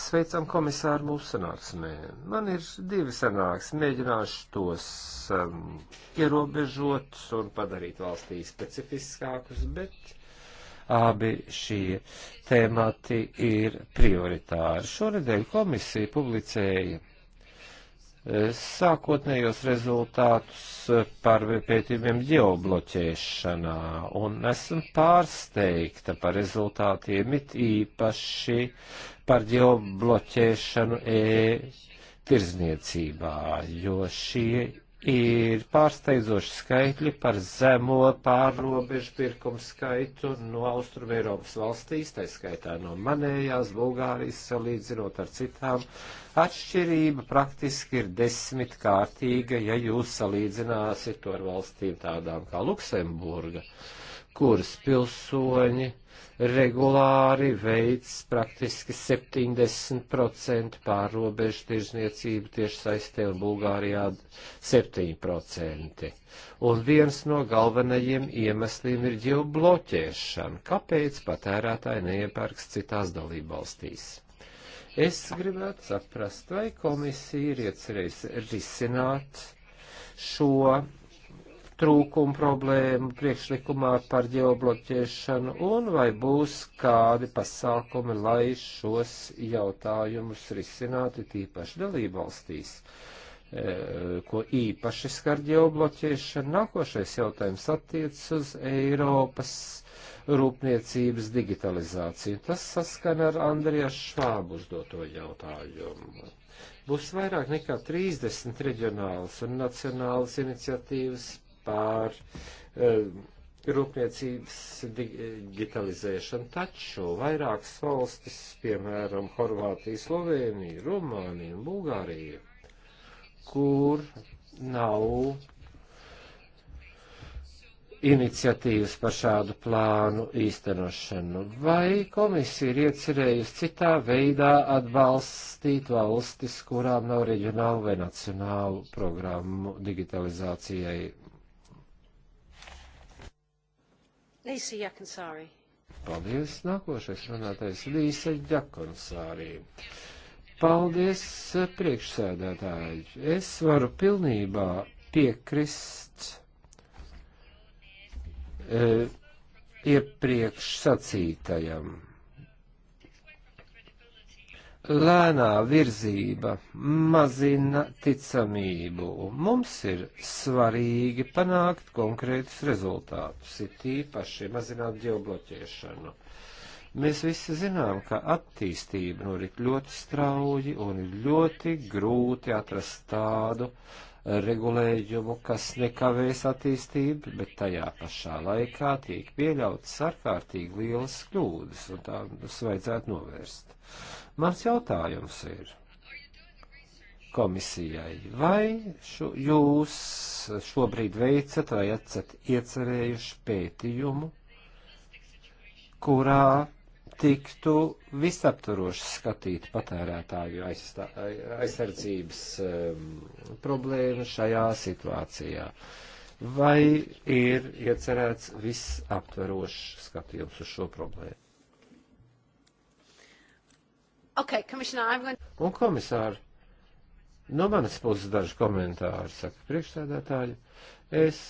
[SPEAKER 1] Sveicam komisāru mūsu sanāksmē. Man ir divi sanāksmi, mēģināšu tos um, ierobežot un padarīt valstī specifiskākus, bet abi šie temati ir prioritāri. Šonedēļ komisija publicēja e, sākotnējos rezultātus e, par pētījumiem ģeobloķēšanā, un esmu pārsteigta par rezultātiem, it īpaši par ģeobloķēšanu e tirzniecībā, jo šie ir pārsteidzoši skaitļi par zemo pārrobežu pirkumu skaitu no Austrum Eiropas valstīs, tā skaitā no manējās Bulgārijas, salīdzinot ar citām. Atšķirība praktiski ir desmit kārtīga, ja jūs salīdzināsiet to ar valstīm tādām kā Luksemburga, kuras pilsoņi uh, regulāri veids praktiski 70% pārrobežu tirzniecību tieši saistē un Bulgārijā 7%. Un viens no galvenajiem iemesliem ir ģeobloķēšana. Kāpēc patērētāji neiepērks citās dalībvalstīs? Es gribētu saprast, vai komisija ir iecerējusi risināt šo trūkumu problēmu priekšlikumā par ģeobloķēšanu un vai būs kādi pasākumi, lai šos jautājumus risinātu tīpaši dalībvalstīs, e, ko īpaši skar ģeobloķēšana. Nākošais jautājums attiec uz Eiropas rūpniecības digitalizāciju. Tas saskana ar Andrijas Švābu uzdoto jautājumu būs vairāk nekā 30 reģionālas un nacionālas iniciatīvas pār e, rūpniecības digitalizēšanu, taču vairākas valstis, piemēram, Horvātija, Slovenija, Rumānija un Bulgārija, kur nav iniciatīvas par šādu plānu īstenošanu, vai komisija ir iecerējusi citā veidā atbalstīt valstis, kurām nav reģionālu vai nacionālu programmu digitalizācijai
[SPEAKER 3] Līsa Jakonsārī.
[SPEAKER 1] Paldies. Nākošais runātais Līsa Jakonsārī. Paldies, priekšsēdētāji. Es varu pilnībā piekrist e, iepriekš sacītajam lēnā virzība mazina ticamību. Mums ir svarīgi panākt konkrētus rezultātus, ir tīpaši mazināt ģeobloķēšanu. Mēs visi zinām, ka attīstība norit ļoti strauji un ir ļoti grūti atrast tādu regulējumu, kas nekavēs attīstību, bet tajā pašā laikā tiek pieļautas ārkārtīgi lielas kļūdas, un tās vajadzētu novērst. Uh, Mans jautājums ir komisijai, vai šo, jūs šobrīd veicat vai esat iecerējuši pētījumu, kurā tiktu visaptvaroši skatīt patērētāju aizstā, aizsardzības um, problēmu šajā situācijā. Vai ir iecerēts visaptvarošs skatījums uz šo problēmu?
[SPEAKER 3] Okay, going...
[SPEAKER 1] Un komisāri, no manas puses daži komentāri, saka priekšsēdētāji. Es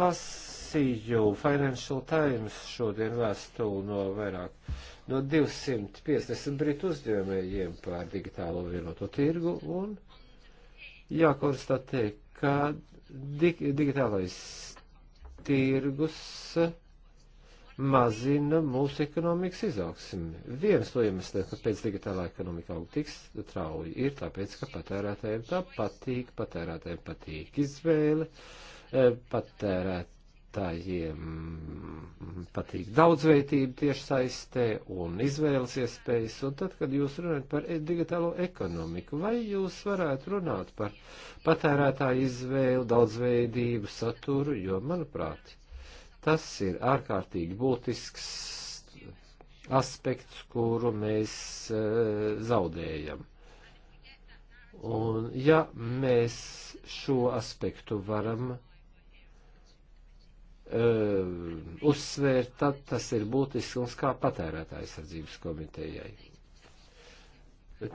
[SPEAKER 1] lasīju Financial Times šodien vēstuli no vairāk no 250 britu uzņēmējiem par digitālo vienoto tirgu un jākonstatē, ka dig, digitālais tirgus mazina mūsu ekonomikas izaugsmi. Viens no iemesliem, kāpēc digitālā ekonomika aug tik strauji, ir tāpēc, ka patērētājiem tā patīk, patērētājiem patīk izvēle, e, patērētājiem patīk daudzveidība tieši saistē un izvēles iespējas. Un tad, kad jūs runājat par e, digitālo ekonomiku, vai jūs varētu runāt par patērētāju izvēlu, daudzveidību, saturu, jo, manuprāt, Tas ir ārkārtīgi būtisks aspekts, kuru mēs eh, zaudējam. Un ja mēs šo aspektu varam eh, uzsvērt, tad tas ir būtisks mums kā patērētājas sardzības komitejai.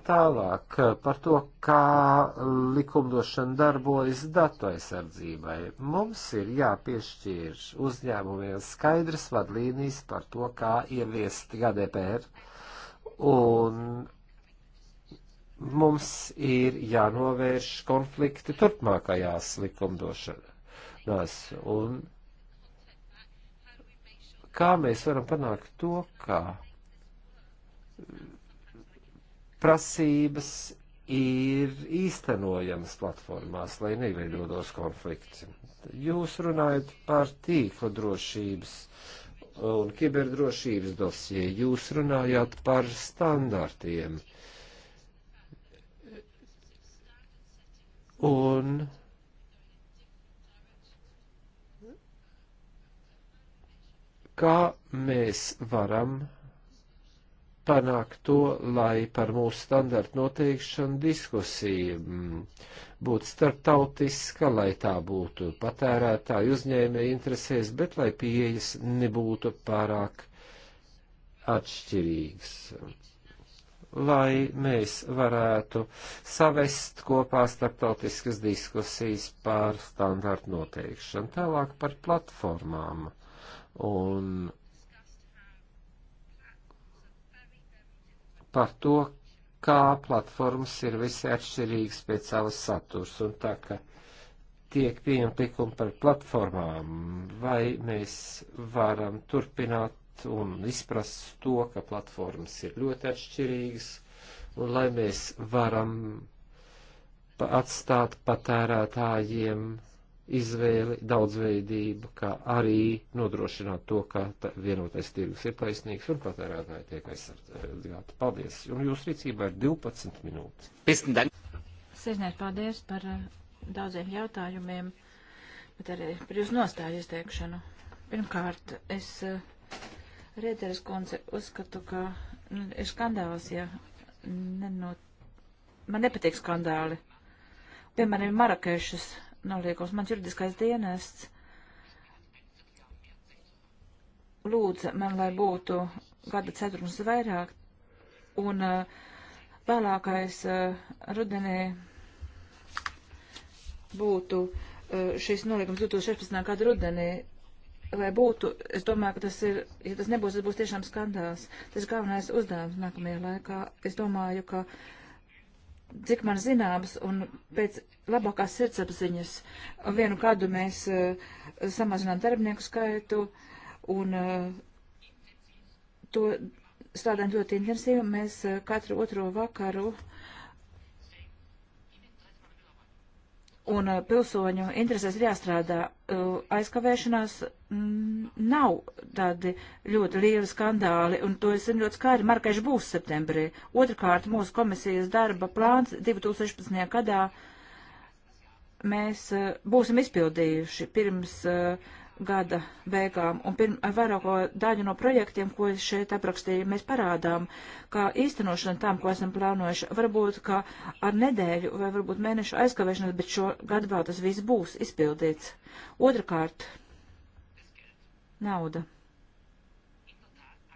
[SPEAKER 1] Tālāk eh, par to, kā eh, likumdošana darbojas datu aizsardzībai. Mums ir jāpiešķir uzņēmumiem skaidras vadlīnijas par to, kā ieviest GDPR, un mums ir jānovērš konflikti turpmākajās likumdošanās. Un kā mēs varam panākt to, ka prasības ir īstenojamas platformās, lai neveidotos konflikti. Jūs runājat par tīkla drošības un kiberdrošības dosie, jūs runājāt par standartiem. Un kā mēs varam panākt to, lai par mūsu standartu noteikšanu diskusija mm, būtu starptautiska, lai tā būtu patērētāju uzņēmēju interesēs, bet lai pieejas nebūtu pārāk atšķirīgas. Lai mēs varētu savest kopā starptautiskas diskusijas par standartu noteikšanu, tālāk par platformām un par to, kā platformas ir visai atšķirīgas pēc savas saturs, un tā kā tiek pieņemta likuma par platformām, vai mēs varam turpināt un izprast to, ka platformas ir ļoti atšķirīgas, un lai mēs varam atstāt patērētājiem izvēli, daudzveidību, kā arī nodrošināt to, ka vienotais tirgus ir taisnīgs un patērētāji tiek aizsargāti. Paldies! Un jūs rīcībā ir 12 minūtes.
[SPEAKER 2] Sēžnieks, paldies par eh, daudziem jautājumiem, bet arī par jūsu nostāju izteikšanu. Pirmkārt, es eh, Rēderes kundze uzskatu, ka nu, ir skandāls, ja nenot... man nepatīk skandāli. Piemēram, Marakešas noliekas. Mans juridiskais dienests lūdza man, lai būtu gada ceturums vairāk, un uh, vēlākais uh, rudenī būtu uh, šis noliegums 2016. gada rudenī, lai būtu, es domāju, ka tas ir, ja tas nebūs, tas būs tiešām skandāls. Tas galvenais uzdevums nākamajā laikā, es domāju, ka. Uh, cik man zināms, un pēc labākās sirdsapziņas vienu kādu mēs uh, samazinām darbinieku skaitu un uh, to strādājam ļoti intensīvi. Mēs uh, katru otro vakaru uh, un eh, pilsoņu interesēs ir jāstrādā. Eh, aizkavēšanās mm, nav tādi ļoti lieli skandāli, un to es ļoti skaidri markaiši būs septembrī. Otrakārt, mūsu komisijas darba plāns 2016. gadā mēs eh, būsim izpildījuši pirms uh, gada beigām, un pirma, vairāko daļu no projektiem, ko es šeit aprakstīju, mēs parādām, ka īstenošana tam, ko esam plānojuši, varbūt, ka ar nedēļu vai varbūt mēnešu aizkavēšanos, bet šo gadu vēl tas viss būs izpildīts. Otrakārt, nauda.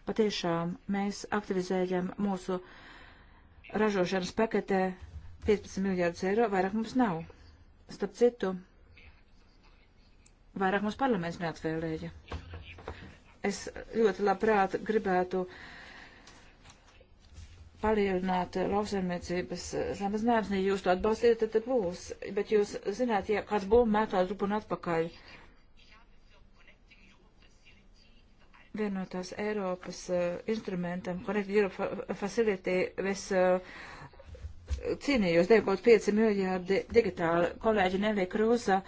[SPEAKER 2] Patiešām mēs aktivizējam mūsu ražošanas paketē 15 miljārdus eiro, vairāk mums nav. Starp citu, vairāk mums parlaments neatvēlēja. Es ļoti labprāt gribētu palielināt lauksaimniecības samazinājumus, ja jūs to atbalstīsiet, tad, tad būs. Bet jūs zināt, ja kāds būm mētās rupu un atpakaļ, vienotās Eiropas uh, instrumentam, Connect Europe Facility, es uh, cīnījos 9,5 miljārdi digitāli. Kolēģi Nelī Krūza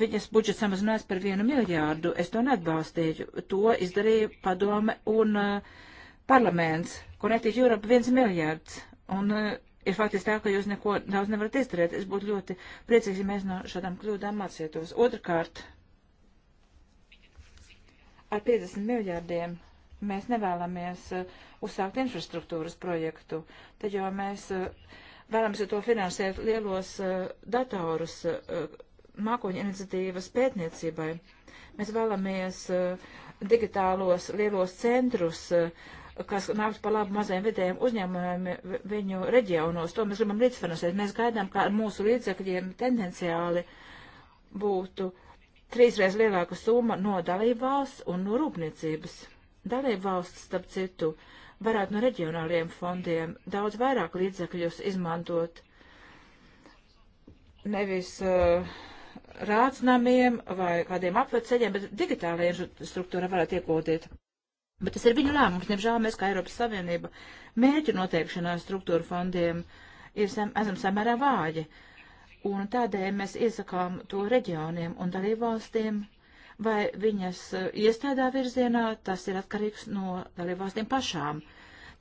[SPEAKER 2] viņas budžets samazinājās par vienu miljārdu. Es to neatbalstīju. To izdarīja padome un uh, parlaments. Connecticut Europe viens miljārds. Un uh, ir faktiski tā, ka jūs neko daudz nevarat izdarīt. Es būtu ļoti priecīgs, ja mēs no šādām kļūdām mācītos. Otrakārt, ar 50 miljārdiem mēs nevēlamies uh, uzsākt infrastruktūras projektu, tad jau mēs uh, vēlamies to finansēt lielos uh, datorus, uh, mākoņu iniciatīvas pētniecībai. Mēs vēlamies uh, digitālos lielos centrus, uh, kas nāks par labu mazajiem vidējiem uzņēmumiem viņu reģionos. To mēs gribam līdzfinansēt. Mēs gaidām, kā ar mūsu līdzekļiem tendenciāli būtu trīsreiz lielāka summa no dalību valsts un no rūpniecības. Dalību valsts, starp citu, varētu no reģionāliem fondiem daudz vairāk līdzekļus izmantot. Nevis uh, rādsnamiem vai kādiem apveceļiem, bet digitāla infrastruktūra varētu iekūtīt. Bet tas ir viņu lēmums, nemžēl mēs kā Eiropas Savienība mērķu noteikšanā struktūra fondiem ir, sam, esam samērā vāji. Un tādēļ mēs iesakām to reģioniem un dalībvalstīm, vai viņas uh, iestādā virzienā, tas ir atkarīgs no dalībvalstīm pašām.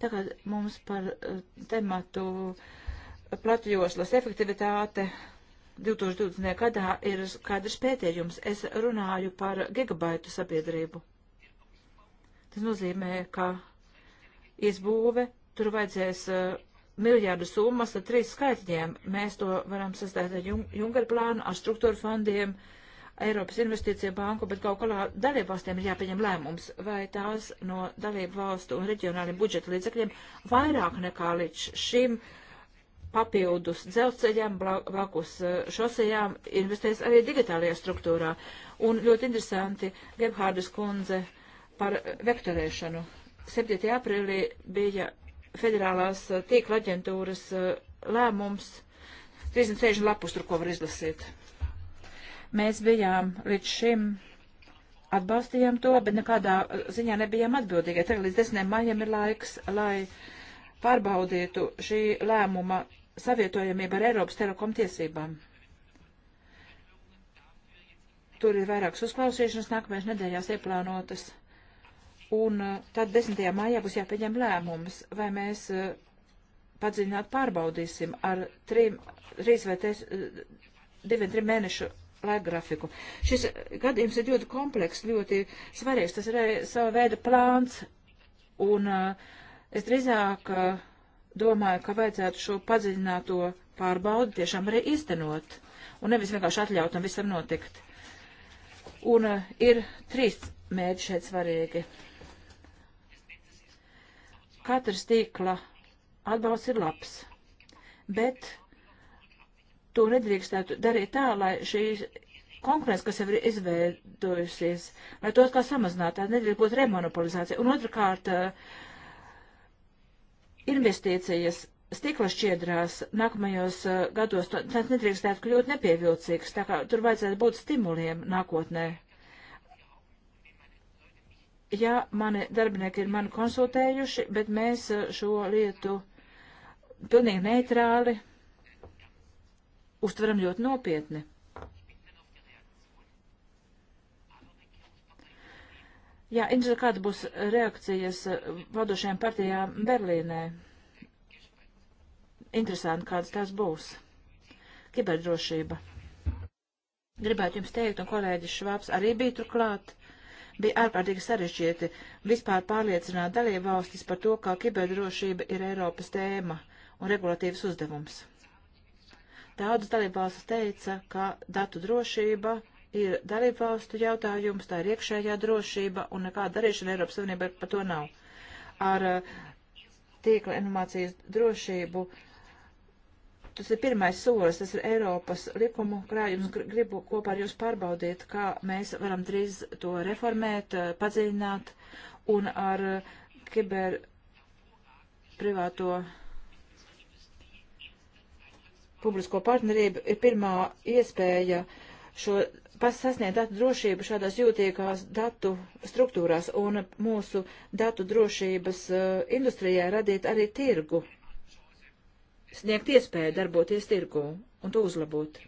[SPEAKER 2] Tagad mums par uh, tematu platjoslas efektivitāte 2020. gadā ir skaidrs pētījums. Es runāju par gigabaitu sabiedrību. Tas nozīmē, ka izbūve tur vajadzēs uh, miljārdu summas ar trīs skaitļiem. Mēs to varam sastāt ar jung Junkara plānu, ar struktūra fondiem, Eiropas investīcija banku, bet kaut kādā dalību valstiem ir jāpieņem lēmums, vai tās no dalību valstu un reģionāliem budžeta līdzekļiem vairāk nekā līdz šim uh, papildus dzelzceļām, blakus eh, šosejām, investēs arī digitālajā struktūrā. Un ļoti interesanti Gebhārdas kundze par vektorēšanu. 7. aprīlī bija federālās eh, tīkla aģentūras eh, lēmums. 360 lapus tur, ko var izlasīt. Mēs bijām līdz šim atbalstījām to, bet nekādā ziņā nebijām atbildīgi. Tagad līdz 10. maijam ir laiks, lai pārbaudītu šī lēmuma savietojamība ar Eiropas telekom tiesībām. Tur ir vairākas uzklausīšanas nākamajās nedēļās ieplānotas. Un eh, tad 10. maijā būs jāpieņem lēmums, vai mēs eh, padziļināt pārbaudīsim ar trim, trīs vai tēs, eh, diviem, trim mēnešu laika grafiku. Šis gadījums ir ļoti kompleks, ļoti svarīgs. Tas ir sava veida plāns. Un es drīzāk uh, domāju, ka vajadzētu šo padziļināto pārbaudi tiešām arī iztenot un nevis vienkārši atļaut tam visam notikt. Un uh, ir trīs mērķi šeit svarīgi. Katrs tīkla atbalsts ir labs, bet to nedrīkstētu darīt tā, lai šīs konkurence, kas jau ir izveidojusies, lai to kā samazināt, tā nedrīkst būt remonopolizācija. Un otrkārt, uh, investīcijas stikla šķiedrās nākamajos uh, gados, tas nedrīkstētu kļūt nepievilcīgs, tā kā tur vajadzētu būt stimuliem nākotnē. Jā, mani darbinieki ir mani konsultējuši, bet mēs uh, šo lietu pilnīgi neitrāli uztveram ļoti nopietni. Jā, interesanti, kāda būs reakcijas eh, vadošajām partijām Berlīnē. Interesanti, kādas tās būs. Kiberdrošība. Gribētu jums teikt, un kolēģis Švāps arī bija turklāt, bija ārkārtīgi sarežģīti vispār pārliecināt dalību valstis par to, kā kiberdrošība ir Eiropas tēma un regulatīvas uzdevums. Daudzas dalību valstis teica, ka datu drošība ir dalību valstu jautājums, tā ir iekšējā drošība un nekāda darīšana Eiropas Savienībā par to nav. Ar uh, tīkla informācijas drošību tas ir pirmais solis, tas ir Eiropas likumu krājums. Gribu kopā ar jums pārbaudīt, kā mēs varam drīz to reformēt, uh, padziļināt un ar uh, kiber privāto publisko partnerību ir pirmā iespēja šo sasniegt datu drošību šādās jūtīgās datu struktūrās un mūsu datu drošības uh, industrijā radīt arī tirgu, sniegt iespēju darboties tirgu un to uzlabot.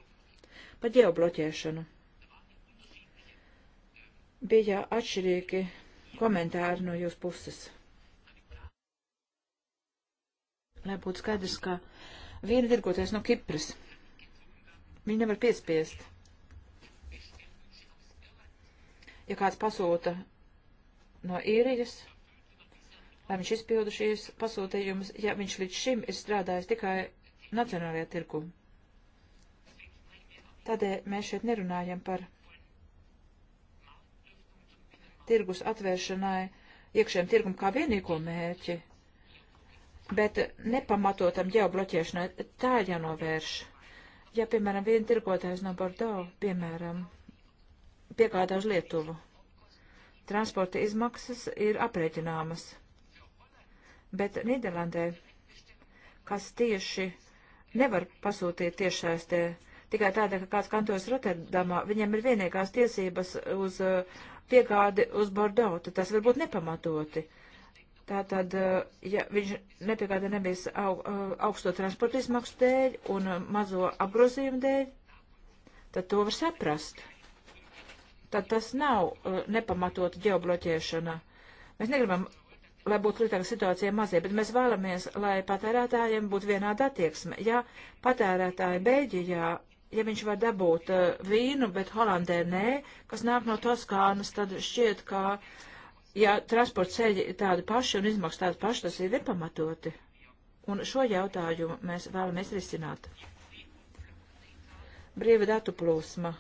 [SPEAKER 2] Par ģeobloķēšanu. Bija atšķirīgi komentāri no jūsu puses. Lai būtu skaidrs, ka viena virgoties no Kipras, viņi nevar piespiest ja kāds pasūta no īrijas, lai viņš izpildu šīs pasūtījumus, ja viņš līdz šim ir strādājis tikai nacionālajā tirgu. Tādēļ mēs šeit nerunājam par tirgus atvēršanai iekšējiem tirgum kā vienīgo mērķi, bet nepamatotam ģeobloķēšanai tā ir jānovērš. Ja, piemēram, viena tirgotājs no Bordeaux, piemēram, piegādā uz Lietuvu. Transporta izmaksas ir aprēķināmas, bet Nīderlandē, kas tieši nevar pasūtīt tiešsaistē, tikai tādēļ, ka kāds kantojas Rotterdamā, viņiem ir vienīgās tiesības uz uh, piegādi uz Bordeaux, tad tas var būt nepamatoti. Tātad, uh, ja viņš nepiegāda nevis aug, uh, augsto transporta izmaksu dēļ un mazo apgrozījumu dēļ, tad to var saprast tad tas nav uh, nepamatot ģeobloķēšana. Mēs negribam, lai būtu sliktāka situācija mazie, bet mēs vēlamies, lai patērētājiem būtu vienāda attieksme. Ja patērētāji Beļģijā, ja viņš var dabūt uh, vīnu, bet Holandē nē, kas nāk no Toskānas, tad šķiet, ka, ja transporta ceļi ir tādi paši un izmaksas tādi paši, tas ir nepamatoti. Un šo jautājumu mēs vēlamies risināt. Brīva datu plūsma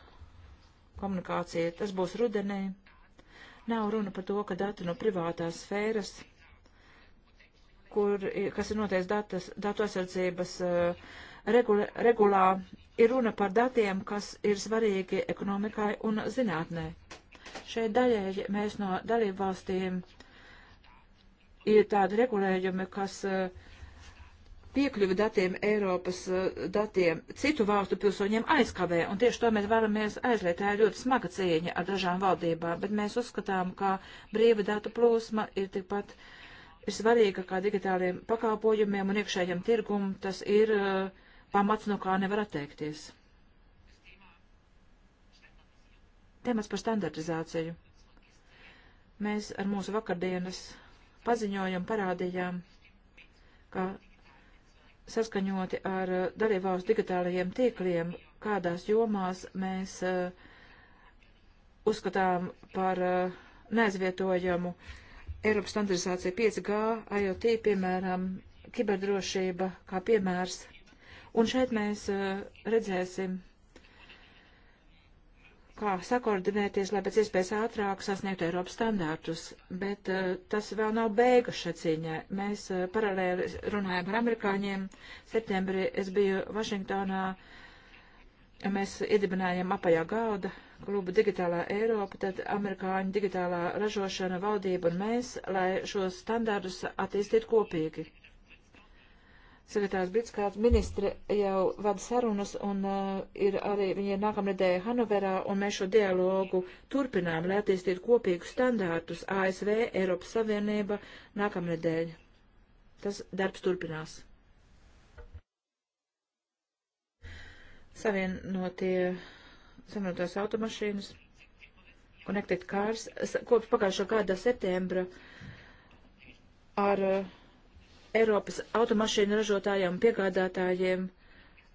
[SPEAKER 2] komunikācija. Tas būs rudenī. Nav runa par to, ka dati no privātās sfēras, kur, kas ir noteikts datas, datu aizsardzības uh, regula, regulā, ir runa par datiem, kas ir svarīgi ekonomikai un zinātnē. Šeit daļēji mēs no dalību valstīm ir tādi regulējumi, kas uh, piekļuvi datiem, Eiropas eh, datiem, citu valstu pilsoņiem aizkavē, un tieši to mēs varamies aizliet. Tā ir ļoti smaga cīņa ar dažām valdībām, bet mēs uzskatām, ka brīva datu plūsma ir tikpat ir svarīga kā digitāliem pakalpojumiem un iekšējiem tirgum. Tas ir uh, pamats, no kā nevar atteikties. Temats par standartizāciju. Mēs ar mūsu vakardienas paziņojumu parādījām, ka saskaņoti ar eh, dalībvalstu digitālajiem tīkliem, kādās jomās mēs eh, uzskatām par eh, neaizvietojamu Eiropas standardizāciju 5G, IoT, piemēram, kiberdrošība kā piemērs. Un šeit mēs redzēsim kā sakoordinēties, lai pēc iespējas ātrāk sasniegtu Eiropas standārtus, bet uh, tas vēl nav beigas šai cīņai. Mēs uh, paralēli runājam ar amerikāņiem. Septembrī es biju Vašingtonā, mēs iedibinājām apajā galda klubu Digitālā Eiropa, tad amerikāņu digitālā ražošana, valdība un mēs, lai šos standārtus attīstītu kopīgi. Sekretārs Britskārts ministre jau vada sarunas un uh, ir arī viņa nākamnedēļ Hanoverā, un mēs šo dialogu turpinām, lai attīstītu kopīgus standārtus ASV, Eiropas Savienība nākamnedēļ. Tas darbs turpinās. Savienotie, savienotās automašīnas, Connected Cars, kopš pagājušā gada septembra ar uh, Eiropas automašīnu ražotājiem un piegādātājiem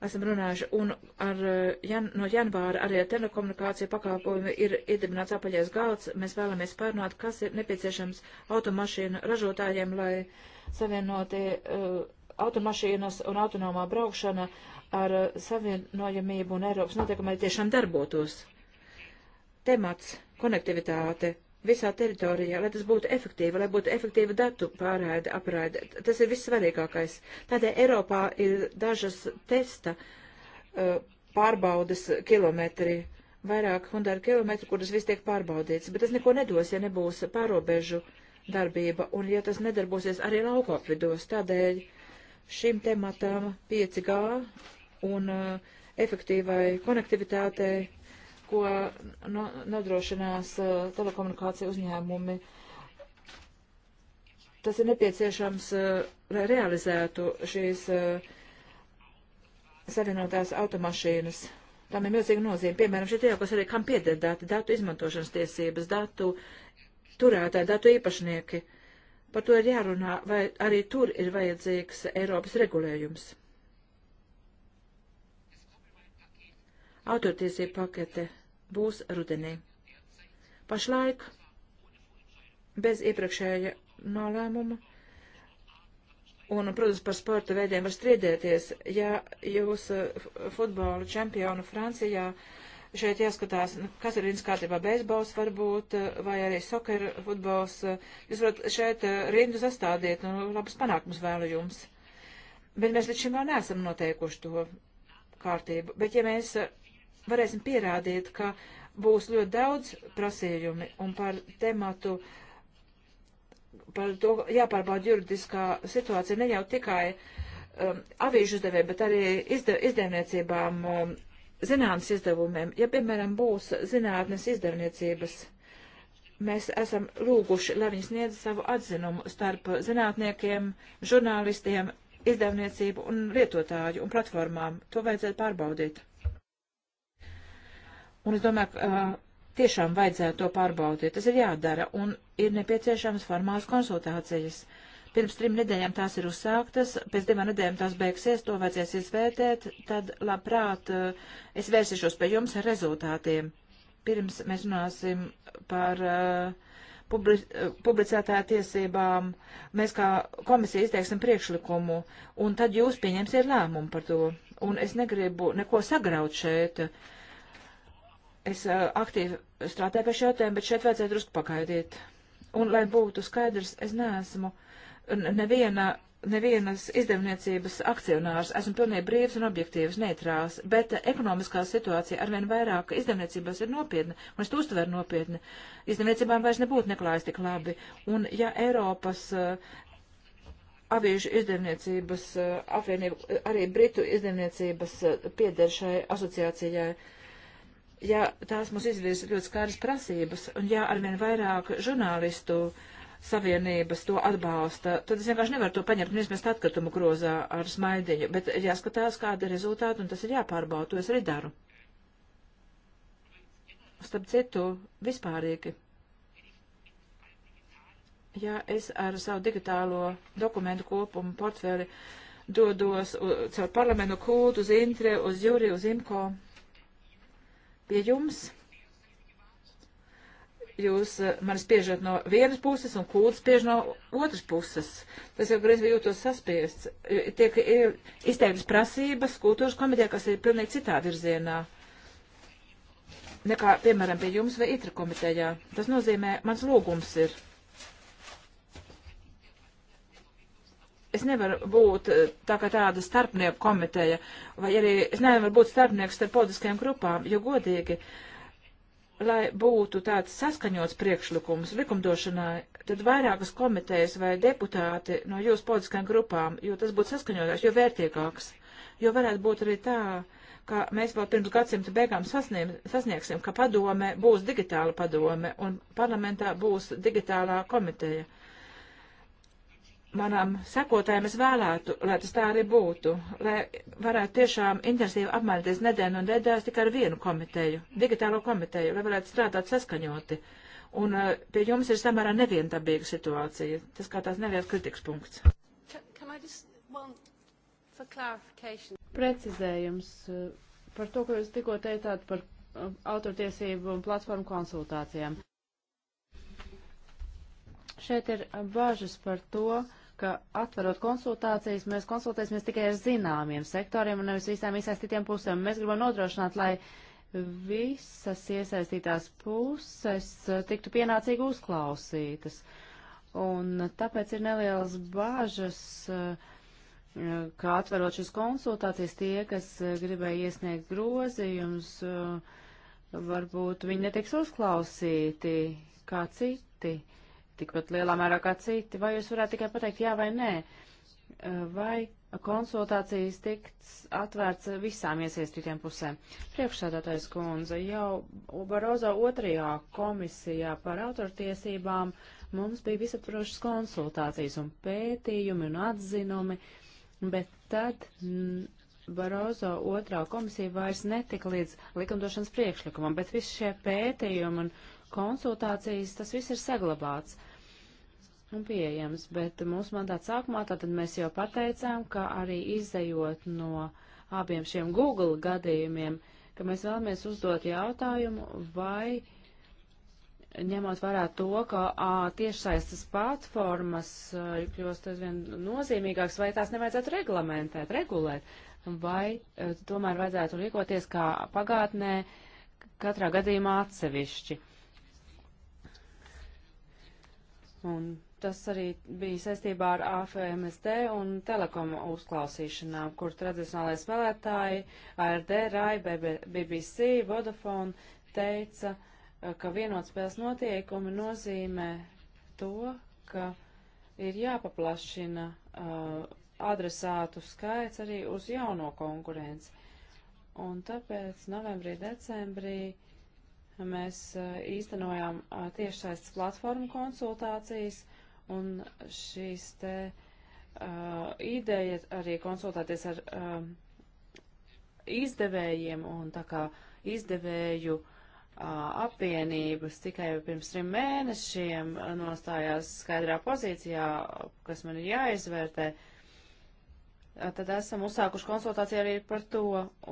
[SPEAKER 2] esam runājuši, un ar, eh, jan, no janvāra arī ar telekomunikāciju pakalpojumu ir iedibināts apaļais galds. Mēs vēlamies pārnāt, kas ir nepieciešams automašīnu ražotājiem, lai savienotie uh, automašīnas un autonomā braukšana ar uh, savienojamību un Eiropas noteikumiem tiešām darbotos. Temats - konektivitāte visā teritorijā, lai tas būtu efektīvi, lai būtu efektīva datu pārēde, apraide. Tas ir vissvarīgākais. Tādēļ Eiropā ir dažas testa uh, pārbaudas kilometri, vairāk hundāru kilometru, kuras viss tiek pārbaudīts, bet tas neko nedos, ja nebūs pārobežu darbība un ja tas nedarbosies arī laukapvidos. Tādēļ šim tematam 5G un uh, efektīvai konektivitātei ko no, nodrošinās uh, telekomunikāciju uzņēmumi. Tas ir nepieciešams, uh, lai realizētu šīs uh, savienotās automašīnas. Tam ir milzīga nozīme. Piemēram, šeit jau, kas arī kam pieder dati, datu izmantošanas tiesības, datu turētāji, datu īpašnieki. Par to ir jārunā, vai arī tur ir vajadzīgs Eiropas regulējums. Autortiesība pakete būs rudenī. Pašlaik bez iepriekšēja nolēmuma. Un, protams, par sporta veidiem var striedēties. Ja jūs eh, futbola čempionu Francijā šeit jāskatās, nu, kas ir rindas kārtībā beisbols varbūt, eh, vai arī soccer futbols, eh, jūs varat šeit rindu sastādīt, nu, labas panākums vēlu jums. Bet mēs līdz šim vēl neesam noteikuši to kārtību. Bet ja mēs varēsim pierādīt, ka būs ļoti daudz prasījumi un par tematu, par to jāpārbauda juridiskā situācija ne jau tikai um, avīžu uzdevējiem, bet arī izdev, izdevniecībām, um, zinātnes izdevumiem. Ja, piemēram, būs zinātnes izdevniecības, mēs esam lūguši, lai viņi sniedz savu atzinumu starp zinātniekiem, žurnālistiem, izdevniecību un lietotāju un platformām. To vajadzētu pārbaudīt. Un es domāju, ka uh, tiešām vajadzētu to pārbaudīt. Tas ir jādara un ir nepieciešams formāls konsultācijas. Pirms trim nedēļām tās ir uzsāktas, pēc divām nedēļām tās beigsies, to vajadzēs izvērtēt, tad labprāt uh, es vērsīšos pie jums ar rezultātiem. Pirms mēs runāsim par uh, publi publicētāja tiesībām, mēs kā komisija izteiksim priekšlikumu, un tad jūs pieņemsiet lēmumu par to. Un es negribu neko sagraut šeit. Uh, Es uh, aktīvi strādāju pie šiem jautājumiem, bet šeit vajadzēja drusku pagaidiet. Un, lai būtu skaidrs, es neesmu neviena, nevienas izdevniecības akcionārs. Esmu pilnīgi brīvs un objektīvs, neitrāls, bet eh, ekonomiskā situācija arvien vairāk izdevniecībās ir nopietna, un es to uztveru nopietni. Izdevniecībām vairs nebūtu neklājas tik labi. Un, ja Eiropas uh, eh, aviešu izdevniecības uh, apvienība, arī Britu izdevniecības uh, pieder šai asociācijai, uh, ja tās mums izvirza ļoti skāras prasības, un ja arvien vairāk žurnālistu savienības to atbalsta, tad es vienkārši nevaru to paņemt un izmest atkritumu grozā ar smaidiņu, bet jāskatās, kāda ir rezultāta, un tas ir jāpārbauda, to es arī daru. Starp citu, vispārīgi. Ja es ar savu digitālo dokumentu kopumu portfeli dodos caur parlamentu kultu uz Intre, uz Juri, uz Imko, pie jums. Jūs eh, mani spiežat no vienas puses un kūdus spiež no otras puses. Tas jau greiz jūtos saspiests. Tiek izteiktas prasības kultūras komitē, kas ir pilnīgi citā virzienā nekā, piemēram, pie jums vai itra komitejā. Tas nozīmē, mans lūgums ir es nevaru būt eh, tā kā tāda starpnieku komiteja, vai arī es nevaru būt starpnieks starp politiskajām grupām, jo godīgi, lai būtu tāds saskaņots priekšlikums likumdošanai, tad vairākas komitejas vai deputāti no jūsu politiskajām grupām, jo tas būtu saskaņotāks, jo vērtīgāks, jo varētu būt arī tā, ka mēs vēl pirms gadsimta beigām sasniem, sasniegsim, ka padome būs digitāla padome un parlamentā būs digitālā komiteja. Uh, manām sekotājiem es vēlētu, lai tas tā arī būtu, lai varētu tiešām intensīvi apmainīties nedēļu un nedēļas tikai ar vienu komiteju, digitālo komiteju, lai varētu strādāt saskaņoti. Un uh, pie jums ir samērā nevientabīga situācija. Tas kā tās neviens kritikas
[SPEAKER 3] punkts. Precizējums eh, par to, ko jūs tikko teicāt par eh, autortiesību un platformu konsultācijām. Šeit ir bažas par to, uh, ka atverot konsultācijas, mēs konsultēsimies tikai ar zināmiem sektoriem un nevis visām iesaistītiem pusēm. Mēs gribam nodrošināt, lai visas iesaistītās puses tiktu pienācīgi uzklausītas. Un tāpēc ir nelielas bažas, ka atverot šīs konsultācijas tie, kas gribēja iesniegt grozījums, varbūt viņi netiks uzklausīti kā citi. Uh, tikpat lielā mērā kā citi, vai jūs varētu tikai pateikt jā vai nē, eh, vai konsultācijas tiks atvērts visām iesaistītiem pusēm. Priekšsēdātais kundze jau Barozo otrajā komisijā par autortiesībām mums bija visaptrošas konsultācijas un pētījumi un atzinumi, bet tad Barozo otrā komisija vairs netika līdz likumdošanas priekšlikumam, bet visi šie pētījumi un uh, konsultācijas, tas viss ir saglabāts un pieejams, bet mūsu mandāta sākumā tātad mēs jau pateicām, ka arī izējot no abiem šiem Google gadījumiem, ka mēs vēlamies uzdot jautājumu, vai ņemot vērā to, ka ā, tiešsaistes platformas kļūst aizvien nozīmīgākas, vai tās nevajadzētu reglamentēt, regulēt, vai tomēr vajadzētu rīkoties kā pagātnē, katrā gadījumā atsevišķi. Un tas arī bija saistībā ar AFMSD un telekomu uzklausīšanām, kur tradicionālajie spēlētāji ARD, RAI, BBC, Vodafone teica, eh, ka vienot spēles notiekumi nozīmē to, ka ir jāpaplašina uh, adresātu skaits arī uz jauno konkurenci. Un tāpēc novembrī, decembrī uh, mēs eh, īstenojām eh, tiešsaistes platformu konsultācijas, un šīs te uh, ideja arī konsultēties ar uh, izdevējiem, un tā kā izdevēju uh, apvienības tikai pirms trim mēnešiem nostājās skaidrā pozīcijā, kas man ir jāizvērtē. Uh, tad esam uzsākuši konsultāciju arī par to,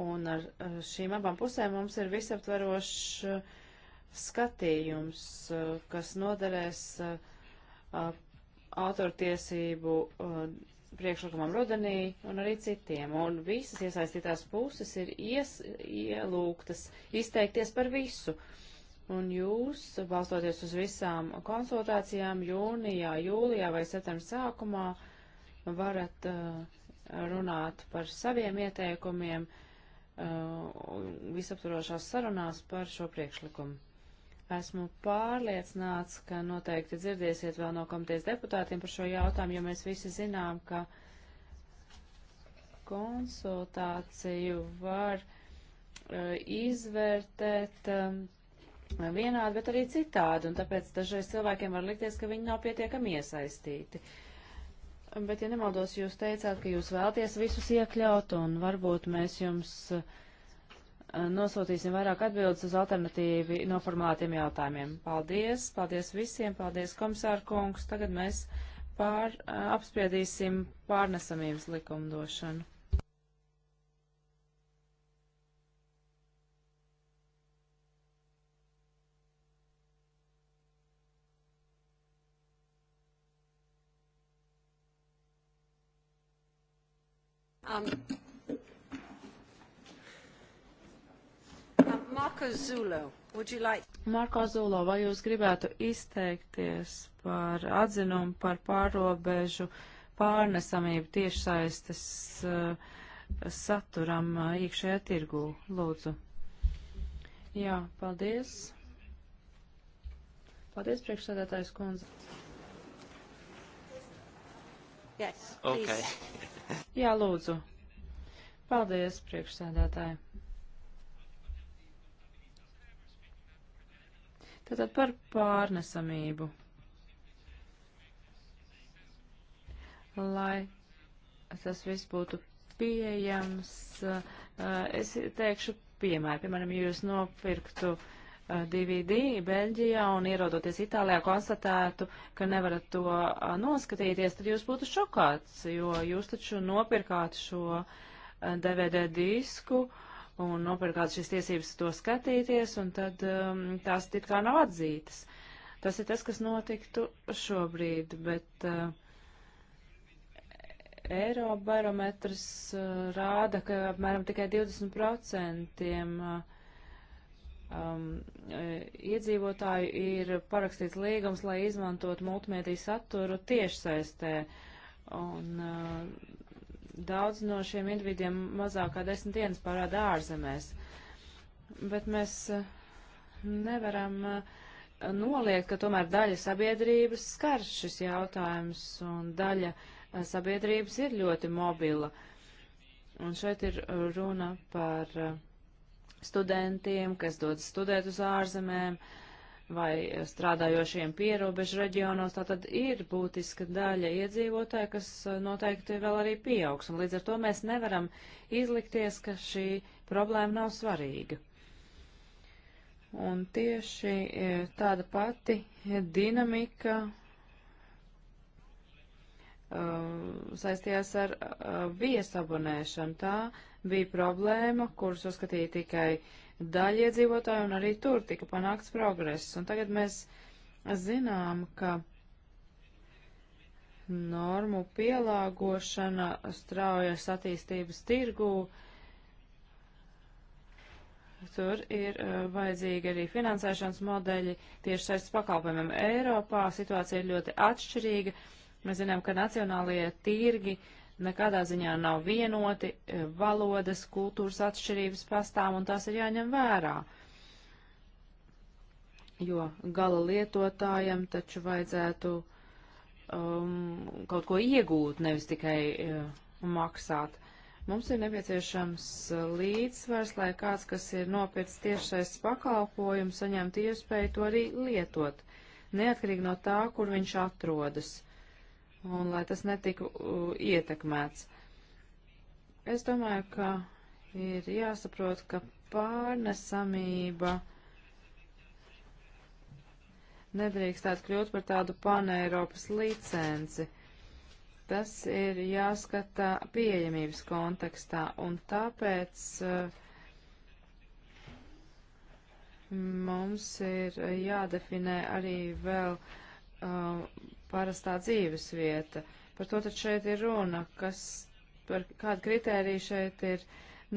[SPEAKER 3] un ar šīm abām pusēm mums ir visaptverošs skatījums, kas noderēs autortiesību priekšlikumam rudenī un arī citiem. Un visas iesaistītās puses ir ies, ielūgtas izteikties par visu. Un jūs, balstoties uz visām konsultācijām jūnijā, jūlijā vai septembrī sākumā, varat uh, runāt par saviem ieteikumiem uh, visaptvarošās sarunās par šo priekšlikumu. Esmu pārliecināts, ka noteikti dzirdēsiet vēl no komitejas deputātiem par šo jautājumu, jo mēs visi zinām, ka konsultāciju var uh, izvērtēt um, vienādi, bet arī citādi, un tāpēc dažreiz cilvēkiem var likties, ka viņi nav pietiekami iesaistīti. Uh, Bet, ja nemaldos, jūs teicāt, ka jūs vēlties visus iekļaut, un varbūt mēs jums eh, nosūtīsim vairāk atbildes uz alternatīvi noformulētiem jautājumiem. Paldies, paldies visiem, paldies komisāru kungs. Tagad mēs pār, eh, apspriedīsim pārnesamības likumdošanu. Um, um, Marko Zulo, would you like? Marko Zulo, vai jūs gribētu izteikties par atzinumu par pārobežu pārnesamību tiešsaistes uh, saturam uh, iekšējā tirgū? Lūdzu. Jā, paldies. Paldies, priekšsēdētājs kundze.
[SPEAKER 1] Yes, please. okay.
[SPEAKER 3] Jā, lūdzu. Paldies, priekšsēdētāji. Tātad par pārnesamību. Lai tas viss būtu pieejams, eh, es teikšu piemēru. Piemēram, ja jūs nopirktu uh, DVD eh, Beļģijā un ierodoties Itālijā konstatētu, ka nevarat to eh, noskatīties, tad jūs būtu šokāts, jo jūs taču nopirkāt šo DVD eh, disku un nopirkāt šīs tiesības to skatīties, un tad um, tās it kā nav atzītas. Tas ir tas, kas notiktu šobrīd, bet uh, Eirobarometrs uh, rāda, ka apmēram tikai 20% uh, um, e, iedzīvotāju ir parakstīts līgums, lai izmantot multimediju saturu tiešsaistē. Un uh, daudz no šiem individiem mazākā desmit dienas parāda ārzemēs. Bet mēs uh, nevaram uh, noliegt, ka tomēr daļa sabiedrības skar šis jautājums un daļa sabiedrības ir ļoti mobila. Un šeit ir runa par uh, studentiem, kas dodas studēt uz ārzemēm vai strādājošiem pierobežu reģionos, tā tad ir būtiska daļa iedzīvotāja, kas eh, noteikti vēl arī pieaugs, un līdz ar to mēs nevaram izlikties, ka šī problēma nav svarīga. Un tieši eh, tāda pati dinamika eh, saistījās ar viesabonēšanu. Tā bija problēma, kuras uzskatīja tikai daļiedzīvotāji, un arī tur tika panākts progress. Un tagad mēs zinām, ka normu pielāgošana straujas attīstības tirgū, Tur ir uh, vajadzīgi arī finansēšanas modeļi tieši saistas pakalpojumiem. Eiropā situācija ir ļoti atšķirīga. Mēs zinām, ka nacionālajie tirgi uh, nekādā ziņā nav vienoti, e, valodas, kultūras atšķirības pastāv un tās ir jāņem vērā. Jo gala lietotājam taču vajadzētu um, kaut ko iegūt, nevis tikai uh, maksāt. Mums ir nepieciešams līdzsvars, lai kāds, kas ir nopircis tiešais pakalpojumu, saņemtu iespēju to arī lietot, neatkarīgi no tā, kur viņš atrodas un lai tas netiku uh, ietekmēts. Es domāju, ka ir jāsaprot, ka pārnesamība nedrīkstētu kļūt par tādu paneiropas licenci. Tas ir jāskata pieejamības kontekstā, un tāpēc uh, mums ir jādefinē arī vēl uh, parastā dzīves vieta. Par to tad šeit ir runa, kas, par kādu kritēriju šeit ir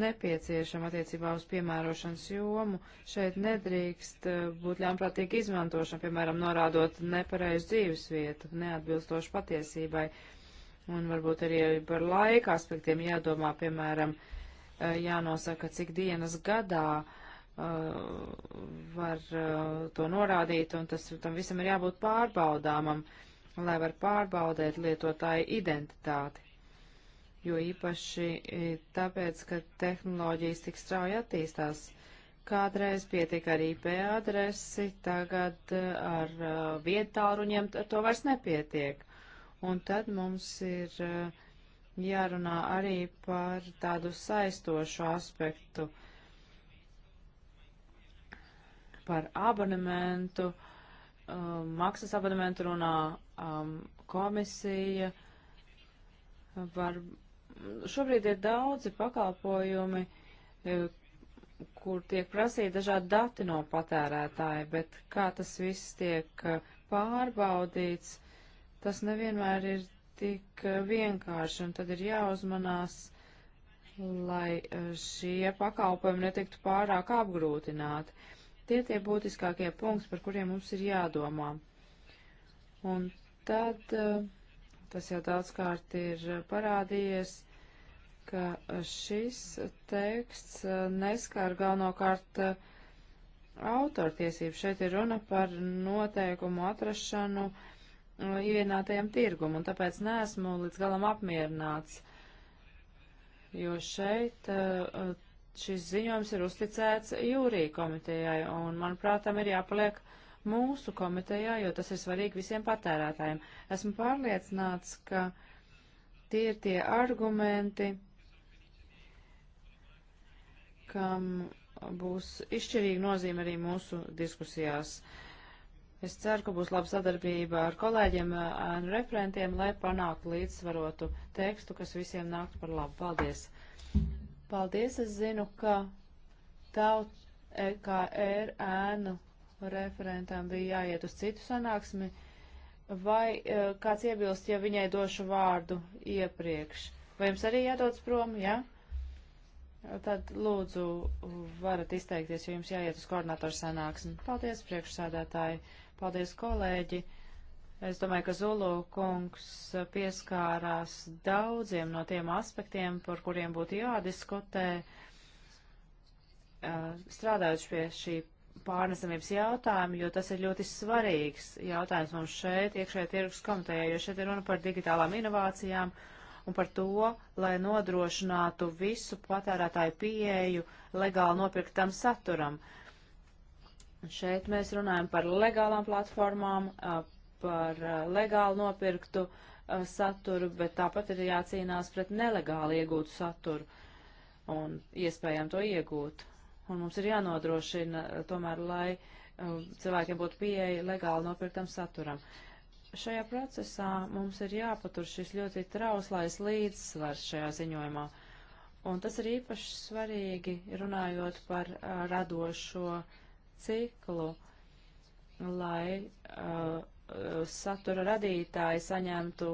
[SPEAKER 3] nepieciešama attiecībā uz piemērošanas jomu. Šeit nedrīkst eh, būt ļaunprātīgi izmantošana, piemēram, norādot nepareizu dzīves vietu, neatbilstošu patiesībai. Un varbūt arī par laika aspektiem jādomā, piemēram, eh, jānosaka, cik dienas gadā uh, var uh, to norādīt, un tas tam visam ir jābūt pārbaudāmam lai var pārbaudēt lietotāju identitāti. Jo īpaši e, tāpēc, ka tehnoloģijas tik strauji attīstās, kādreiz pietika ar IP adresi, tagad e, ar uh, e, vietāluņiem to vairs nepietiek. Un tad mums ir uh, jārunā arī par tādu saistošu aspektu, par abonementu, uh, maksas abonementu runā um, komisija var. Šobrīd ir daudzi pakalpojumi, eh, kur tiek prasīti dažādi dati no patērētāja, bet kā tas viss tiek eh, pārbaudīts, tas nevienmēr ir tik eh, vienkārši, un tad ir jāuzmanās, lai šie pakalpojumi netiktu pārāk apgrūtināti. Tie tie būtiskākie punkti, par kuriem mums ir jādomā. Un tad eh, tas jau daudzkārt ir parādījies, ka šis teksts eh, neskar galvenokārt eh, autortiesību. Šeit ir runa par noteikumu atrašanu ievienātajam tirgum, un tāpēc neesmu līdz galam apmierināts, jo šeit šis ziņojums ir uzticēts jūrī komitejai, un, manuprāt, tam ir jāpaliek uh, mūsu komitejā, jo tas ir svarīgi visiem patērētājiem. Esmu pārliecināts, ka tie ir tie argumenti, kam būs izšķirīga nozīme arī mūsu diskusijās. Es ceru, ka būs laba sadarbība ar kolēģiem un referentiem, lai panāktu līdzsvarotu tekstu, kas visiem nāktu par labu. Paldies! Paldies! Es zinu, ka tauta EKR er, ēnu referentam bija jāiet uz citu sanāksmi, vai uh, kāds iebilst, ja viņai došu vārdu iepriekš? Vai jums arī jādodas prom, jā? Ja? Tad lūdzu varat izteikties, jo jums jāiet uz koordinatoru sanāksmi. Paldies, priekšsādātāji, paldies, kolēģi. Es domāju, ka Zulu kungs pieskārās daudziem no tiem aspektiem, par kuriem būtu jādiskutē e, strādājot pie šī pārnesamības jautājumu, jo tas ir ļoti svarīgs jautājums mums šeit, iekšējā tirgus komitejā, jo šeit ir runa par digitālām inovācijām un par to, lai nodrošinātu visu patērētāju pieeju legāli nopirktam saturam. Šeit mēs runājam par legālām platformām, par legāli nopirktu saturu, bet tāpat ir jācīnās pret nelegāli iegūtu saturu un iespējām to iegūt. Un mums ir jānodrošina eh, tomēr, lai uh, cilvēkiem būtu pieeja legāli nopirktam saturam. Šajā procesā mums ir jāpatur šis ļoti trauslais līdzsvars šajā ziņojumā. Un tas ir īpaši svarīgi, runājot par uh, radošo ciklu, lai uh, satura radītāji saņemtu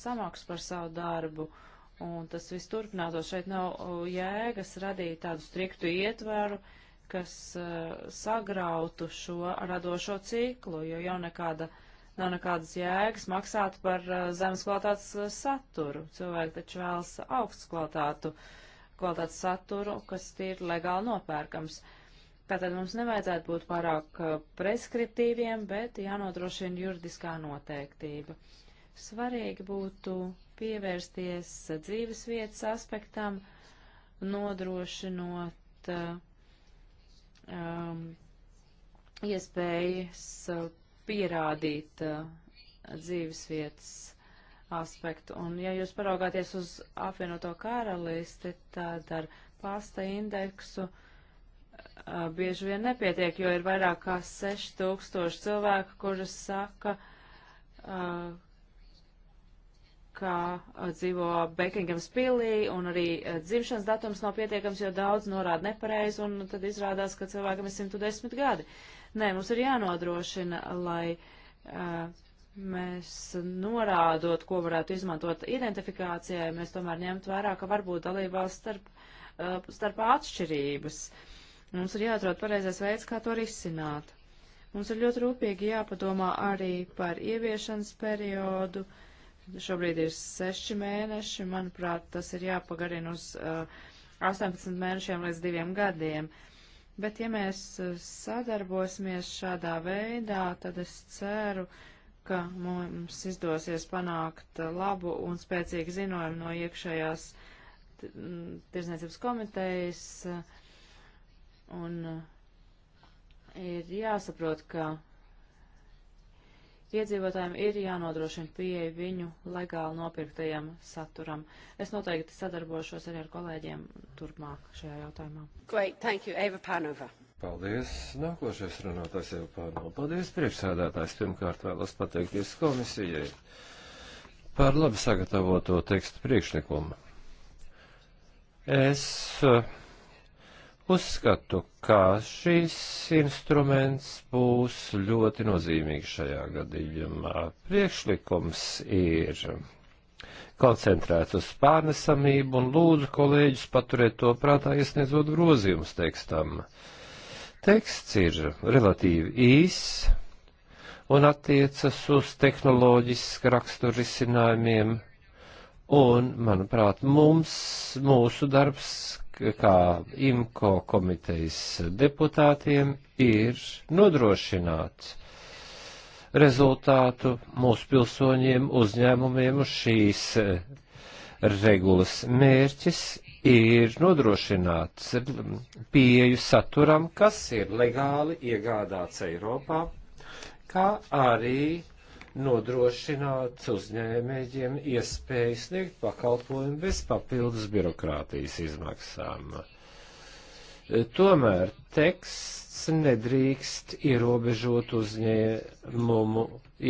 [SPEAKER 3] samaksu par savu darbu. Uh, un tas viss turpinātos. Šeit nav uh, jēgas radīt tādu striktu ietveru, kas uh, sagrautu šo radošo ciklu, jo jau nekāda, nav nekādas jēgas maksāt par uh, zemes kvalitātes uh, saturu. Cilvēki taču vēlas augstu kvalitātu, kvalitātes saturu, kas ir legāli nopērkams. Tātad mums nevajadzētu būt pārāk uh, preskriptīviem, bet jānodrošina juridiskā noteiktība. Svarīgi būtu pievērsties eh, dzīves vietas aspektam, nodrošinot eh, um, iespējas eh, pierādīt uh, dzīves vietas aspektu. Un, ja jūs paraugāties uz apvienoto karalisti, tad ar pasta indeksu uh, bieži vien nepietiek, jo ir vairāk kā 6000 cilvēku, kuri saka, uh, ka dzīvo Bekingams pilī un arī dzimšanas datums nav pietiekams, jo daudz norāda nepareizi un tad izrādās, ka cilvēkam ir 110 gadi. Nē, mums ir jānodrošina, lai uh, mēs norādot, ko varētu izmantot identifikācijai, mēs tomēr ņemt vērā, ka varbūt dalībās starp, uh, starp atšķirības. Mums ir jāatrod pareizais veids, kā to risināt. Mums ir ļoti rūpīgi jāpadomā arī par ieviešanas periodu. Uh, Šobrīd ir seši mēneši, manuprāt, tas ir jāpagarina uz uh, eh, 18 mēnešiem līdz diviem gadiem. Bet ja mēs eh, sadarbosimies šādā veidā, tad es ceru, ka mums izdosies panākt eh, labu un spēcīgu zinojumu no iekšējās mm, tirzniecības komitejas. Un ir jāsaprot, ka Iedzīvotājiem ir jānodrošina pieeja viņu legāli nopirktajam saturam. Es noteikti sadarbošos arī ar kolēģiem turpmāk šajā jautājumā. Great,
[SPEAKER 2] thank you, Eva Panova.
[SPEAKER 1] Paldies. Nākošais runātājs Eva Panova. Paldies, priekšsēdētājs. Pirmkārt vēlos pateikties komisijai par labi sagatavoto tekstu priekšlikumu. Es uh, Uzskatu, ka šis instruments būs ļoti nozīmīgs šajā gadījumā. Priekšlikums ir koncentrēts uz pārnesamību un lūdzu kolēģus paturēt to prātā, iesniedzot grozījumus tekstam. Teksts ir relatīvi īss un attiecas uz tehnoloģiski raksturisinājumiem, un, manuprāt, mums, mūsu darbs kā IMCO komitejas deputātiem ir nodrošināt rezultātu mūsu pilsoņiem, uzņēmumiem uz šīs eh, regulas mērķis ir nodrošināts pieju saturam, kas ir legāli iegādāts Eiropā, kā arī nodrošināt uzņēmējiem iespēju sniegt pakalpojumu bez papildus birokrātijas izmaksām. Tomēr teksts nedrīkst ierobežot uzņēmumu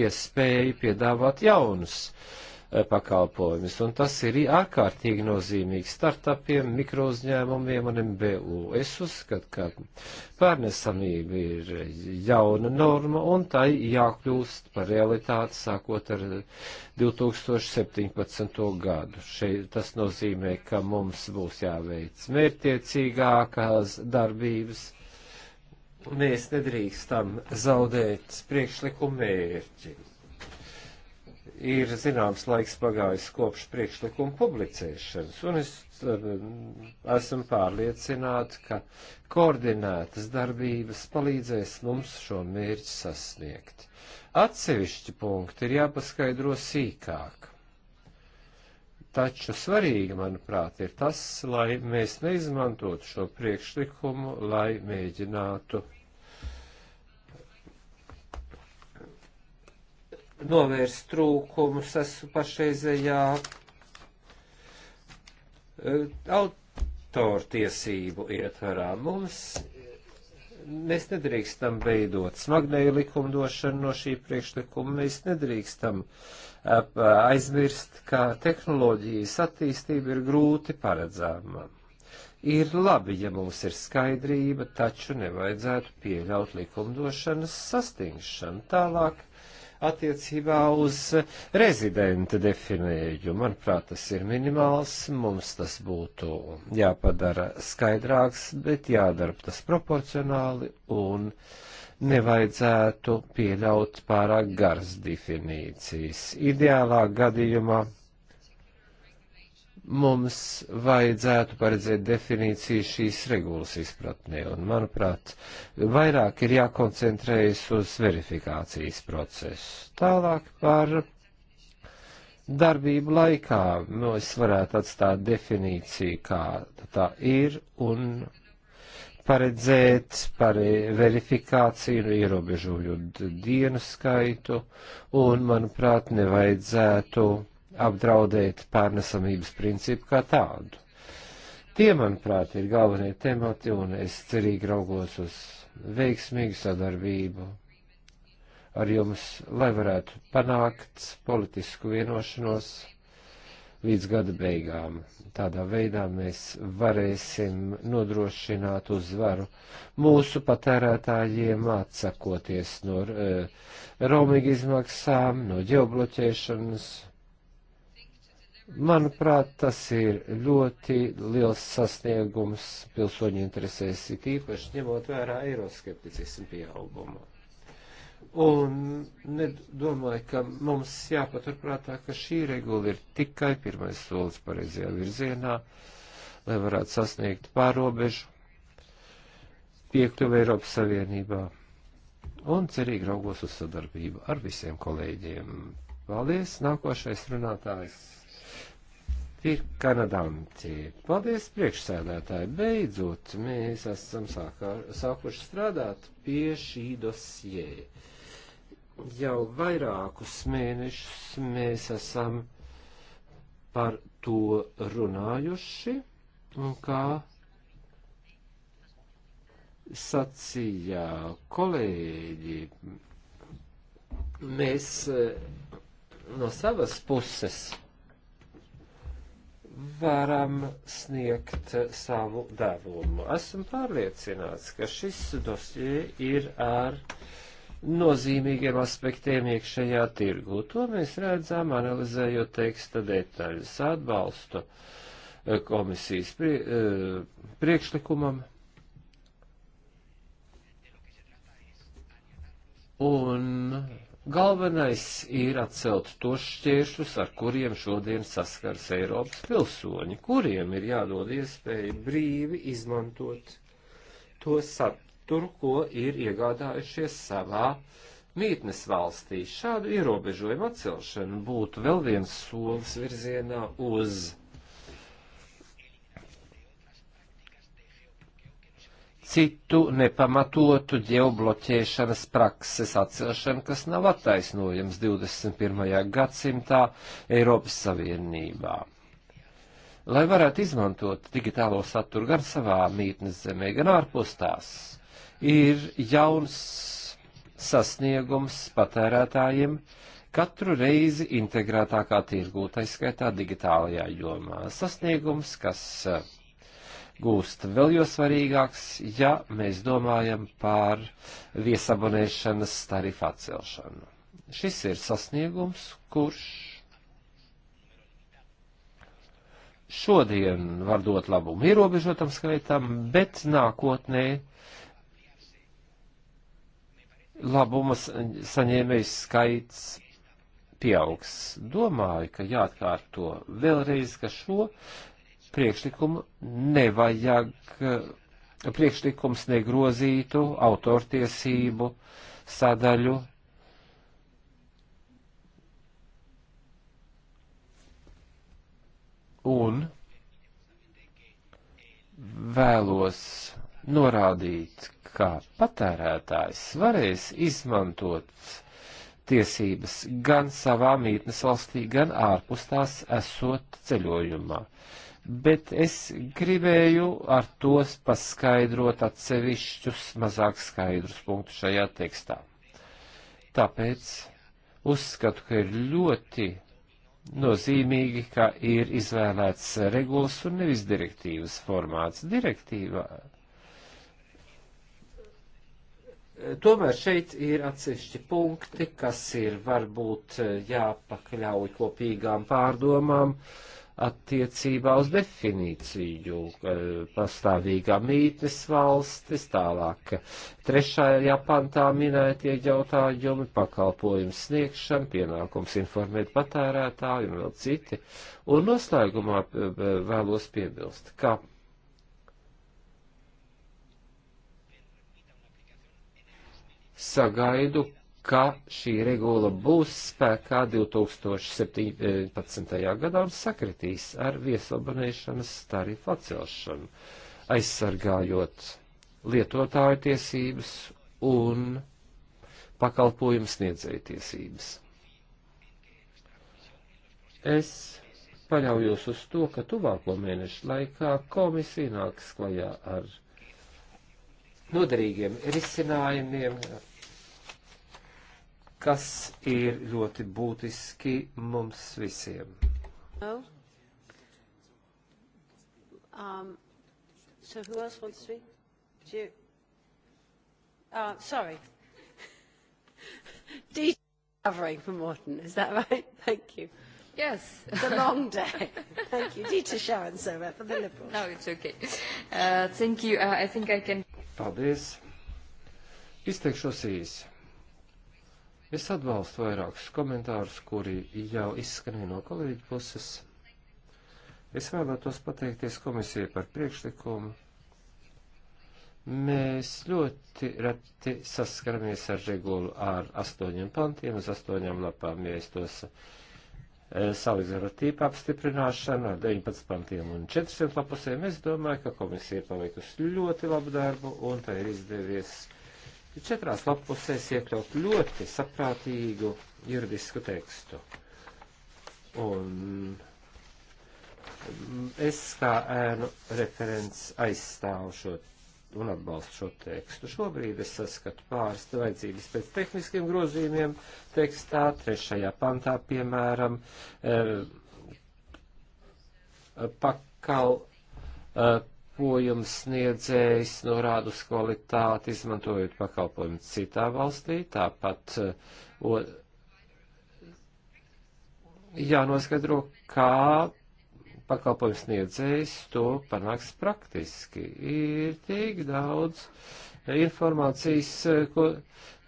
[SPEAKER 1] iespēju piedāvāt jaunus uh, Eh, pakalpojumus. Un tas ir ārkārtīgi nozīmīgi startupiem, mikrouzņēmumiem un MBU. Es uzskatu, ka pārnesamība ir jauna norma un tai jākļūst par realitāti sākot ar 2017. gadu. Šeit tas nozīmē, ka mums būs jāveic mērtiecīgākās darbības mēs nedrīkstam zaudēt priekšlikumu mērķi ir zināms laiks pagājis kopš priekšlikuma publicēšanas, un es eh, esmu pārliecināta, ka koordinētas darbības palīdzēs mums šo mērķi sasniegt. Atsevišķi punkti ir jāpaskaidro sīkāk. Taču svarīgi, manuprāt, ir tas, lai mēs neizmantotu šo priekšlikumu, lai mēģinātu novērst trūkumus pašreizējā e, autortiesību ietvarā. Mums mēs nedrīkstam veidot smagnēju likumdošanu no šī priekšlikuma, mēs nedrīkstam e, aizmirst, ka tehnoloģijas attīstība ir grūti paredzāma. Ir labi, ja mums ir skaidrība, taču nevajadzētu pieļaut likumdošanas sastingšanu. Tālāk attiecībā uz rezidenta definējumu. Manuprāt, tas ir minimāls, mums tas būtu jāpadara skaidrāks, bet jādara tas proporcionāli un nevajadzētu pieļaut pārāk garas definīcijas. Ideālā gadījumā mums vajadzētu paredzēt definīciju šīs regulas izpratnē, un, manuprāt, vairāk ir jākoncentrējas uz verifikācijas procesu. Tālāk par darbību laikā mēs nu, varētu atstāt definīciju, kā tā ir, un paredzēt par verifikāciju, ierobežojot dienu skaitu, un, manuprāt, nevajadzētu apdraudēt pārnesamības principu kā tādu. Tie, manuprāt, ir galvenie temati, un es cerīgi raugos uz veiksmīgu sadarbību ar jums, lai varētu panākt politisku vienošanos līdz gada beigām. Tādā veidā mēs varēsim nodrošināt uzvaru mūsu patērētājiem, atsakoties no e, roaming izmaksām, no ģeobloķēšanas Manuprāt, tas ir ļoti liels sasniegums pilsoņu interesēs, it īpaši ņemot vērā eiroskepticismu pieaugumu. Un nedomāju, ka mums jāpaturprātā, ka šī regula ir tikai pirmais solis pareizajā virzienā, lai varētu sasniegt pārobežu piekļuvu Eiropas Savienībā. Un cerīgi raugos uz sadarbību ar visiem kolēģiem. Paldies! Nākošais runātājs! ir Kanadanti. Paldies priekšsēdētāji. Beidzot, mēs esam sākā, sākuši strādāt pie šī dosjē. Jau vairākus mēnešus mēs esam par to runājuši, un kā sacīja kolēģi, mēs eh, no savas puses varam sniegt savu devumu. Esmu pārliecināts, ka šis dosie ir ar nozīmīgiem aspektiem iekšējā tirgu. To mēs redzam, analizējot teksta detaļas atbalstu eh, komisijas prie, eh, priekšlikumam. Un Galvenais ir atcelt tos šķēršļus, ar kuriem šodien saskars Eiropas pilsoņi, kuriem ir jādod iespēja brīvi izmantot to saturu, ko ir iegādājušies savā mītnes valstī. Šādu ierobežojumu atcelšana būtu vēl viens solis virzienā uz citu nepamatotu ģeobloķēšanas prakses atcelšanu, kas nav attaisnojams 21. gadsimtā Eiropas Savienībā. Lai varētu izmantot digitālo saturu gan savā mītnes zemē, gan ārpus tās, ir jauns sasniegums patērētājiem, katru reizi integrētākā tirgū, tā skaitā digitālajā jomā. Sasniegums, kas gūst vēl jo svarīgāks, ja mēs domājam par viesabonēšanas tarifu atcelšanu. Šis ir sasniegums, kurš šodien var dot labumu ierobežotam skaitam, bet nākotnē labuma saņēmējs skaits pieaugs. Domāju, ka jāatkārto vēlreiz, ka šo priekšlikumu nevajag, priekšlikums negrozītu autortiesību sadaļu. Un vēlos norādīt, ka patērētājs varēs izmantot tiesības gan savā mītnes valstī, gan ārpus tās esot ceļojumā bet es gribēju ar tos paskaidrot atsevišķus mazāk skaidrus punktus šajā tekstā. Tāpēc uzskatu, ka ir ļoti nozīmīgi, ka ir izvēlēts regulas un nevis direktīvas formāts. Direktīvā. Tomēr šeit ir atsevišķi punkti, kas ir varbūt jāpakļauj kopīgām pārdomām. Uh, attiecībā uz definīciju pastāvīgā mītnes valstis, tālāk trešajā pantā minētie jautājumi, pakalpojums sniegšana, pienākums informēt patērētāju un vēl citi. Un noslēgumā e, e, vēlos piebilst, ka sagaidu, ka šī regula būs spēkā 2017. gadā un sakritīs ar viesobonēšanas tarifu atcelšanu, aizsargājot lietotāju tiesības un pakalpojumu sniedzēju tiesības. Es paļaujos uz to, ka tuvāko mēnešu laikā komisija nāks klajā ar noderīgiem risinājumiem, kas ir ļoti būtiski mums visiem.
[SPEAKER 2] No. Um, so who else wants to speak? Do you? Uh, sorry.
[SPEAKER 3] [LAUGHS] DJ covering for Morton, is that right? [LAUGHS] Thank you. Yes. It's a long [LAUGHS] day. thank you. Dita Sharon Sora for the Liberals. No, it's okay. Uh, thank you. Uh, I think I can...
[SPEAKER 1] Paldies. Izteikšos īsi. Es atbalstu vairākus komentārus, kuri jau izskanīja no kolēģa puses. Es vēlētos pateikties komisijai par priekšlikumu. Mēs ļoti reti saskaramies ar regulu ar astoņiem pantiem, uz astoņām lapām, ja es tos e, salīdzinu ar tīpa apstiprināšanu, ar 19 pantiem un 400 lapusēm. Es domāju, ka komisija ir paveikusi ļoti labu darbu un tā ir izdevies četrās lapusēs iekļaut ļoti saprātīgu juridisku tekstu. Un es kā ēnu referents aizstāvu šo un atbalstu šo tekstu. Šobrīd es saskatu pāris vajadzības pēc tehniskiem grozījumiem tekstā, trešajā pantā, piemēram, eh, pakal eh, pakalpojumu sniedzējs norāda uz kvalitāti, izmantojot pakalpojumu citā valstī, tāpat o, jānoskaidro, kā pakalpojumu sniedzējs to panāks praktiski. Ir tik daudz uh, informācijas, eh, ko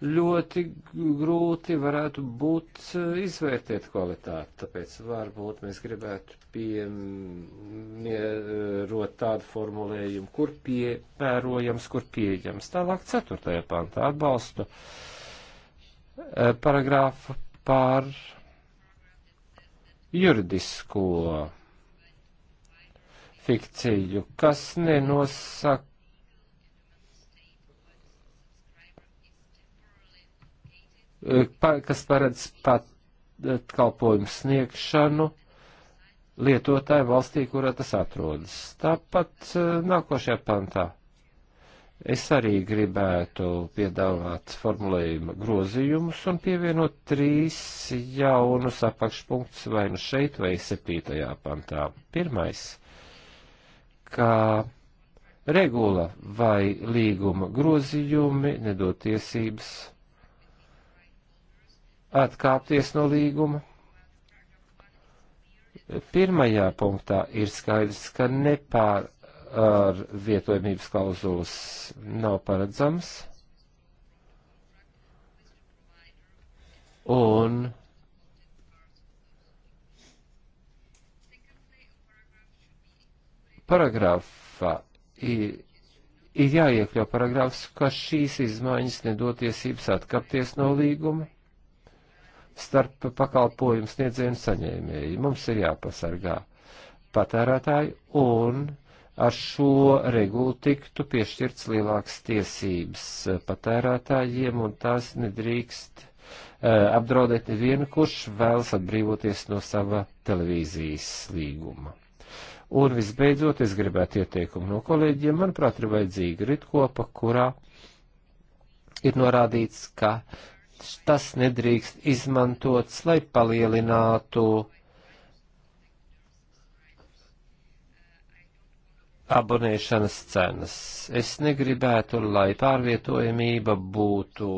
[SPEAKER 1] ļoti grūti varētu būt eh, izvērtēt kvalitāti. Tāpēc varbūt mēs gribētu piemierot tādu formulējumu, kur piepērojams, kur pieejams. Tālāk ceturtajā pantā atbalstu eh, paragrāfu par juridisko fikciju, kas nenosaka Eh, kas paredz pakalpojumu sniegšanu lietotāju valstī, kurā tas atrodas. Tāpat eh, nākošajā pantā es arī gribētu piedāvāt formulējuma grozījumus un pievienot trīs jaunus apakšpunktus vai nu šeit vai septītajā pantā. Pirmais, kā regula vai līguma grozījumi nedod tiesības atkāpties no līguma. Pirmajā punktā ir skaidrs, ka nepārvietojamības klauzulas nav paredzams. Un paragrāfā ir, ir jāiekļau paragrāfs, ka šīs izmaiņas nedot tiesības atkāpties no līguma starp pakalpojumu sniedzēju un saņēmēju. Mums ir jāpasargā patērētāji un ar šo regulu tiktu piešķirts lielāks tiesības patērētājiem un tās nedrīkst eh, apdraudēt nevienu, kurš vēlas atbrīvoties no sava televīzijas līguma. Un visbeidzot, es gribētu ieteikumu no kolēģiem, manuprāt, ir vajadzīga ritkopa, kurā ir norādīts, ka tas nedrīkst izmantots, lai palielinātu abonēšanas cenas. Es negribētu, lai pārvietojamība būtu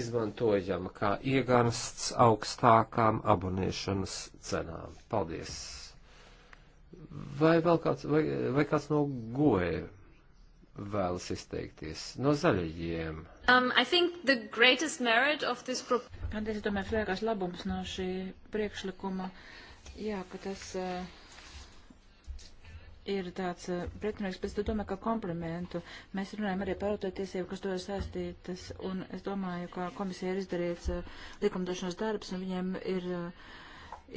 [SPEAKER 1] izmantojama kā iegansts augstākām abonēšanas cenām. Paldies! Vai vēl kāds, vai, vai kāds no goēja? vēlas izteikties no zaļajiem.
[SPEAKER 3] Um, this... Paldies, es domāju, lielākais labums no šī priekšlikuma,
[SPEAKER 2] jā, ka tas uh, ir tāds uh, pretrunīgs, bet es domāju, ka komplementu. Mēs runājam arī par autotiesību, kas to ir saistītas, un es domāju, ka komisija ir izdarīts uh, eh, likumdošanas darbs, un viņiem ir uh,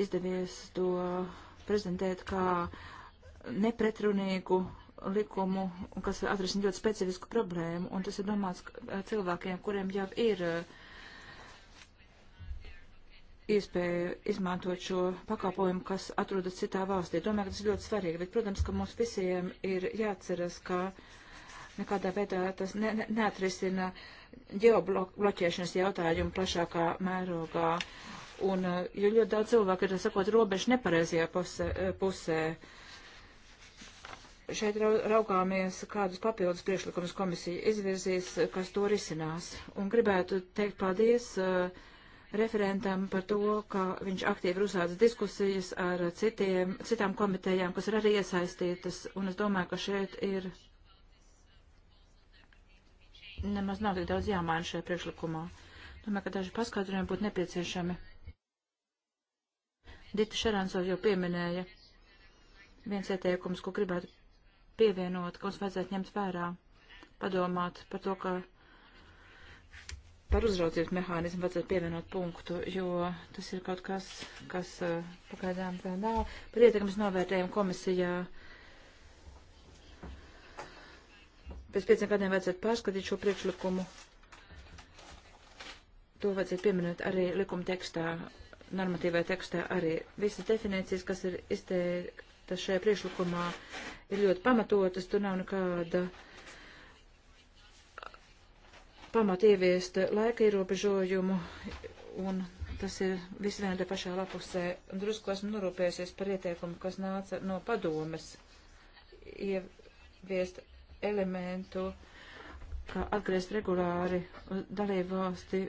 [SPEAKER 2] izdevies to prezentēt kā nepretrunīgu uh, likumu, kas atrisina ļoti specifisku problēmu, un tas ir domāts eh, cilvēkiem, kuriem jau ir eh, iespēja izmantot šo pakalpojumu, kas atrodas citā valstī. Domāju, ka tas ir ļoti svarīgi, bet, protams, ka mums visiem ir jāatceras, ka nekādā veidā tas ne, ne, neatrisina ģeobloķēšanas jautājumu plašākā mērogā. Un, eh, jo ļoti daudz cilvēku ir, sakot, robežu nepareizajā pusē. pusē šeit raugāmies, kādus papildus priekšlikumus komisija izvirzīs, kas to risinās. Un gribētu teikt paldies uh, referentam par to, ka viņš aktīvi uzsāca diskusijas ar citiem, citām komitejām, kas ir arī iesaistītas. Un es domāju, ka šeit ir nemaz nav tik daudz jāmaina šajā priekšlikumā. Domāju, ka daži paskaidrojumi būtu nepieciešami. Dita Šaransov jau pieminēja viens ieteikums, ko gribētu pievienot, ko mums vajadzētu ņemt vērā, padomāt par to, ka par uzraudzības mehānismu vajadzētu pievienot punktu, jo tas ir kaut kas, kas eh, pagaidām vēl nav. Par ietekmes novērtējumu komisijā pēc pieciem gadiem vajadzētu pārskatīt šo priekšlikumu. To vajadzētu pieminēt arī likuma tekstā, normatīvai tekstā arī. Visas definīcijas, kas ir izteikti kas šajā priekšlikumā ir ļoti pamatotas, tur nav nekāda pamata ieviest laika ierobežojumu, un tas ir viss vienā te pašā lapusē. Drusku esmu norūpējusies par ieteikumu, kas nāca no padomes ieviest elementu, kā atgriezt regulāri dalību valsti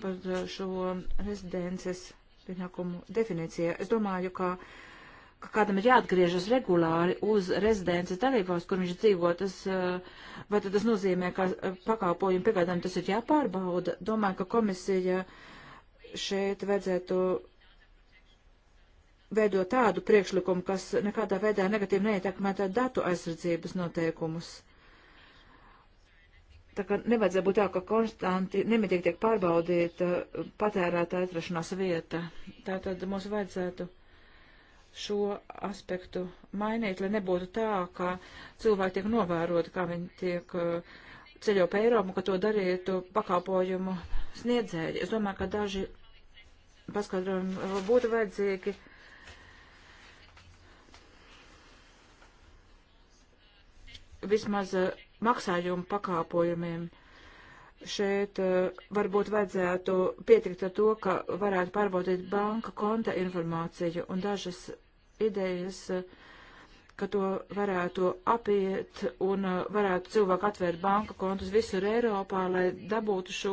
[SPEAKER 2] par šo rezidences pienākumu definīcija. Es domāju, ka ka kādam ir jāatgriežas regulāri uz rezidences dalībās, kur viņš dzīvo, tas, eh, vai tad tas nozīmē, ka eh, pakalpojumu piegādājumi tas ir jāpārbauda? Domāju, ka komisija šeit vajadzētu veidot tādu priekšlikumu, kas nekādā veidā negatīvi neietekmē datu aizsardzības noteikumus. Tā kā nevajadzētu būt tā, ka konstanti nemitīgi tiek pārbaudīta patērēta atrašanās vieta. Tā tad mums vajadzētu šo aspektu mainīt, lai nebūtu tā, ka cilvēki tiek novēroti, kā viņi tiek uh, ceļo pa Eiropu, ka to darītu pakalpojumu sniedzēji. Es domāju, ka daži paskatrojumi būtu vajadzīgi. Vismaz uh, maksājumu pakāpojumiem šeit uh, varbūt vajadzētu pietikt ar to, ka varētu pārbaudīt banka konta informāciju un dažas idejas, ka to varētu apiet un uh, varētu cilvēku atvērt banka kontus visur Eiropā, lai dabūtu šo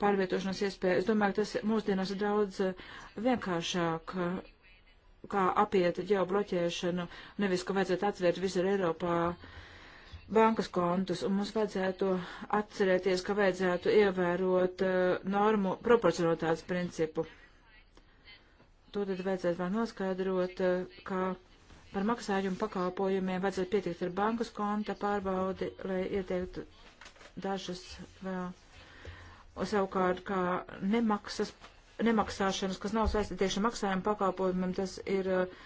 [SPEAKER 2] pārvietošanās iespēju. Es domāju, ka tas mūsdienās ir daudz uh, vienkāršāk uh, kā apiet ģeobloķēšanu, nevis, ka vajadzētu atvērt visur Eiropā bankas kontus, un mums vajadzētu atcerēties, ka vajadzētu ievērot uh, normu proporcionotāts principu to tad vajadzētu vēl noskaidrot, eh, ka par maksājumu pakalpojumiem vajadzētu pietikt ar bankas konta pārbaudi, lai ieteiktu dažas vēl. Un savukārt, kā nemaksas, nemaksāšanas, kas nav saistīta tieši ar maksājumu pakalpojumiem, tas ir eh,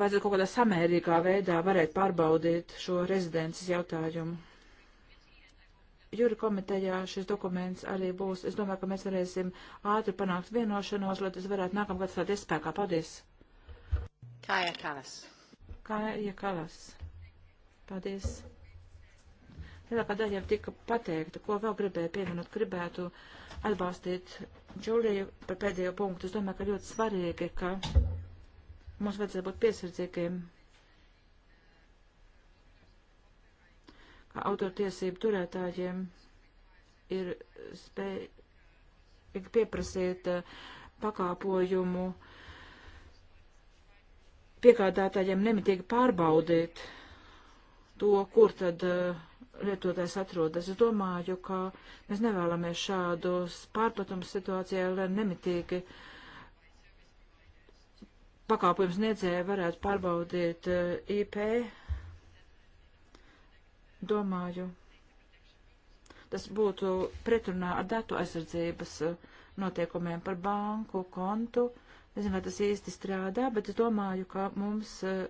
[SPEAKER 2] vajadzētu kaut kādā samērīgā veidā varēt pārbaudīt šo rezidences jautājumu. Jūri komitejā šis dokuments arī būs. Es domāju, ka mēs varēsim ātri panākt vienošanos, lai tas varētu nākamgad stāties spēkā. Paldies! Kāja Kalas. Kāja Kalas. Paldies! Lielākā daļa jau tika pateikta, ko vēl gribēju pieminot, gribētu atbalstīt Džuliju par pēdējo punktu. Es domāju, ka ļoti svarīgi, ka mums vajadzētu būt piesardzīgiem autortiesību turētājiem ir spējīgi pieprasīt eh, pakāpojumu piegādātājiem nemitīgi pārbaudīt to, kur tad eh, lietotājs atrodas. Es domāju, ka mēs nevēlamies šādus pārpratums situācijā, lai nemitīgi pakāpojums niedzēja varētu pārbaudīt eh, IP domāju, tas būtu pretrunā ar datu aizsardzības eh, noteikumiem par banku kontu. Nezinu, vai tas īsti strādā, bet es domāju, ka mums, eh,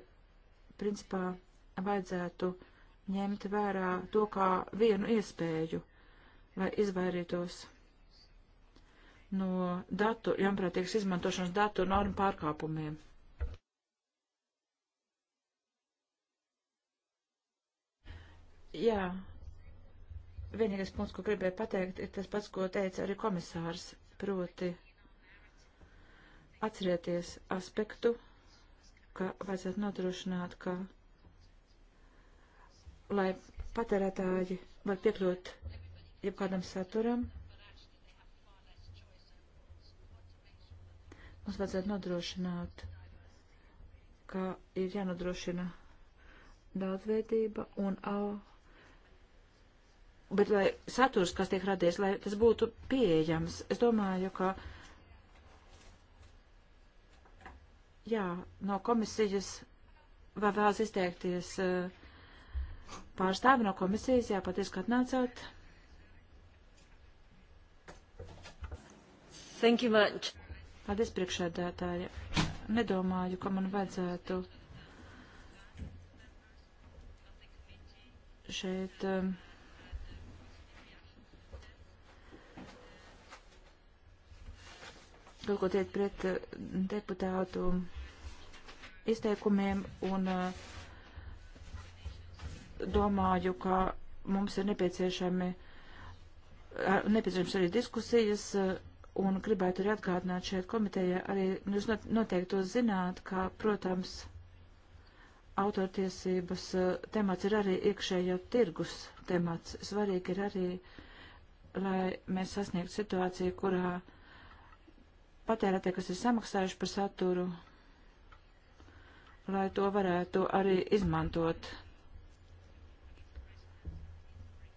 [SPEAKER 2] principā, vajadzētu ņemt vērā to kā vienu iespēju, lai izvairītos no datu, jāmprātīgas izmantošanas datu normu pārkāpumiem. Jā. Vienīgais punkts, ko gribēju pateikt, ir tas pats, ko teica arī komisārs, proti atcerieties aspektu, ka vajadzētu nodrošināt, ka lai patērētāji var piekļūt jebkādam saturam, mums vajadzētu nodrošināt, ka ir jānodrošina daudzveidība un au, bet lai saturs, kas tiek radies, lai tas būtu pieejams. Es domāju, ka, jā, no komisijas vēl vēlas izteikties eh, pārstāvi no komisijas, jā, paties, ka atnācāt. Thank you much. Paldies, priekšēdētāja. Nedomāju, ka man vajadzētu šeit. Um, rūkoties pret eh, deputātu izteikumiem un eh, domāju, ka mums ir nepieciešami, eh, nepieciešams arī diskusijas un gribētu arī atgādināt šeit komitejā arī, jūs noteikti to zināt, ka, protams, autortiesības temats ir arī iekšējo tirgus temats. Svarīgi ir arī, lai mēs sasniegtu situāciju, kurā uh, patērētāji, kas ir samaksājuši par saturu, lai to varētu arī izmantot.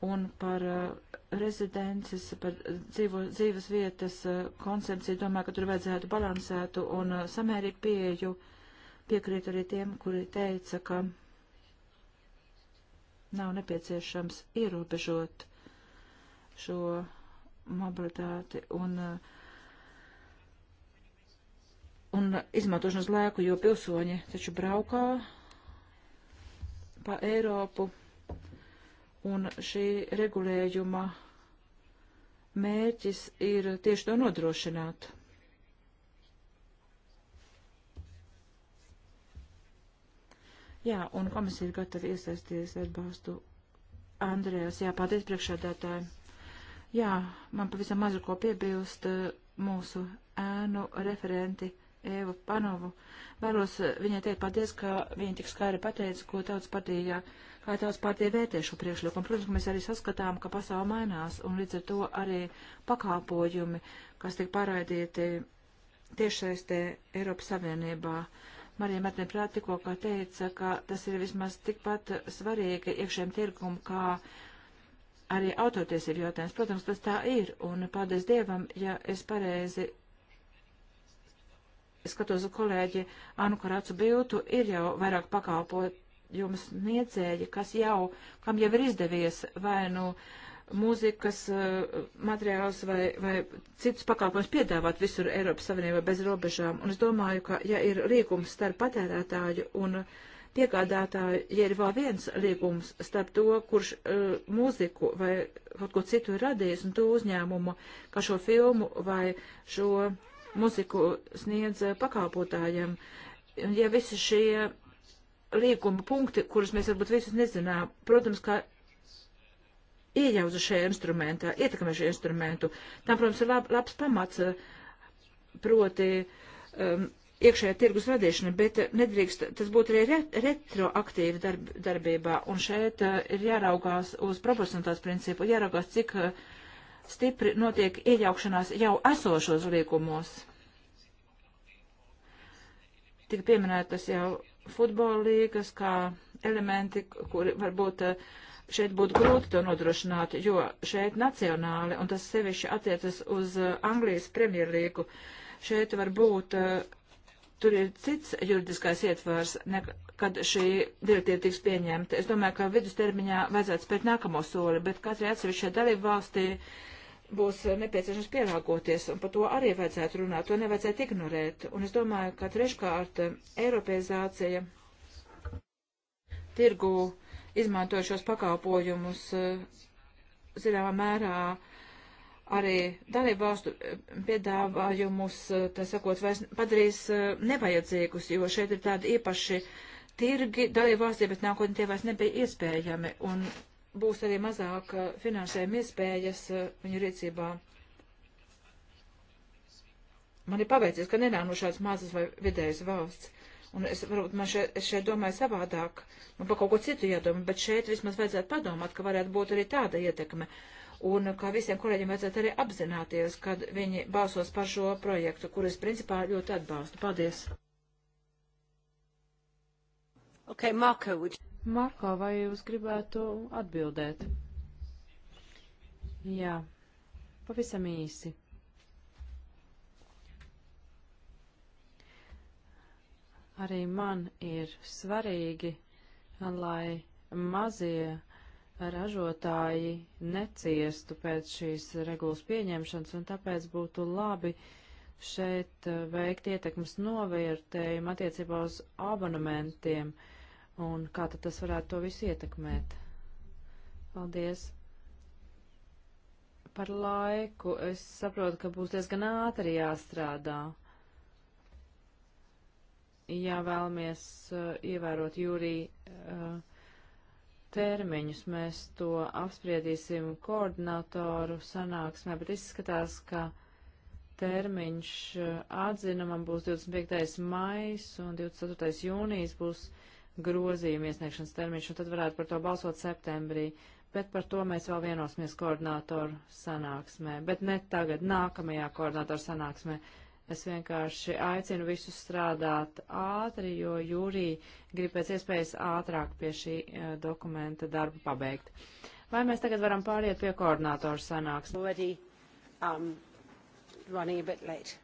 [SPEAKER 2] Un par uh, rezidences, par dzīvo, dzīves vietas uh, koncepciju, domāju, ka tur vajadzētu balansētu un uh, samērīgu pieeju. Piekrītu arī tiem, kuri teica, ka nav nepieciešams ierobežot šo mobilitāti un uh, un izmantošanas laiku, jo pilsoņi taču braukā pa Eiropu, un šī regulējuma mērķis ir tieši to nodrošināt. Jā, un komisija ir gatava iesaisties atbalstu Andrējas. Jā, paldies priekšādātājiem. Jā, man pavisam mazu ko piebilst eh, mūsu ēnu referenti Eva Panovu. Vēlos eh, viņai teikt paldies, ka viņa tik skaidri pateica, ko tautas partija, kā tautas partija vērtē šo priekšlikumu. Protams, ka mēs arī saskatām, ka pasauli mainās, un līdz ar to arī pakāpojumi, kas tiek pārraidīti tiešsaistē Eiropas Savienībā. Marija Martina Prāt tikko kā teica, ka tas ir vismaz tikpat svarīgi iekšējiem tirgumu, kā arī autotiesību jautājums. Protams, tas tā ir, un paldies Dievam, ja es pareizi skatos uz kolēģi Anu Karācu Biltu, ir jau vairāk pakalpojumu sniedzēji, kas jau, kam jau ir izdevies vai nu mūzikas eh, materiālus vai, vai citus pakalpojumus piedāvāt visur Eiropas Savienībā bez robežām. Un es domāju, ka ja ir līgums starp patērētāju un piegādātāju, ja ir vēl viens līgums starp to, kurš uh, mūziku vai kaut ko citu ir radījis un to uzņēmumu, ka šo filmu vai šo uh, muziku sniedz eh, pakāpotājiem. Ja visi šie līguma punkti, kurus mēs varbūt visus nezinām, protams, kā iejauza šajā instrumentā, ietekmē šo instrumentu, tam, protams, ir lab, labs pamats, eh, proti um, iekšējā tirgus radīšana, bet nedrīkst, tas būtu arī re, retroaktīvi darb, darbībā, un šeit uh, ir jāraugās uz proporcionātās principu, jāraugās, cik uh, stipri notiek iejaukšanās jau esošos liekumos. Tik pieminētas jau futbola līgas kā elementi, kuri varbūt eh, šeit būtu grūti to nodrošināt, jo šeit nacionāli, un tas sevišķi attiecas uz eh, Anglijas premjerlīgu, šeit var būt, eh, tur ir cits juridiskais ietvars, kad šī direktīva tiks pieņemta. Es domāju, ka vidustermiņā vajadzētu spēt nākamo soli, bet katrai atsevišķai dalību valstī uh, būs eh, nepieciešams pielāgoties, un par to arī vajadzētu runāt, to nevajadzētu ignorēt. Un es domāju, ka treškārt Eiropeizācija tirgu izmantojušos pakalpojumus eh, zināmā mērā arī dalībvalstu eh, piedāvājumus, tā sakot, vairs padarīs nevajadzīgus, jo šeit ir tādi īpaši tirgi dalībvalstī, bet nākotnē tie vairs nebija iespējami. Un būs arī mazāk eh, finansējuma iespējas eh, viņu rīcībā. Man ir paveicies, ka nenāk no šādas mazas vai vidējas valsts. Un es varbūt man šeit, es šeit domāju savādāk, man par kaut ko citu jādomā, bet šeit vismaz vajadzētu padomāt, ka varētu būt arī tāda ietekme. Un kā visiem kolēģiem vajadzētu arī apzināties, kad viņi balsos par šo projektu, kur es principā ļoti atbalstu. Paldies! Okay, Marko, would
[SPEAKER 3] you... Marko, vai jūs gribētu atbildēt? Jā, pavisam īsi. Arī man ir svarīgi, lai mazie ražotāji neciestu pēc šīs regulas pieņemšanas, un tāpēc būtu labi šeit veikt ietekmes novērtējumu attiecībā uz abonementiem, uh, un kā tad tas varētu to visu ietekmēt. Paldies! Par laiku es saprotu, ka būs diezgan ātri jāstrādā. Ja vēlamies uh, ievērot jūrī uh, termiņus, mēs to apspriedīsim koordinatoru sanāksmē, bet izskatās, ka termiņš uh, atzinumam būs 25. mais un 24. jūnijas būs uh, grozījuma iesniegšanas termiņš, un tad varētu par to balsot septembrī. Bet par to mēs vēl vienosimies koordinātoru sanāksmē. Bet ne tagad, nākamajā koordinātoru sanāksmē. Es vienkārši aicinu visus strādāt ātri, jo jūrī grib pēc iespējas ātrāk pie šī uh, dokumenta darbu pabeigt. Vai mēs tagad varam pāriet pie koordinātoru sanāksmes? Already, um, running a bit late.